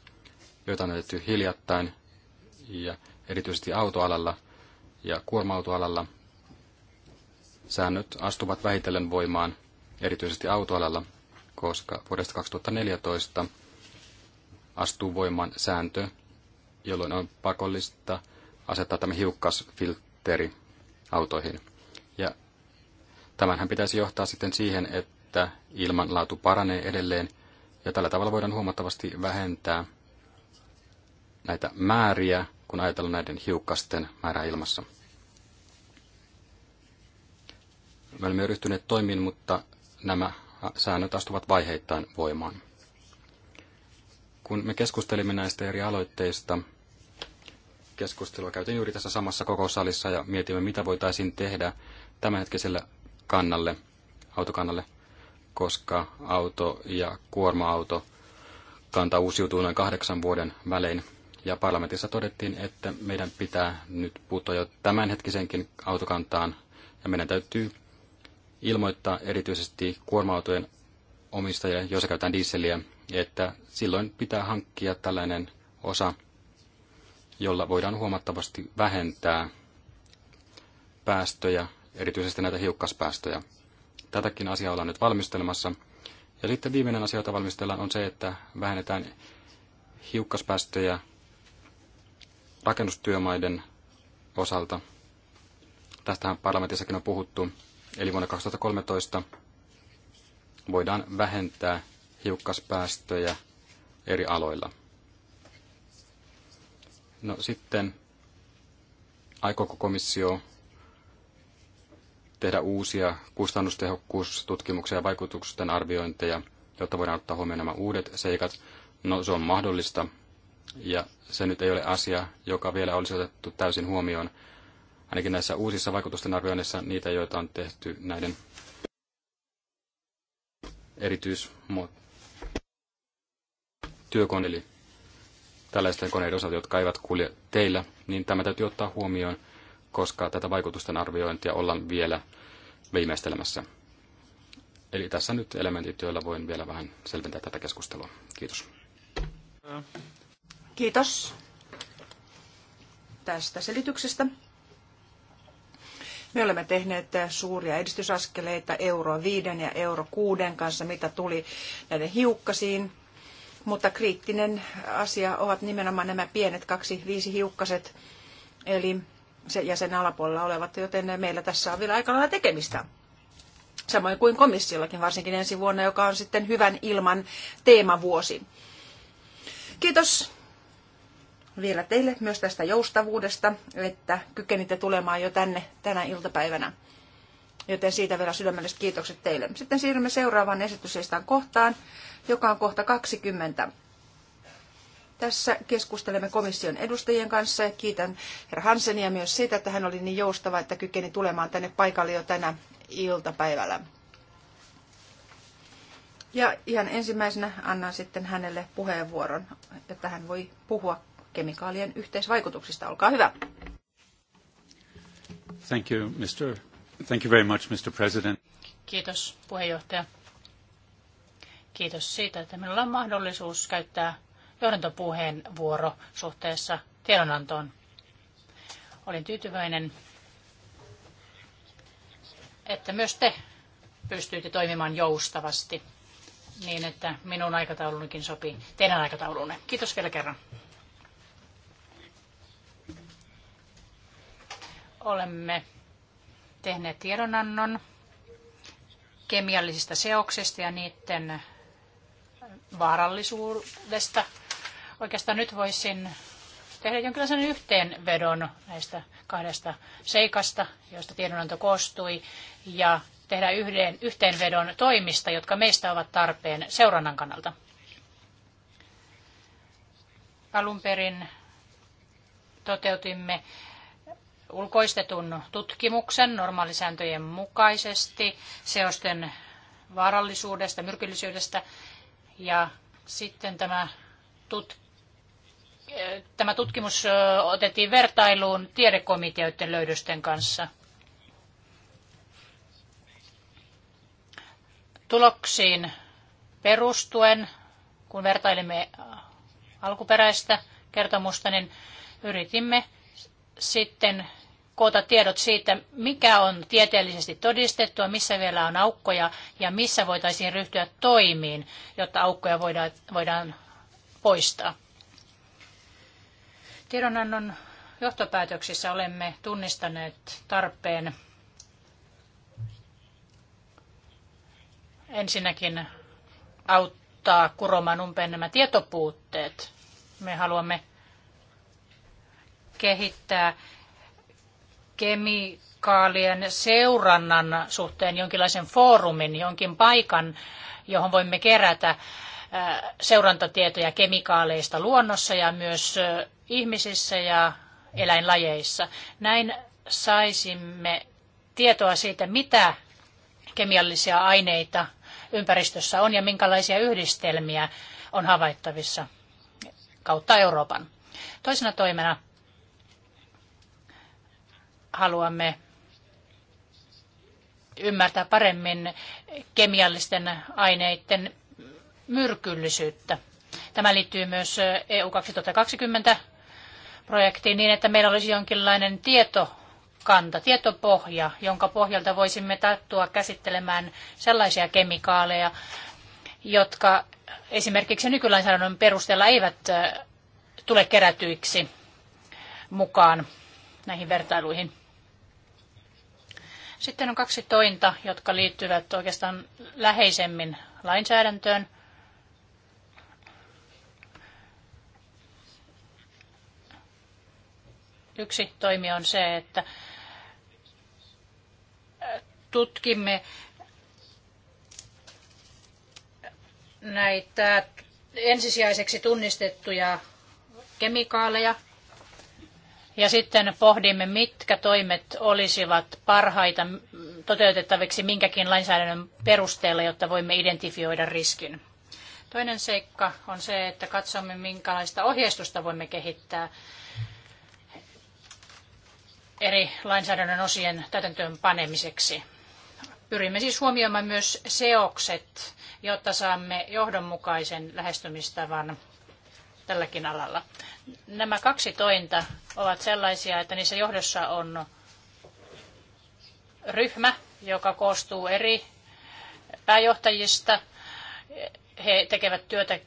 joita on tehty hiljattain, ja erityisesti autoalalla ja kuorma-autoalalla. Säännöt astuvat vähitellen voimaan, erityisesti autoalalla, koska vuodesta 2014 astuu voimaan sääntö, jolloin on pakollista asettaa tämä hiukkasfiltteri autoihin. Ja tämänhän pitäisi johtaa sitten siihen, että ilmanlaatu paranee edelleen, ja tällä tavalla voidaan huomattavasti vähentää näitä määriä, kun ajatellaan näiden hiukkasten määrää ilmassa. Me olemme ryhtyneet toimiin, mutta nämä säännöt astuvat vaiheittain voimaan. Kun me keskustelimme näistä eri aloitteista, keskustelua käytiin juuri tässä samassa kokousalissa ja mietimme, mitä voitaisiin tehdä tämänhetkisellä kannalle, autokannalle, koska auto ja kuorma-auto kanta uusiutuu noin kahdeksan vuoden välein. Ja parlamentissa todettiin, että meidän pitää nyt puuttua jo tämänhetkisenkin autokantaan ja meidän täytyy ilmoittaa erityisesti kuorma-autojen omistajille, joissa käytetään dieseliä, että silloin pitää hankkia tällainen osa, jolla voidaan huomattavasti vähentää päästöjä, erityisesti näitä hiukkaspäästöjä. Tätäkin asiaa ollaan nyt valmistelemassa. Ja sitten viimeinen asia, jota valmistellaan, on se, että vähennetään hiukkaspäästöjä rakennustyömaiden osalta. Tästähän parlamentissakin on puhuttu. Eli vuonna 2013 voidaan vähentää hiukkaspäästöjä eri aloilla. No sitten, aikooko komissio tehdä uusia kustannustehokkuustutkimuksia ja vaikutusten arviointeja, jotta voidaan ottaa huomioon nämä uudet seikat? No se on mahdollista, ja se nyt ei ole asia, joka vielä olisi otettu täysin huomioon ainakin näissä uusissa vaikutusten arvioinneissa niitä, joita on tehty näiden erityistyökoneiden, eli tällaisten koneiden osalta, jotka eivät kulje teillä, niin tämä täytyy ottaa huomioon, koska tätä vaikutusten arviointia ollaan vielä viimeistelemässä. Eli tässä nyt elementit, joilla voin vielä vähän selventää tätä keskustelua. Kiitos. Kiitos tästä selityksestä. Me olemme tehneet suuria edistysaskeleita euro 5 ja euro 6 kanssa, mitä tuli näiden hiukkasiin. Mutta kriittinen asia ovat nimenomaan nämä pienet kaksi viisi hiukkaset, eli se jäsen alapuolella olevat, joten meillä tässä on vielä aika lailla tekemistä. Samoin kuin komissiollakin, varsinkin ensi vuonna, joka on sitten hyvän ilman teemavuosi. Kiitos vielä teille myös tästä joustavuudesta, että kykenitte tulemaan jo tänne tänä iltapäivänä. Joten siitä vielä sydämelliset kiitokset teille. Sitten siirrymme seuraavaan esityslistan kohtaan, joka on kohta 20. Tässä keskustelemme komission edustajien kanssa ja kiitän herra Hansenia myös siitä, että hän oli niin joustava, että kykeni tulemaan tänne paikalle jo tänä iltapäivällä. Ja ihan ensimmäisenä annan sitten hänelle puheenvuoron, että hän voi puhua kemikaalien yhteisvaikutuksista. Olkaa hyvä. Thank you, Mr. Thank you very much, Mr. President. Kiitos puheenjohtaja. Kiitos siitä, että minulla on mahdollisuus käyttää johdantopuheenvuoro suhteessa tiedonantoon. Olin tyytyväinen, että myös te pystyitte toimimaan joustavasti niin, että minun aikataulunikin sopii teidän aikataulunne. Kiitos vielä kerran. Olemme tehneet tiedonannon kemiallisista seoksista ja niiden vaarallisuudesta. Oikeastaan nyt voisin tehdä jonkinlaisen yhteenvedon näistä kahdesta seikasta, joista tiedonanto koostui, ja tehdä yhden, yhteenvedon toimista, jotka meistä ovat tarpeen seurannan kannalta. Alun perin toteutimme ulkoistetun tutkimuksen normaalisääntöjen mukaisesti seosten vaarallisuudesta, myrkyllisyydestä ja sitten tämä, tut, tämä tutkimus otettiin vertailuun tiedekomiteoiden löydösten kanssa. Tuloksiin perustuen, kun vertailimme alkuperäistä kertomusta, niin yritimme sitten koota tiedot siitä, mikä on tieteellisesti todistettua, missä vielä on aukkoja ja missä voitaisiin ryhtyä toimiin, jotta aukkoja voidaan, voidaan poistaa. Tiedonannon johtopäätöksissä olemme tunnistaneet tarpeen ensinnäkin auttaa kuromaan umpeen nämä tietopuutteet. Me haluamme kehittää kemikaalien seurannan suhteen jonkinlaisen foorumin, jonkin paikan, johon voimme kerätä äh, seurantatietoja kemikaaleista luonnossa ja myös äh, ihmisissä ja eläinlajeissa. Näin saisimme tietoa siitä, mitä kemiallisia aineita ympäristössä on ja minkälaisia yhdistelmiä on havaittavissa kautta Euroopan. Toisena toimena haluamme ymmärtää paremmin kemiallisten aineiden myrkyllisyyttä. Tämä liittyy myös EU 2020 projektiin niin, että meillä olisi jonkinlainen tietokanta, tietopohja, jonka pohjalta voisimme tarttua käsittelemään sellaisia kemikaaleja, jotka esimerkiksi nykylainsäädännön perusteella eivät äh, tule kerätyiksi mukaan näihin vertailuihin. Sitten on kaksi tointa, jotka liittyvät oikeastaan läheisemmin lainsäädäntöön. Yksi toimi on se, että tutkimme näitä ensisijaiseksi tunnistettuja kemikaaleja, ja sitten pohdimme, mitkä toimet olisivat parhaita toteutettaviksi minkäkin lainsäädännön perusteella, jotta voimme identifioida riskin. Toinen seikka on se, että katsomme, minkälaista ohjeistusta voimme kehittää eri lainsäädännön osien täytäntöön panemiseksi. Pyrimme siis huomioimaan myös seokset, jotta saamme johdonmukaisen lähestymistavan tälläkin alalla. Nämä kaksi tointa ovat sellaisia, että niissä johdossa on ryhmä, joka koostuu eri pääjohtajista. He tekevät työtä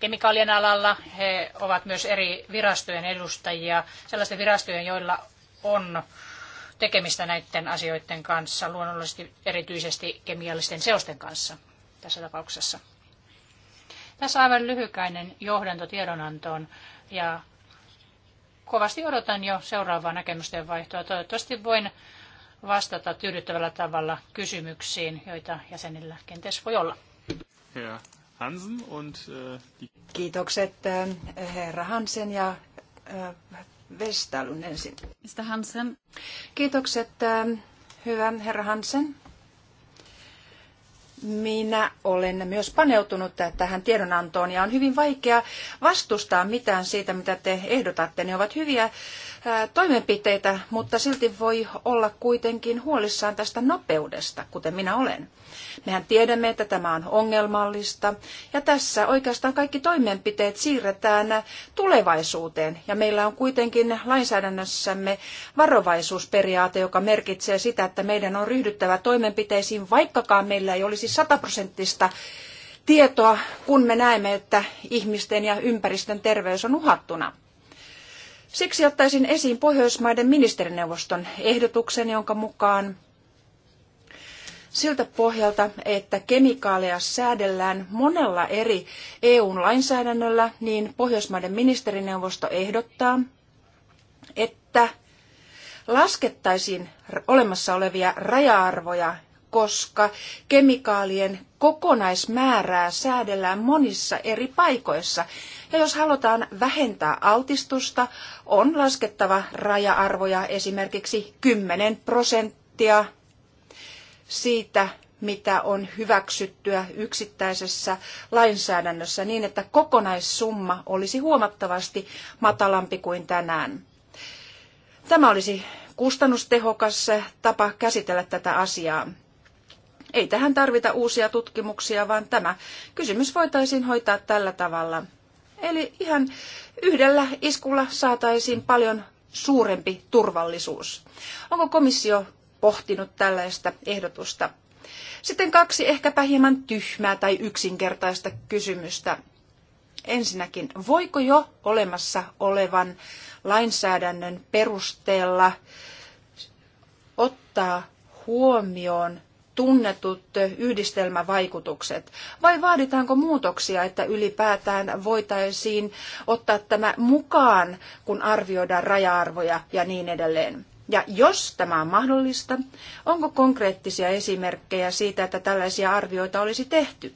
kemikaalien alalla. He ovat myös eri virastojen edustajia, sellaisten virastojen, joilla on tekemistä näiden asioiden kanssa, luonnollisesti erityisesti kemiallisten seosten kanssa tässä tapauksessa. Tässä aivan lyhykäinen johdanto tiedonantoon ja kovasti odotan jo seuraavaa näkemysten vaihtoa. Toivottavasti voin vastata tyydyttävällä tavalla kysymyksiin, joita jäsenillä kenties voi olla. Herra Hansen und, äh, Kiitokset äh, herra Hansen ja äh, Vestalun ensin. Mr. Hansen. Kiitokset hyvä herra Hansen minä olen myös paneutunut tähän tiedonantoon ja on hyvin vaikea vastustaa mitään siitä, mitä te ehdotatte. Ne ovat hyviä toimenpiteitä, mutta silti voi olla kuitenkin huolissaan tästä nopeudesta, kuten minä olen. Mehän tiedämme, että tämä on ongelmallista ja tässä oikeastaan kaikki toimenpiteet siirretään tulevaisuuteen ja meillä on kuitenkin lainsäädännössämme varovaisuusperiaate, joka merkitsee sitä, että meidän on ryhdyttävä toimenpiteisiin, vaikkakaan meillä ei olisi sataprosenttista tietoa, kun me näemme, että ihmisten ja ympäristön terveys on uhattuna. Siksi ottaisin esiin Pohjoismaiden ministerineuvoston ehdotuksen, jonka mukaan siltä pohjalta, että kemikaaleja säädellään monella eri EU-lainsäädännöllä, niin Pohjoismaiden ministerineuvosto ehdottaa, että laskettaisiin olemassa olevia raja-arvoja koska kemikaalien kokonaismäärää säädellään monissa eri paikoissa. Ja jos halutaan vähentää altistusta, on laskettava raja-arvoja esimerkiksi 10 prosenttia siitä, mitä on hyväksyttyä yksittäisessä lainsäädännössä niin, että kokonaissumma olisi huomattavasti matalampi kuin tänään. Tämä olisi kustannustehokas tapa käsitellä tätä asiaa. Ei tähän tarvita uusia tutkimuksia, vaan tämä kysymys voitaisiin hoitaa tällä tavalla. Eli ihan yhdellä iskulla saataisiin paljon suurempi turvallisuus. Onko komissio pohtinut tällaista ehdotusta? Sitten kaksi ehkäpä hieman tyhmää tai yksinkertaista kysymystä. Ensinnäkin, voiko jo olemassa olevan lainsäädännön perusteella ottaa huomioon tunnetut yhdistelmävaikutukset? Vai vaaditaanko muutoksia, että ylipäätään voitaisiin ottaa tämä mukaan, kun arvioidaan raja-arvoja ja niin edelleen? Ja jos tämä on mahdollista, onko konkreettisia esimerkkejä siitä, että tällaisia arvioita olisi tehty?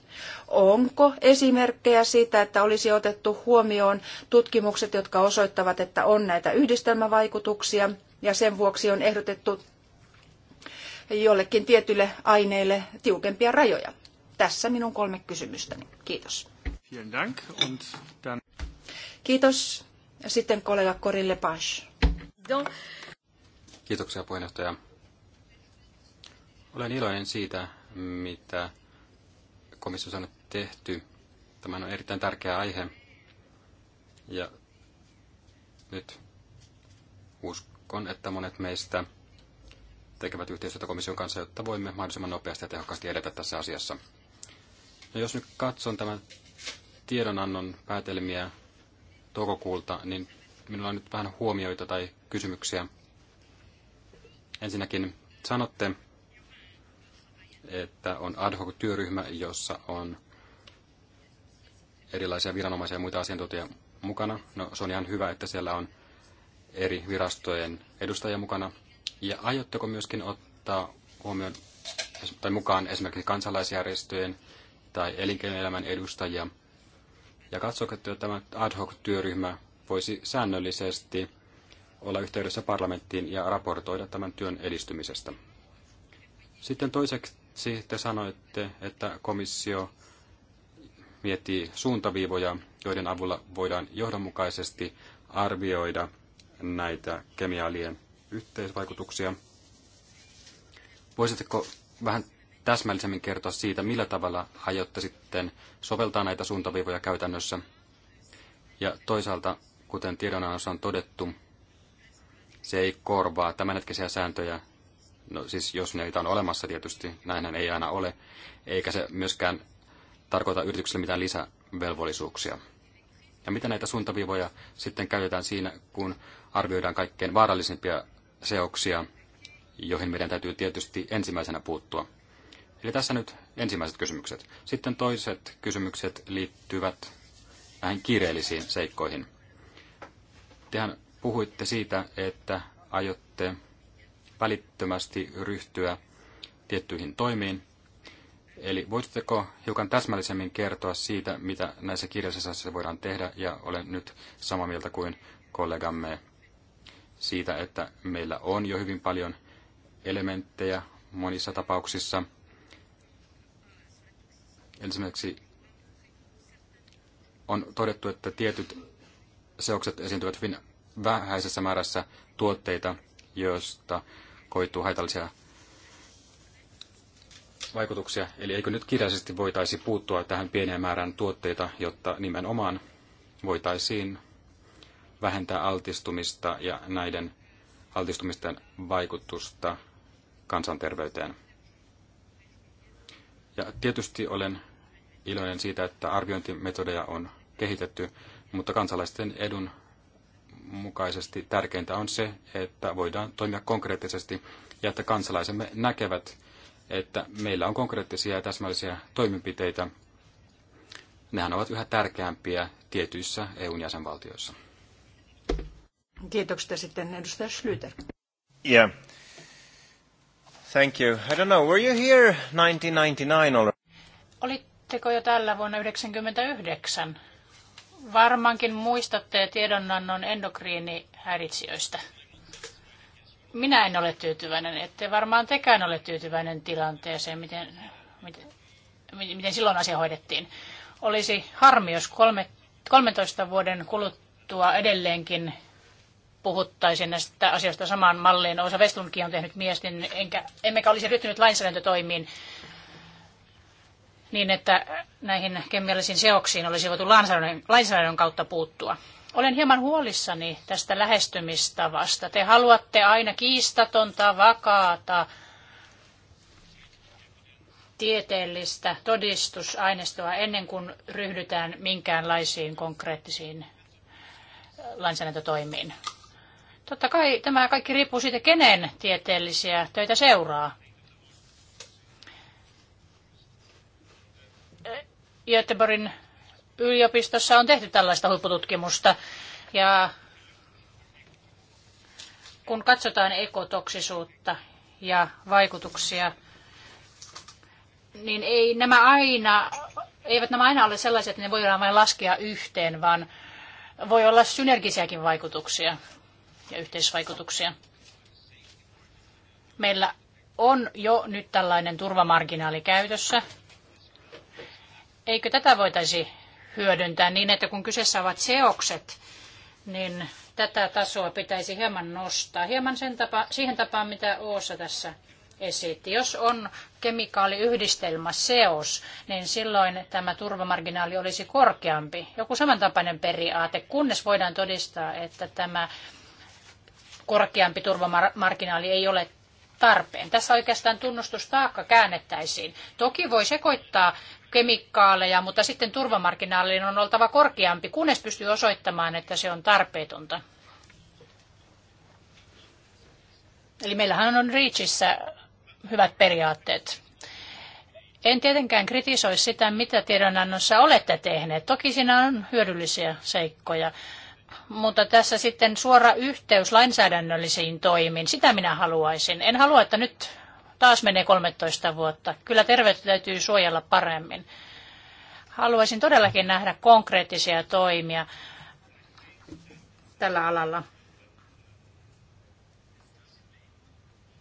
Onko esimerkkejä siitä, että olisi otettu huomioon tutkimukset, jotka osoittavat, että on näitä yhdistelmävaikutuksia, ja sen vuoksi on ehdotettu jollekin tietylle aineelle tiukempia rajoja. Tässä minun kolme kysymystäni. Kiitos. Kiitos. ja Sitten kollega Corinne Pash. Kiitoksia puheenjohtaja. Olen iloinen siitä, mitä komissio on tehty. Tämä on erittäin tärkeä aihe. Ja nyt uskon, että monet meistä – tekevät yhteistyötä komission kanssa, jotta voimme mahdollisimman nopeasti ja tehokkaasti edetä tässä asiassa. No jos nyt katson tämän tiedonannon päätelmiä toukokuulta, niin minulla on nyt vähän huomioita tai kysymyksiä. Ensinnäkin sanotte, että on ad hoc työryhmä, jossa on erilaisia viranomaisia ja muita asiantuntijoita mukana. No, se on ihan hyvä, että siellä on eri virastojen edustajia mukana, ja aiotteko myöskin ottaa huomioon tai mukaan esimerkiksi kansalaisjärjestöjen tai elinkeinoelämän edustajia? Ja katsoko, että tämä ad hoc-työryhmä voisi säännöllisesti olla yhteydessä parlamenttiin ja raportoida tämän työn edistymisestä? Sitten toiseksi te sanoitte, että komissio miettii suuntaviivoja, joiden avulla voidaan johdonmukaisesti arvioida näitä kemiallien yhteisvaikutuksia. Voisitteko vähän täsmällisemmin kertoa siitä, millä tavalla aiotte sitten soveltaa näitä suuntaviivoja käytännössä? Ja toisaalta, kuten tiedonannossa on todettu, se ei korvaa tämänhetkisiä sääntöjä, no siis jos niitä on olemassa tietysti, näinhän ei aina ole, eikä se myöskään tarkoita yritykselle mitään lisävelvollisuuksia. Ja miten näitä suuntaviivoja sitten käytetään siinä, kun arvioidaan kaikkein vaarallisimpia seoksia, joihin meidän täytyy tietysti ensimmäisenä puuttua. Eli tässä nyt ensimmäiset kysymykset. Sitten toiset kysymykset liittyvät näihin kiireellisiin seikkoihin. Tehän puhuitte siitä, että aiotte välittömästi ryhtyä tiettyihin toimiin. Eli voisitteko hiukan täsmällisemmin kertoa siitä, mitä näissä kirjallisissa voidaan tehdä, ja olen nyt samaa mieltä kuin kollegamme siitä, että meillä on jo hyvin paljon elementtejä monissa tapauksissa. Ensimmäiseksi on todettu, että tietyt seokset esiintyvät hyvin vähäisessä määrässä tuotteita, joista koituu haitallisia vaikutuksia. Eli eikö nyt kirjallisesti voitaisi puuttua tähän pieneen määrään tuotteita, jotta nimenomaan voitaisiin vähentää altistumista ja näiden altistumisten vaikutusta kansanterveyteen. Ja tietysti olen iloinen siitä, että arviointimetodeja on kehitetty, mutta kansalaisten edun mukaisesti tärkeintä on se, että voidaan toimia konkreettisesti ja että kansalaisemme näkevät, että meillä on konkreettisia ja täsmällisiä toimenpiteitä. Nehän ovat yhä tärkeämpiä tietyissä EUn jäsenvaltioissa. Kiitokset sitten edustaja Schlüter. Yeah. Thank you. I don't know, were you here 1999 already? Olitteko jo tällä vuonna 1999? Varmaankin muistatte tiedonannon endokriinihäiritsijöistä. Minä en ole tyytyväinen, ette varmaan tekään ole tyytyväinen tilanteeseen, miten, miten, miten silloin asia hoidettiin. Olisi harmi, jos kolme, 13 vuoden kuluttua edelleenkin puhuttaisiin näistä asioista samaan malliin. Osa Vestlundkin on tehnyt miestin, enkä, emmekä olisi ryhtynyt lainsäädäntötoimiin niin, että näihin kemiallisiin seoksiin olisi voitu lainsäädännön, lainsäädännön kautta puuttua. Olen hieman huolissani tästä lähestymistavasta. Te haluatte aina kiistatonta, vakaata, tieteellistä todistusaineistoa ennen kuin ryhdytään minkäänlaisiin konkreettisiin lainsäädäntötoimiin. Totta kai tämä kaikki riippuu siitä, kenen tieteellisiä töitä seuraa. Göteborgin yliopistossa on tehty tällaista huippututkimusta. Ja kun katsotaan ekotoksisuutta ja vaikutuksia, niin ei nämä aina, eivät nämä aina ole sellaiset, että ne voidaan vain laskea yhteen, vaan voi olla synergisiäkin vaikutuksia ja yhteisvaikutuksia. Meillä on jo nyt tällainen turvamarginaali käytössä. Eikö tätä voitaisi hyödyntää niin, että kun kyseessä ovat seokset, niin tätä tasoa pitäisi hieman nostaa, hieman sen tapa, siihen tapaan, mitä Oossa tässä esitti. Jos on kemikaaliyhdistelmä seos, niin silloin tämä turvamarginaali olisi korkeampi. Joku samantapainen periaate, kunnes voidaan todistaa, että tämä korkeampi turvamarginaali ei ole tarpeen. Tässä oikeastaan tunnustustaakka käännettäisiin. Toki voi sekoittaa kemikaaleja, mutta sitten turvamarginaalin on oltava korkeampi, kunnes pystyy osoittamaan, että se on tarpeetonta. Eli meillähän on REACHissä hyvät periaatteet. En tietenkään kritisoi sitä, mitä tiedonannossa olette tehneet. Toki siinä on hyödyllisiä seikkoja mutta tässä sitten suora yhteys lainsäädännöllisiin toimiin, sitä minä haluaisin. En halua, että nyt taas menee 13 vuotta. Kyllä terveyttä täytyy suojella paremmin. Haluaisin todellakin nähdä konkreettisia toimia tällä alalla.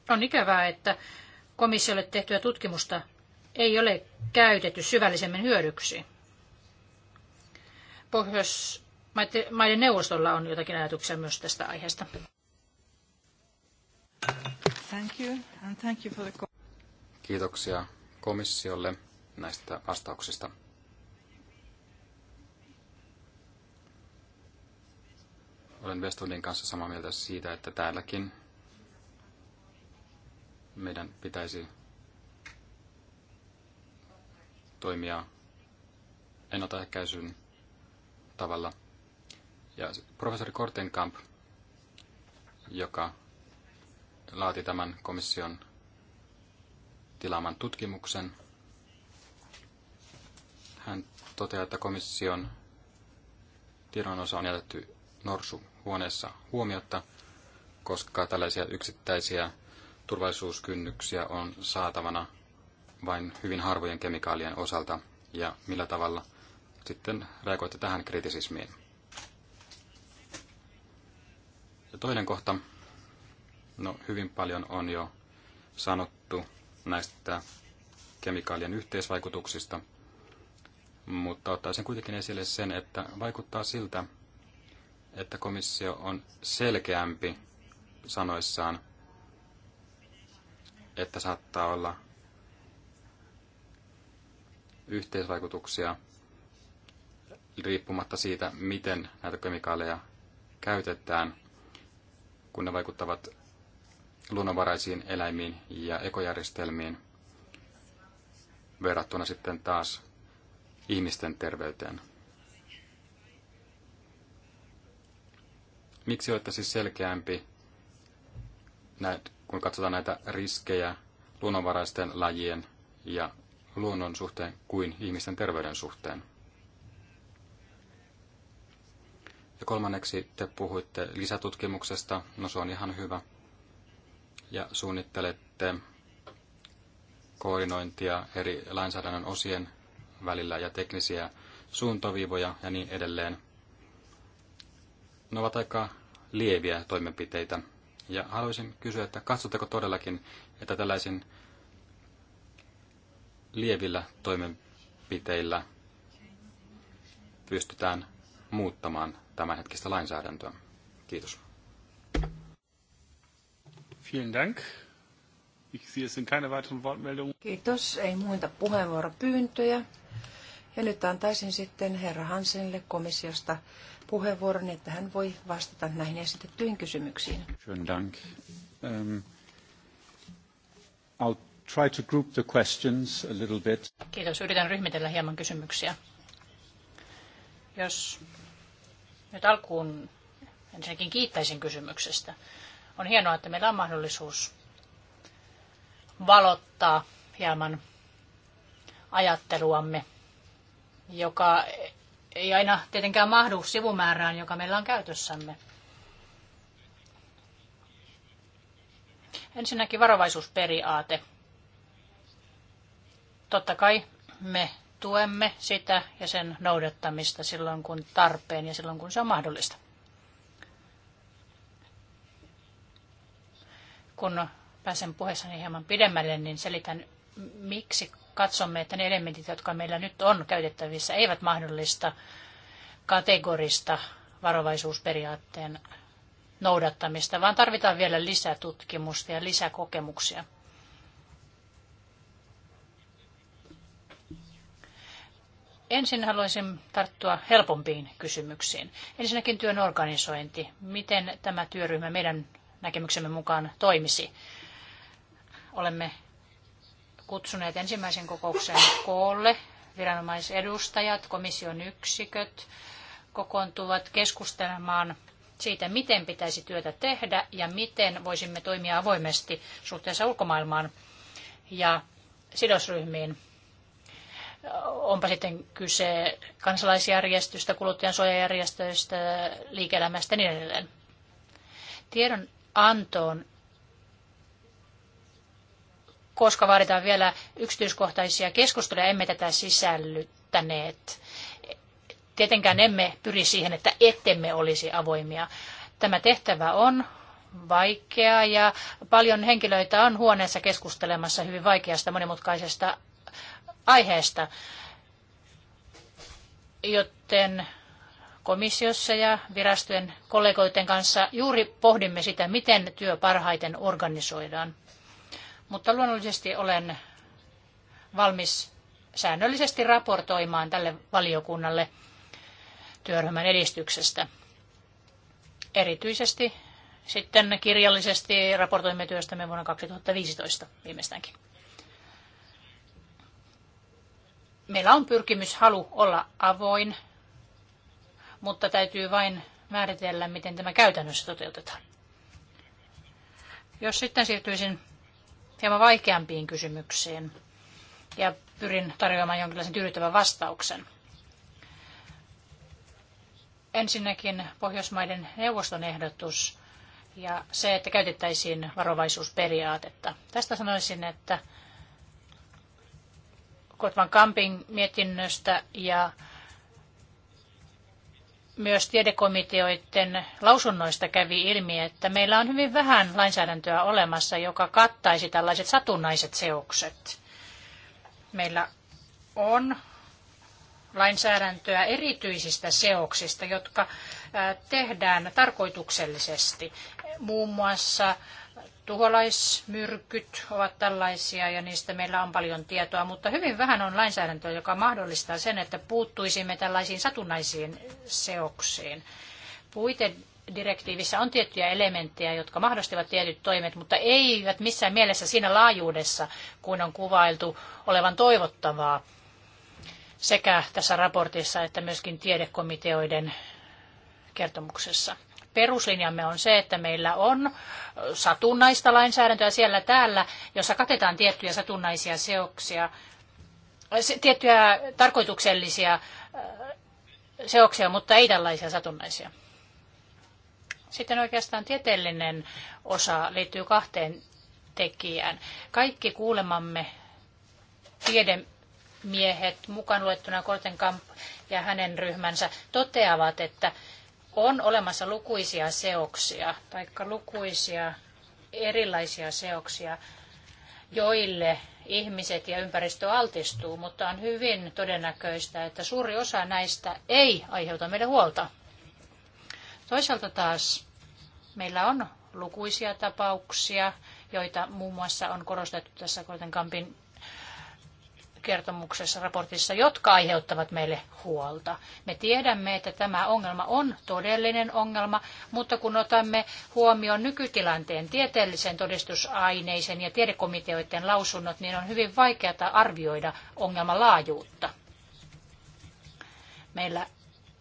On ikävää, että komissiolle tehtyä tutkimusta ei ole käytetty syvällisemmin hyödyksi. Pohjois maiden neuvostolla on jotakin ajatuksia myös tästä aiheesta. Thank you, and thank you for the... Kiitoksia komissiolle näistä vastauksista. Olen Westlundin kanssa samaa mieltä siitä, että täälläkin meidän pitäisi toimia ennaltaehkäisyn tavalla – ja professori Kortenkamp, joka laati tämän komission tilaaman tutkimuksen, hän toteaa, että komission tiedonosa on jätetty norsu huoneessa huomiotta, koska tällaisia yksittäisiä turvallisuuskynnyksiä on saatavana vain hyvin harvojen kemikaalien osalta ja millä tavalla sitten reagoitte tähän kritisismiin. Ja toinen kohta, no hyvin paljon on jo sanottu näistä kemikaalien yhteisvaikutuksista, mutta ottaisin kuitenkin esille sen, että vaikuttaa siltä, että komissio on selkeämpi sanoissaan, että saattaa olla yhteisvaikutuksia riippumatta siitä, miten näitä kemikaaleja käytetään kun ne vaikuttavat luonnonvaraisiin eläimiin ja ekojärjestelmiin verrattuna sitten taas ihmisten terveyteen. Miksi olette siis selkeämpi, kun katsotaan näitä riskejä luonnonvaraisten lajien ja luonnon suhteen kuin ihmisten terveyden suhteen? Ja kolmanneksi te puhuitte lisätutkimuksesta, no se on ihan hyvä. Ja suunnittelette koordinointia eri lainsäädännön osien välillä ja teknisiä suuntaviivoja ja niin edelleen. Ne ovat aika lieviä toimenpiteitä. Ja haluaisin kysyä, että katsotteko todellakin, että tällaisin lievillä toimenpiteillä pystytään muuttamaan tämänhetkistä lainsäädäntöä. Kiitos. Vielen Dank. Ich sehe, es keine weiteren Wortmeldungen. Kiitos. Ei muita puheenvuoropyyntöjä. Ja nyt antaisin sitten herra Hansenille komissiosta puheenvuoron, että hän voi vastata näihin esitettyihin kysymyksiin. Vielen Dank. Um, I'll try to group the questions a little bit. Kiitos. Yritän ryhmitellä hieman kysymyksiä. Jos nyt alkuun ensinnäkin kiittäisin kysymyksestä. On hienoa, että meillä on mahdollisuus valottaa hieman ajatteluamme, joka ei aina tietenkään mahdu sivumäärään, joka meillä on käytössämme. Ensinnäkin varovaisuusperiaate. Totta kai me tuemme sitä ja sen noudattamista silloin, kun tarpeen ja silloin, kun se on mahdollista. Kun pääsen puheessani hieman pidemmälle, niin selitän, miksi katsomme, että ne elementit, jotka meillä nyt on käytettävissä, eivät mahdollista kategorista varovaisuusperiaatteen noudattamista, vaan tarvitaan vielä lisää tutkimusta ja lisää kokemuksia. Ensin haluaisin tarttua helpompiin kysymyksiin. Ensinnäkin työn organisointi. Miten tämä työryhmä meidän näkemyksemme mukaan toimisi? Olemme kutsuneet ensimmäisen kokouksen koolle. Viranomaisedustajat, komission yksiköt kokoontuvat keskustelemaan siitä, miten pitäisi työtä tehdä ja miten voisimme toimia avoimesti suhteessa ulkomaailmaan ja sidosryhmiin onpa sitten kyse kansalaisjärjestöstä, kuluttajansuojajärjestöistä, liike-elämästä ja niin edelleen. Tiedon antoon, koska vaaditaan vielä yksityiskohtaisia keskusteluja, emme tätä sisällyttäneet. Tietenkään emme pyri siihen, että ettemme olisi avoimia. Tämä tehtävä on vaikea ja paljon henkilöitä on huoneessa keskustelemassa hyvin vaikeasta monimutkaisesta aiheesta. Joten komissiossa ja virastojen kollegoiden kanssa juuri pohdimme sitä, miten työ parhaiten organisoidaan. Mutta luonnollisesti olen valmis säännöllisesti raportoimaan tälle valiokunnalle työryhmän edistyksestä. Erityisesti sitten kirjallisesti raportoimme työstämme vuonna 2015 viimeistäänkin. meillä on pyrkimys, halu olla avoin, mutta täytyy vain määritellä, miten tämä käytännössä toteutetaan. Jos sitten siirtyisin hieman vaikeampiin kysymyksiin ja pyrin tarjoamaan jonkinlaisen tyydyttävän vastauksen. Ensinnäkin Pohjoismaiden neuvoston ehdotus ja se, että käytettäisiin varovaisuusperiaatetta. Tästä sanoisin, että Kotvan Kampin mietinnöstä ja myös tiedekomiteoiden lausunnoista kävi ilmi, että meillä on hyvin vähän lainsäädäntöä olemassa, joka kattaisi tällaiset satunnaiset seokset. Meillä on lainsäädäntöä erityisistä seoksista, jotka tehdään tarkoituksellisesti. Muun muassa tuholaismyrkyt ovat tällaisia ja niistä meillä on paljon tietoa, mutta hyvin vähän on lainsäädäntöä, joka mahdollistaa sen, että puuttuisimme tällaisiin satunnaisiin seoksiin. Puitedirektiivissä on tiettyjä elementtejä, jotka mahdollistavat tietyt toimet, mutta eivät missään mielessä siinä laajuudessa, kuin on kuvailtu olevan toivottavaa sekä tässä raportissa että myöskin tiedekomiteoiden kertomuksessa peruslinjamme on se, että meillä on satunnaista lainsäädäntöä siellä täällä, jossa katetaan tiettyjä satunnaisia seoksia, tiettyjä tarkoituksellisia äh, seoksia, mutta ei tällaisia satunnaisia. Sitten oikeastaan tieteellinen osa liittyy kahteen tekijään. Kaikki kuulemamme tiedemiehet, mukaan luettuna Kortenkamp ja hänen ryhmänsä, toteavat, että on olemassa lukuisia seoksia, tai lukuisia erilaisia seoksia, joille ihmiset ja ympäristö altistuu, mutta on hyvin todennäköistä, että suuri osa näistä ei aiheuta meille huolta. Toisaalta taas meillä on lukuisia tapauksia, joita muun muassa on korostettu tässä Kortenkampin kertomuksessa, raportissa, jotka aiheuttavat meille huolta. Me tiedämme, että tämä ongelma on todellinen ongelma, mutta kun otamme huomioon nykytilanteen tieteellisen todistusaineisen ja tiedekomiteoiden lausunnot, niin on hyvin vaikeata arvioida ongelman laajuutta. Meillä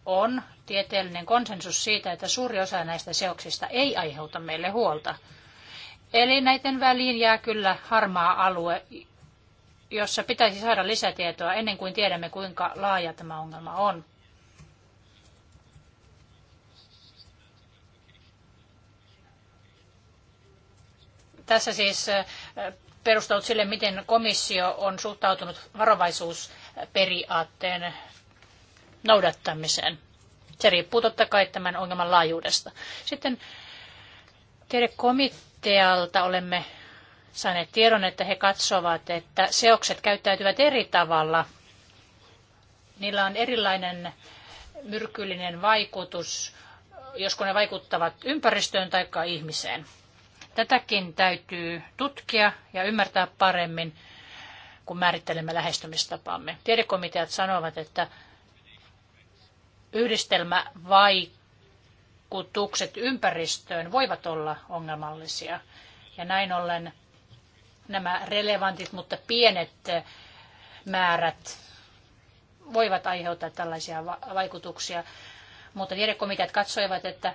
on tieteellinen konsensus siitä, että suuri osa näistä seoksista ei aiheuta meille huolta. Eli näiden väliin jää kyllä harmaa alue, jossa pitäisi saada lisätietoa ennen kuin tiedämme, kuinka laaja tämä ongelma on. Tässä siis perustelut sille, miten komissio on suhtautunut varovaisuusperiaatteen noudattamiseen. Se riippuu totta kai tämän ongelman laajuudesta. Sitten tiedekomitealta olemme saaneet tiedon, että he katsovat, että seokset käyttäytyvät eri tavalla. Niillä on erilainen myrkyllinen vaikutus, josko ne vaikuttavat ympäristöön tai ihmiseen. Tätäkin täytyy tutkia ja ymmärtää paremmin, kun määrittelemme lähestymistapamme. Tiedekomiteat sanovat, että yhdistelmävaikutukset ympäristöön voivat olla ongelmallisia. Ja näin ollen nämä relevantit, mutta pienet eh, määrät voivat aiheuttaa tällaisia vaikutuksia. Mutta tiedekomiteat katsoivat, että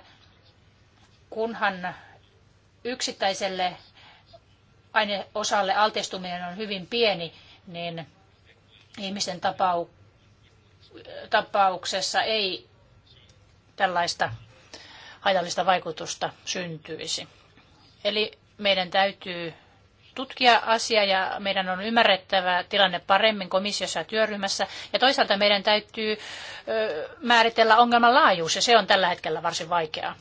kunhan yksittäiselle aineosalle altistuminen on hyvin pieni, niin ihmisten tapau- tapauksessa ei tällaista haitallista vaikutusta syntyisi. Eli meidän täytyy tutkia asiaa ja meidän on ymmärrettävä tilanne paremmin komissiossa ja työryhmässä. Ja toisaalta meidän täytyy määritellä ongelman laajuus ja se on tällä hetkellä varsin vaikeaa.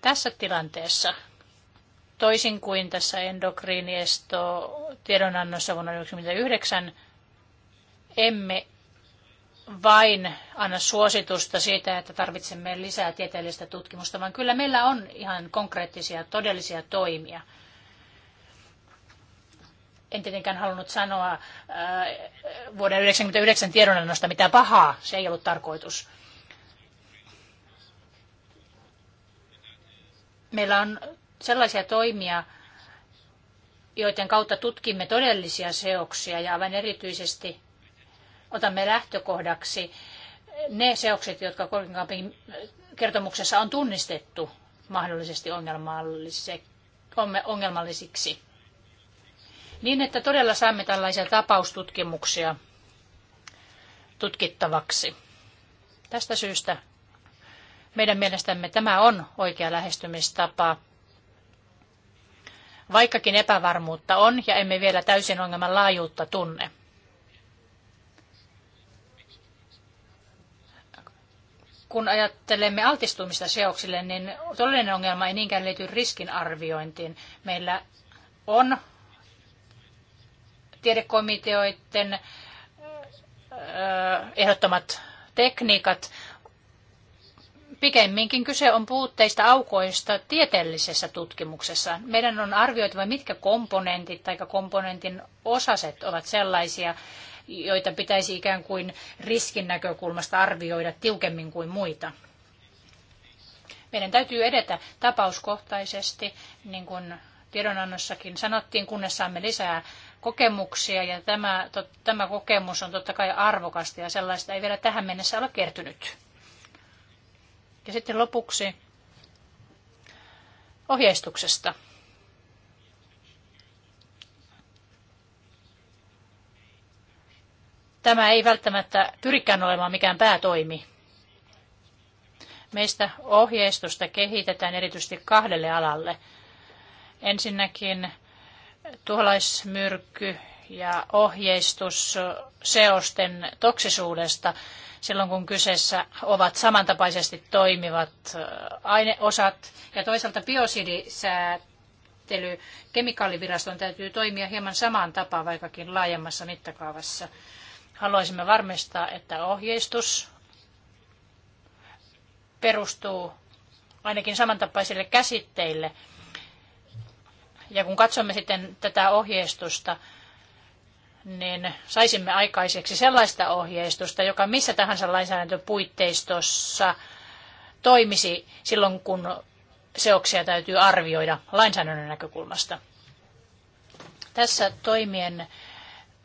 Tässä tilanteessa, toisin kuin tässä endokriiniesto tiedonannossa vuonna 1999, emme vain anna suositusta siitä, että tarvitsemme lisää tieteellistä tutkimusta, vaan kyllä meillä on ihan konkreettisia, todellisia toimia. En tietenkään halunnut sanoa äh, vuoden vuoden 1999 tiedonannosta mitä pahaa, se ei ollut tarkoitus. Meillä on sellaisia toimia, joiden kautta tutkimme todellisia seoksia ja aivan erityisesti otamme lähtökohdaksi ne seokset, jotka Kolkinkampin kertomuksessa on tunnistettu mahdollisesti ongelmallisiksi. Niin, että todella saamme tällaisia tapaustutkimuksia tutkittavaksi. Tästä syystä meidän mielestämme tämä on oikea lähestymistapa, vaikkakin epävarmuutta on ja emme vielä täysin ongelman laajuutta tunne. kun ajattelemme altistumista seoksille, niin todellinen ongelma ei niinkään liity riskin arviointiin. Meillä on tiedekomiteoiden ehdottomat tekniikat. Pikemminkin kyse on puutteista aukoista tieteellisessä tutkimuksessa. Meidän on arvioitava, mitkä komponentit tai komponentin osaset ovat sellaisia, joita pitäisi ikään kuin riskin näkökulmasta arvioida tiukemmin kuin muita. Meidän täytyy edetä tapauskohtaisesti, niin kuin tiedonannossakin sanottiin, kunnes saamme lisää kokemuksia ja tämä, to, tämä kokemus on totta kai arvokasta ja sellaista ei vielä tähän mennessä ole kertynyt. Ja sitten lopuksi ohjeistuksesta. Tämä ei välttämättä pyrikään olemaan mikään päätoimi. Meistä ohjeistusta kehitetään erityisesti kahdelle alalle. Ensinnäkin tuholaismyrkky ja ohjeistus seosten toksisuudesta silloin, kun kyseessä ovat samantapaisesti toimivat äh, aineosat. Ja toisaalta biosidisäätely, kemikaaliviraston täytyy toimia hieman samaan tapaan, vaikkakin laajemmassa mittakaavassa. Haluaisimme varmistaa, että ohjeistus perustuu ainakin samantapaisille käsitteille. Ja kun katsomme sitten tätä ohjeistusta, niin saisimme aikaiseksi sellaista ohjeistusta, joka missä tahansa lainsäädäntöpuitteistossa toimisi silloin, kun seoksia täytyy arvioida lainsäädännön näkökulmasta. Tässä toimien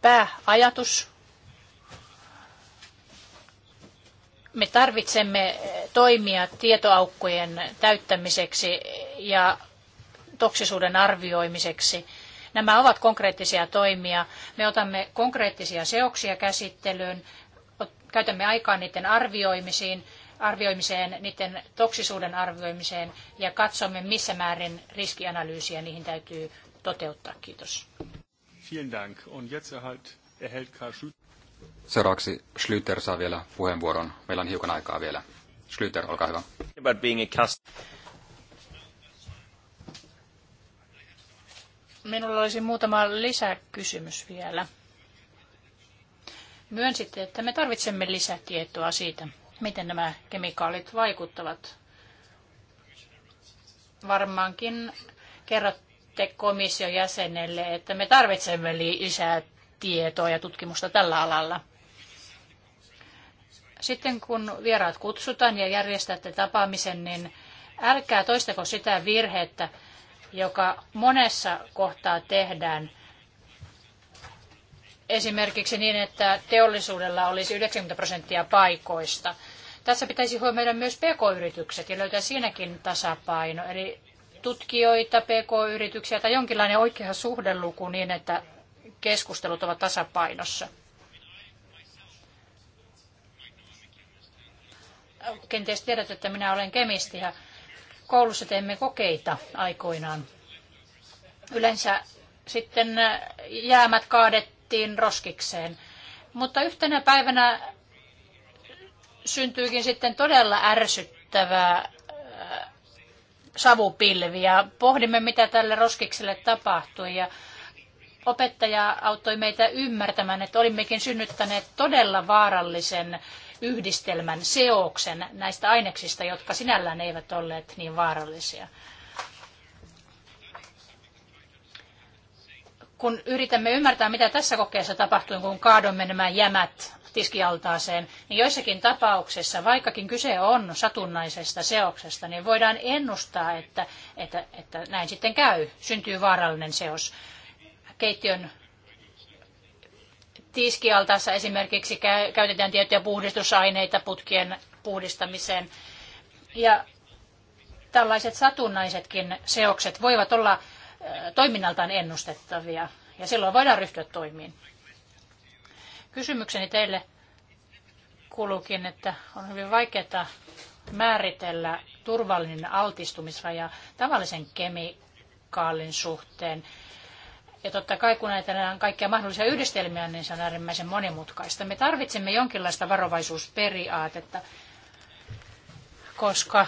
pääajatus Me tarvitsemme toimia tietoaukkojen täyttämiseksi ja toksisuuden arvioimiseksi. Nämä ovat konkreettisia toimia. Me otamme konkreettisia seoksia käsittelyyn, käytämme aikaa niiden arvioimisiin, arvioimiseen, niiden toksisuuden arvioimiseen ja katsomme, missä määrin riskianalyysiä niihin täytyy toteuttaa. Kiitos. Vielen Dank. Und jetzt erhält, erhält Seuraavaksi Schlüter saa vielä puheenvuoron. Meillä on hiukan aikaa vielä. Schlüter, olkaa hyvä. About being a Minulla olisi muutama lisäkysymys vielä. Myönsitte, että me tarvitsemme lisätietoa siitä, miten nämä kemikaalit vaikuttavat. Varmaankin kerrotte komission jäsenelle, että me tarvitsemme lisää tietoa ja tutkimusta tällä alalla. Sitten kun vieraat kutsutaan ja järjestätte tapaamisen, niin älkää toistako sitä virhettä, joka monessa kohtaa tehdään. Esimerkiksi niin, että teollisuudella olisi 90 prosenttia paikoista. Tässä pitäisi huomioida myös pk-yritykset ja löytää siinäkin tasapaino. Eli tutkijoita, pk-yrityksiä tai jonkinlainen oikea suhdeluku niin, että keskustelut ovat tasapainossa. Kenties tiedät, että minä olen kemisti ja koulussa teimme kokeita aikoinaan. Yleensä sitten jäämät kaadettiin roskikseen. Mutta yhtenä päivänä syntyikin sitten todella ärsyttävä savupilvi ja pohdimme, mitä tälle roskikselle tapahtui. Ja opettaja auttoi meitä ymmärtämään, että olimmekin synnyttäneet todella vaarallisen yhdistelmän, seoksen näistä aineksista, jotka sinällään eivät olleet niin vaarallisia. Kun yritämme ymmärtää, mitä tässä kokeessa tapahtui, kun kaadomme nämä jämät tiskialtaaseen, niin joissakin tapauksissa, vaikkakin kyse on satunnaisesta seoksesta, niin voidaan ennustaa, että, että, että näin sitten käy, syntyy vaarallinen seos keittiön tiskialtaassa esimerkiksi käytetään tiettyjä puhdistusaineita putkien puhdistamiseen. Ja tällaiset satunnaisetkin seokset voivat olla toiminnaltaan ennustettavia ja silloin voidaan ryhtyä toimiin. Kysymykseni teille kuuluukin, että on hyvin vaikeaa määritellä turvallinen altistumisraja tavallisen kemikaalin suhteen. Ja totta kai kun ajatellaan kaikkia mahdollisia yhdistelmiä, niin se on äärimmäisen monimutkaista. Me tarvitsemme jonkinlaista varovaisuusperiaatetta, koska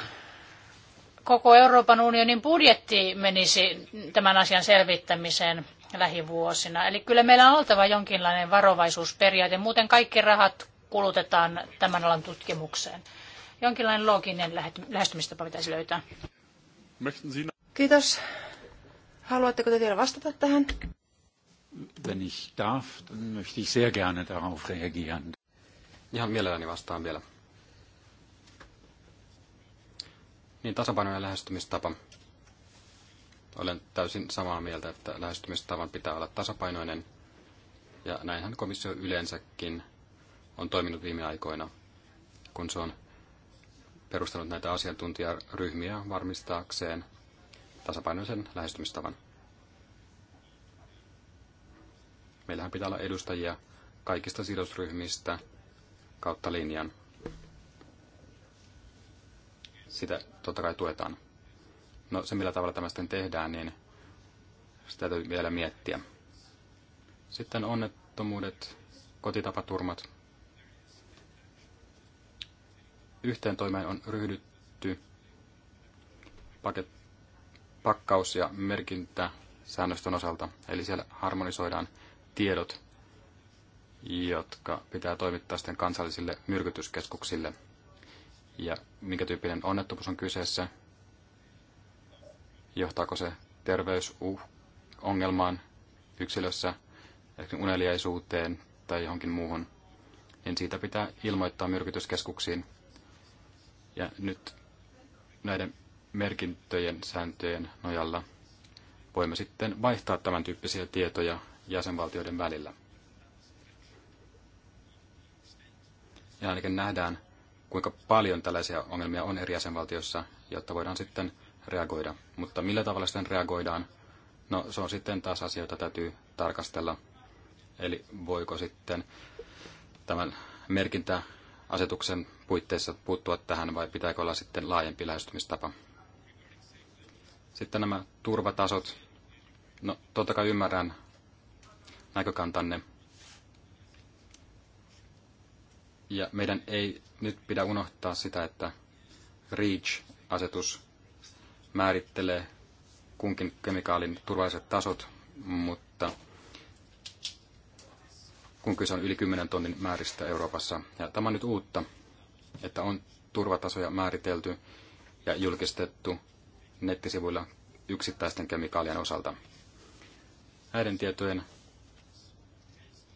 koko Euroopan unionin budjetti menisi tämän asian selvittämiseen lähivuosina. Eli kyllä meillä on oltava jonkinlainen varovaisuusperiaate, muuten kaikki rahat kulutetaan tämän alan tutkimukseen. Jonkinlainen looginen lähestymistapa pitäisi löytää. Kiitos. Haluatteko te vielä vastata tähän? Wenn ich darf, dann möchte ich sehr gerne darauf reagieren. Ihan mielelläni vastaan vielä. Niin, tasapainoinen lähestymistapa. Olen täysin samaa mieltä, että lähestymistavan pitää olla tasapainoinen. Ja näinhän komissio yleensäkin on toiminut viime aikoina, kun se on perustanut näitä asiantuntijaryhmiä varmistaakseen tasapainoisen lähestymistavan. Meillähän pitää olla edustajia kaikista sidosryhmistä kautta linjan. Sitä totta kai tuetaan. No se, millä tavalla tämä sitten tehdään, niin sitä täytyy vielä miettiä. Sitten onnettomuudet, kotitapaturmat. Yhteen toimeen on ryhdytty paketti pakkaus- ja merkintäsäännöstön osalta. Eli siellä harmonisoidaan tiedot, jotka pitää toimittaa sitten kansallisille myrkytyskeskuksille. Ja minkä tyyppinen onnettomuus on kyseessä, johtaako se terveysongelmaan yksilössä, ehkä uneliaisuuteen tai johonkin muuhun, niin siitä pitää ilmoittaa myrkytyskeskuksiin. Ja nyt näiden merkintöjen sääntöjen nojalla voimme sitten vaihtaa tämän tyyppisiä tietoja jäsenvaltioiden välillä. Ja ainakin nähdään, kuinka paljon tällaisia ongelmia on eri jäsenvaltioissa, jotta voidaan sitten reagoida. Mutta millä tavalla sitten reagoidaan? No se on sitten taas asia, jota täytyy tarkastella. Eli voiko sitten tämän merkintäasetuksen puitteissa puuttua tähän vai pitääkö olla sitten laajempi lähestymistapa? Sitten nämä turvatasot. No, totta kai ymmärrän näkökantanne. Ja meidän ei nyt pidä unohtaa sitä, että REACH-asetus määrittelee kunkin kemikaalin turvalliset tasot, mutta kun kyse on yli 10 tonnin määristä Euroopassa. Ja tämä on nyt uutta, että on turvatasoja määritelty ja julkistettu nettisivuilla yksittäisten kemikaalien osalta. Näiden tietojen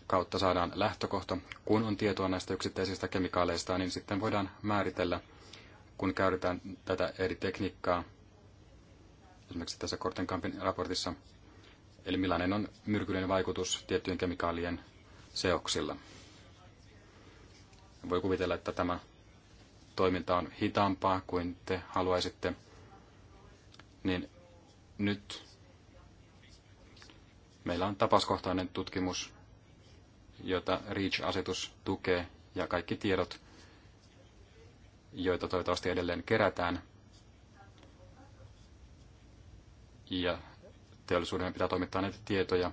kautta saadaan lähtökohta. Kun on tietoa näistä yksittäisistä kemikaaleista, niin sitten voidaan määritellä, kun käytetään tätä eri tekniikkaa, esimerkiksi tässä Kortenkampin raportissa, eli millainen on myrkyllinen vaikutus tiettyjen kemikaalien seoksilla. Voi kuvitella, että tämä toiminta on hitaampaa kuin te haluaisitte, niin nyt meillä on tapauskohtainen tutkimus, jota REACH-asetus tukee ja kaikki tiedot, joita toivottavasti edelleen kerätään. Ja teollisuuden pitää toimittaa näitä tietoja.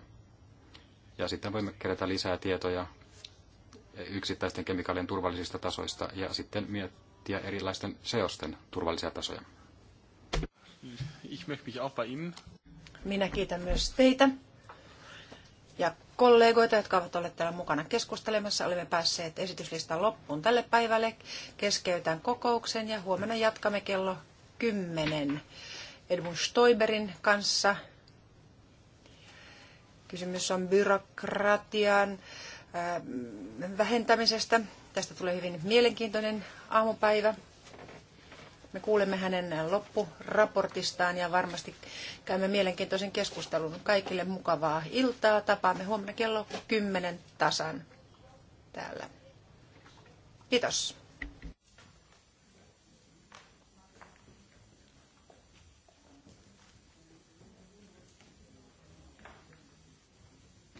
Ja sitten voimme kerätä lisää tietoja yksittäisten kemikaalien turvallisista tasoista ja sitten miettiä erilaisten seosten turvallisia tasoja. Ich möchte mich auch bei Ihnen. Minä kiitän myös teitä ja kollegoita, jotka ovat olleet täällä mukana keskustelemassa. Olemme päässeet esityslistan loppuun tälle päivälle. Keskeytän kokouksen ja huomenna jatkamme kello 10 Edmund Stoiberin kanssa. Kysymys on byrokratian äh, vähentämisestä. Tästä tulee hyvin mielenkiintoinen aamupäivä. Me kuulemme hänen loppuraportistaan ja varmasti käymme mielenkiintoisen keskustelun. Kaikille mukavaa iltaa. Tapaamme huomenna kello 10 tasan täällä. Kiitos.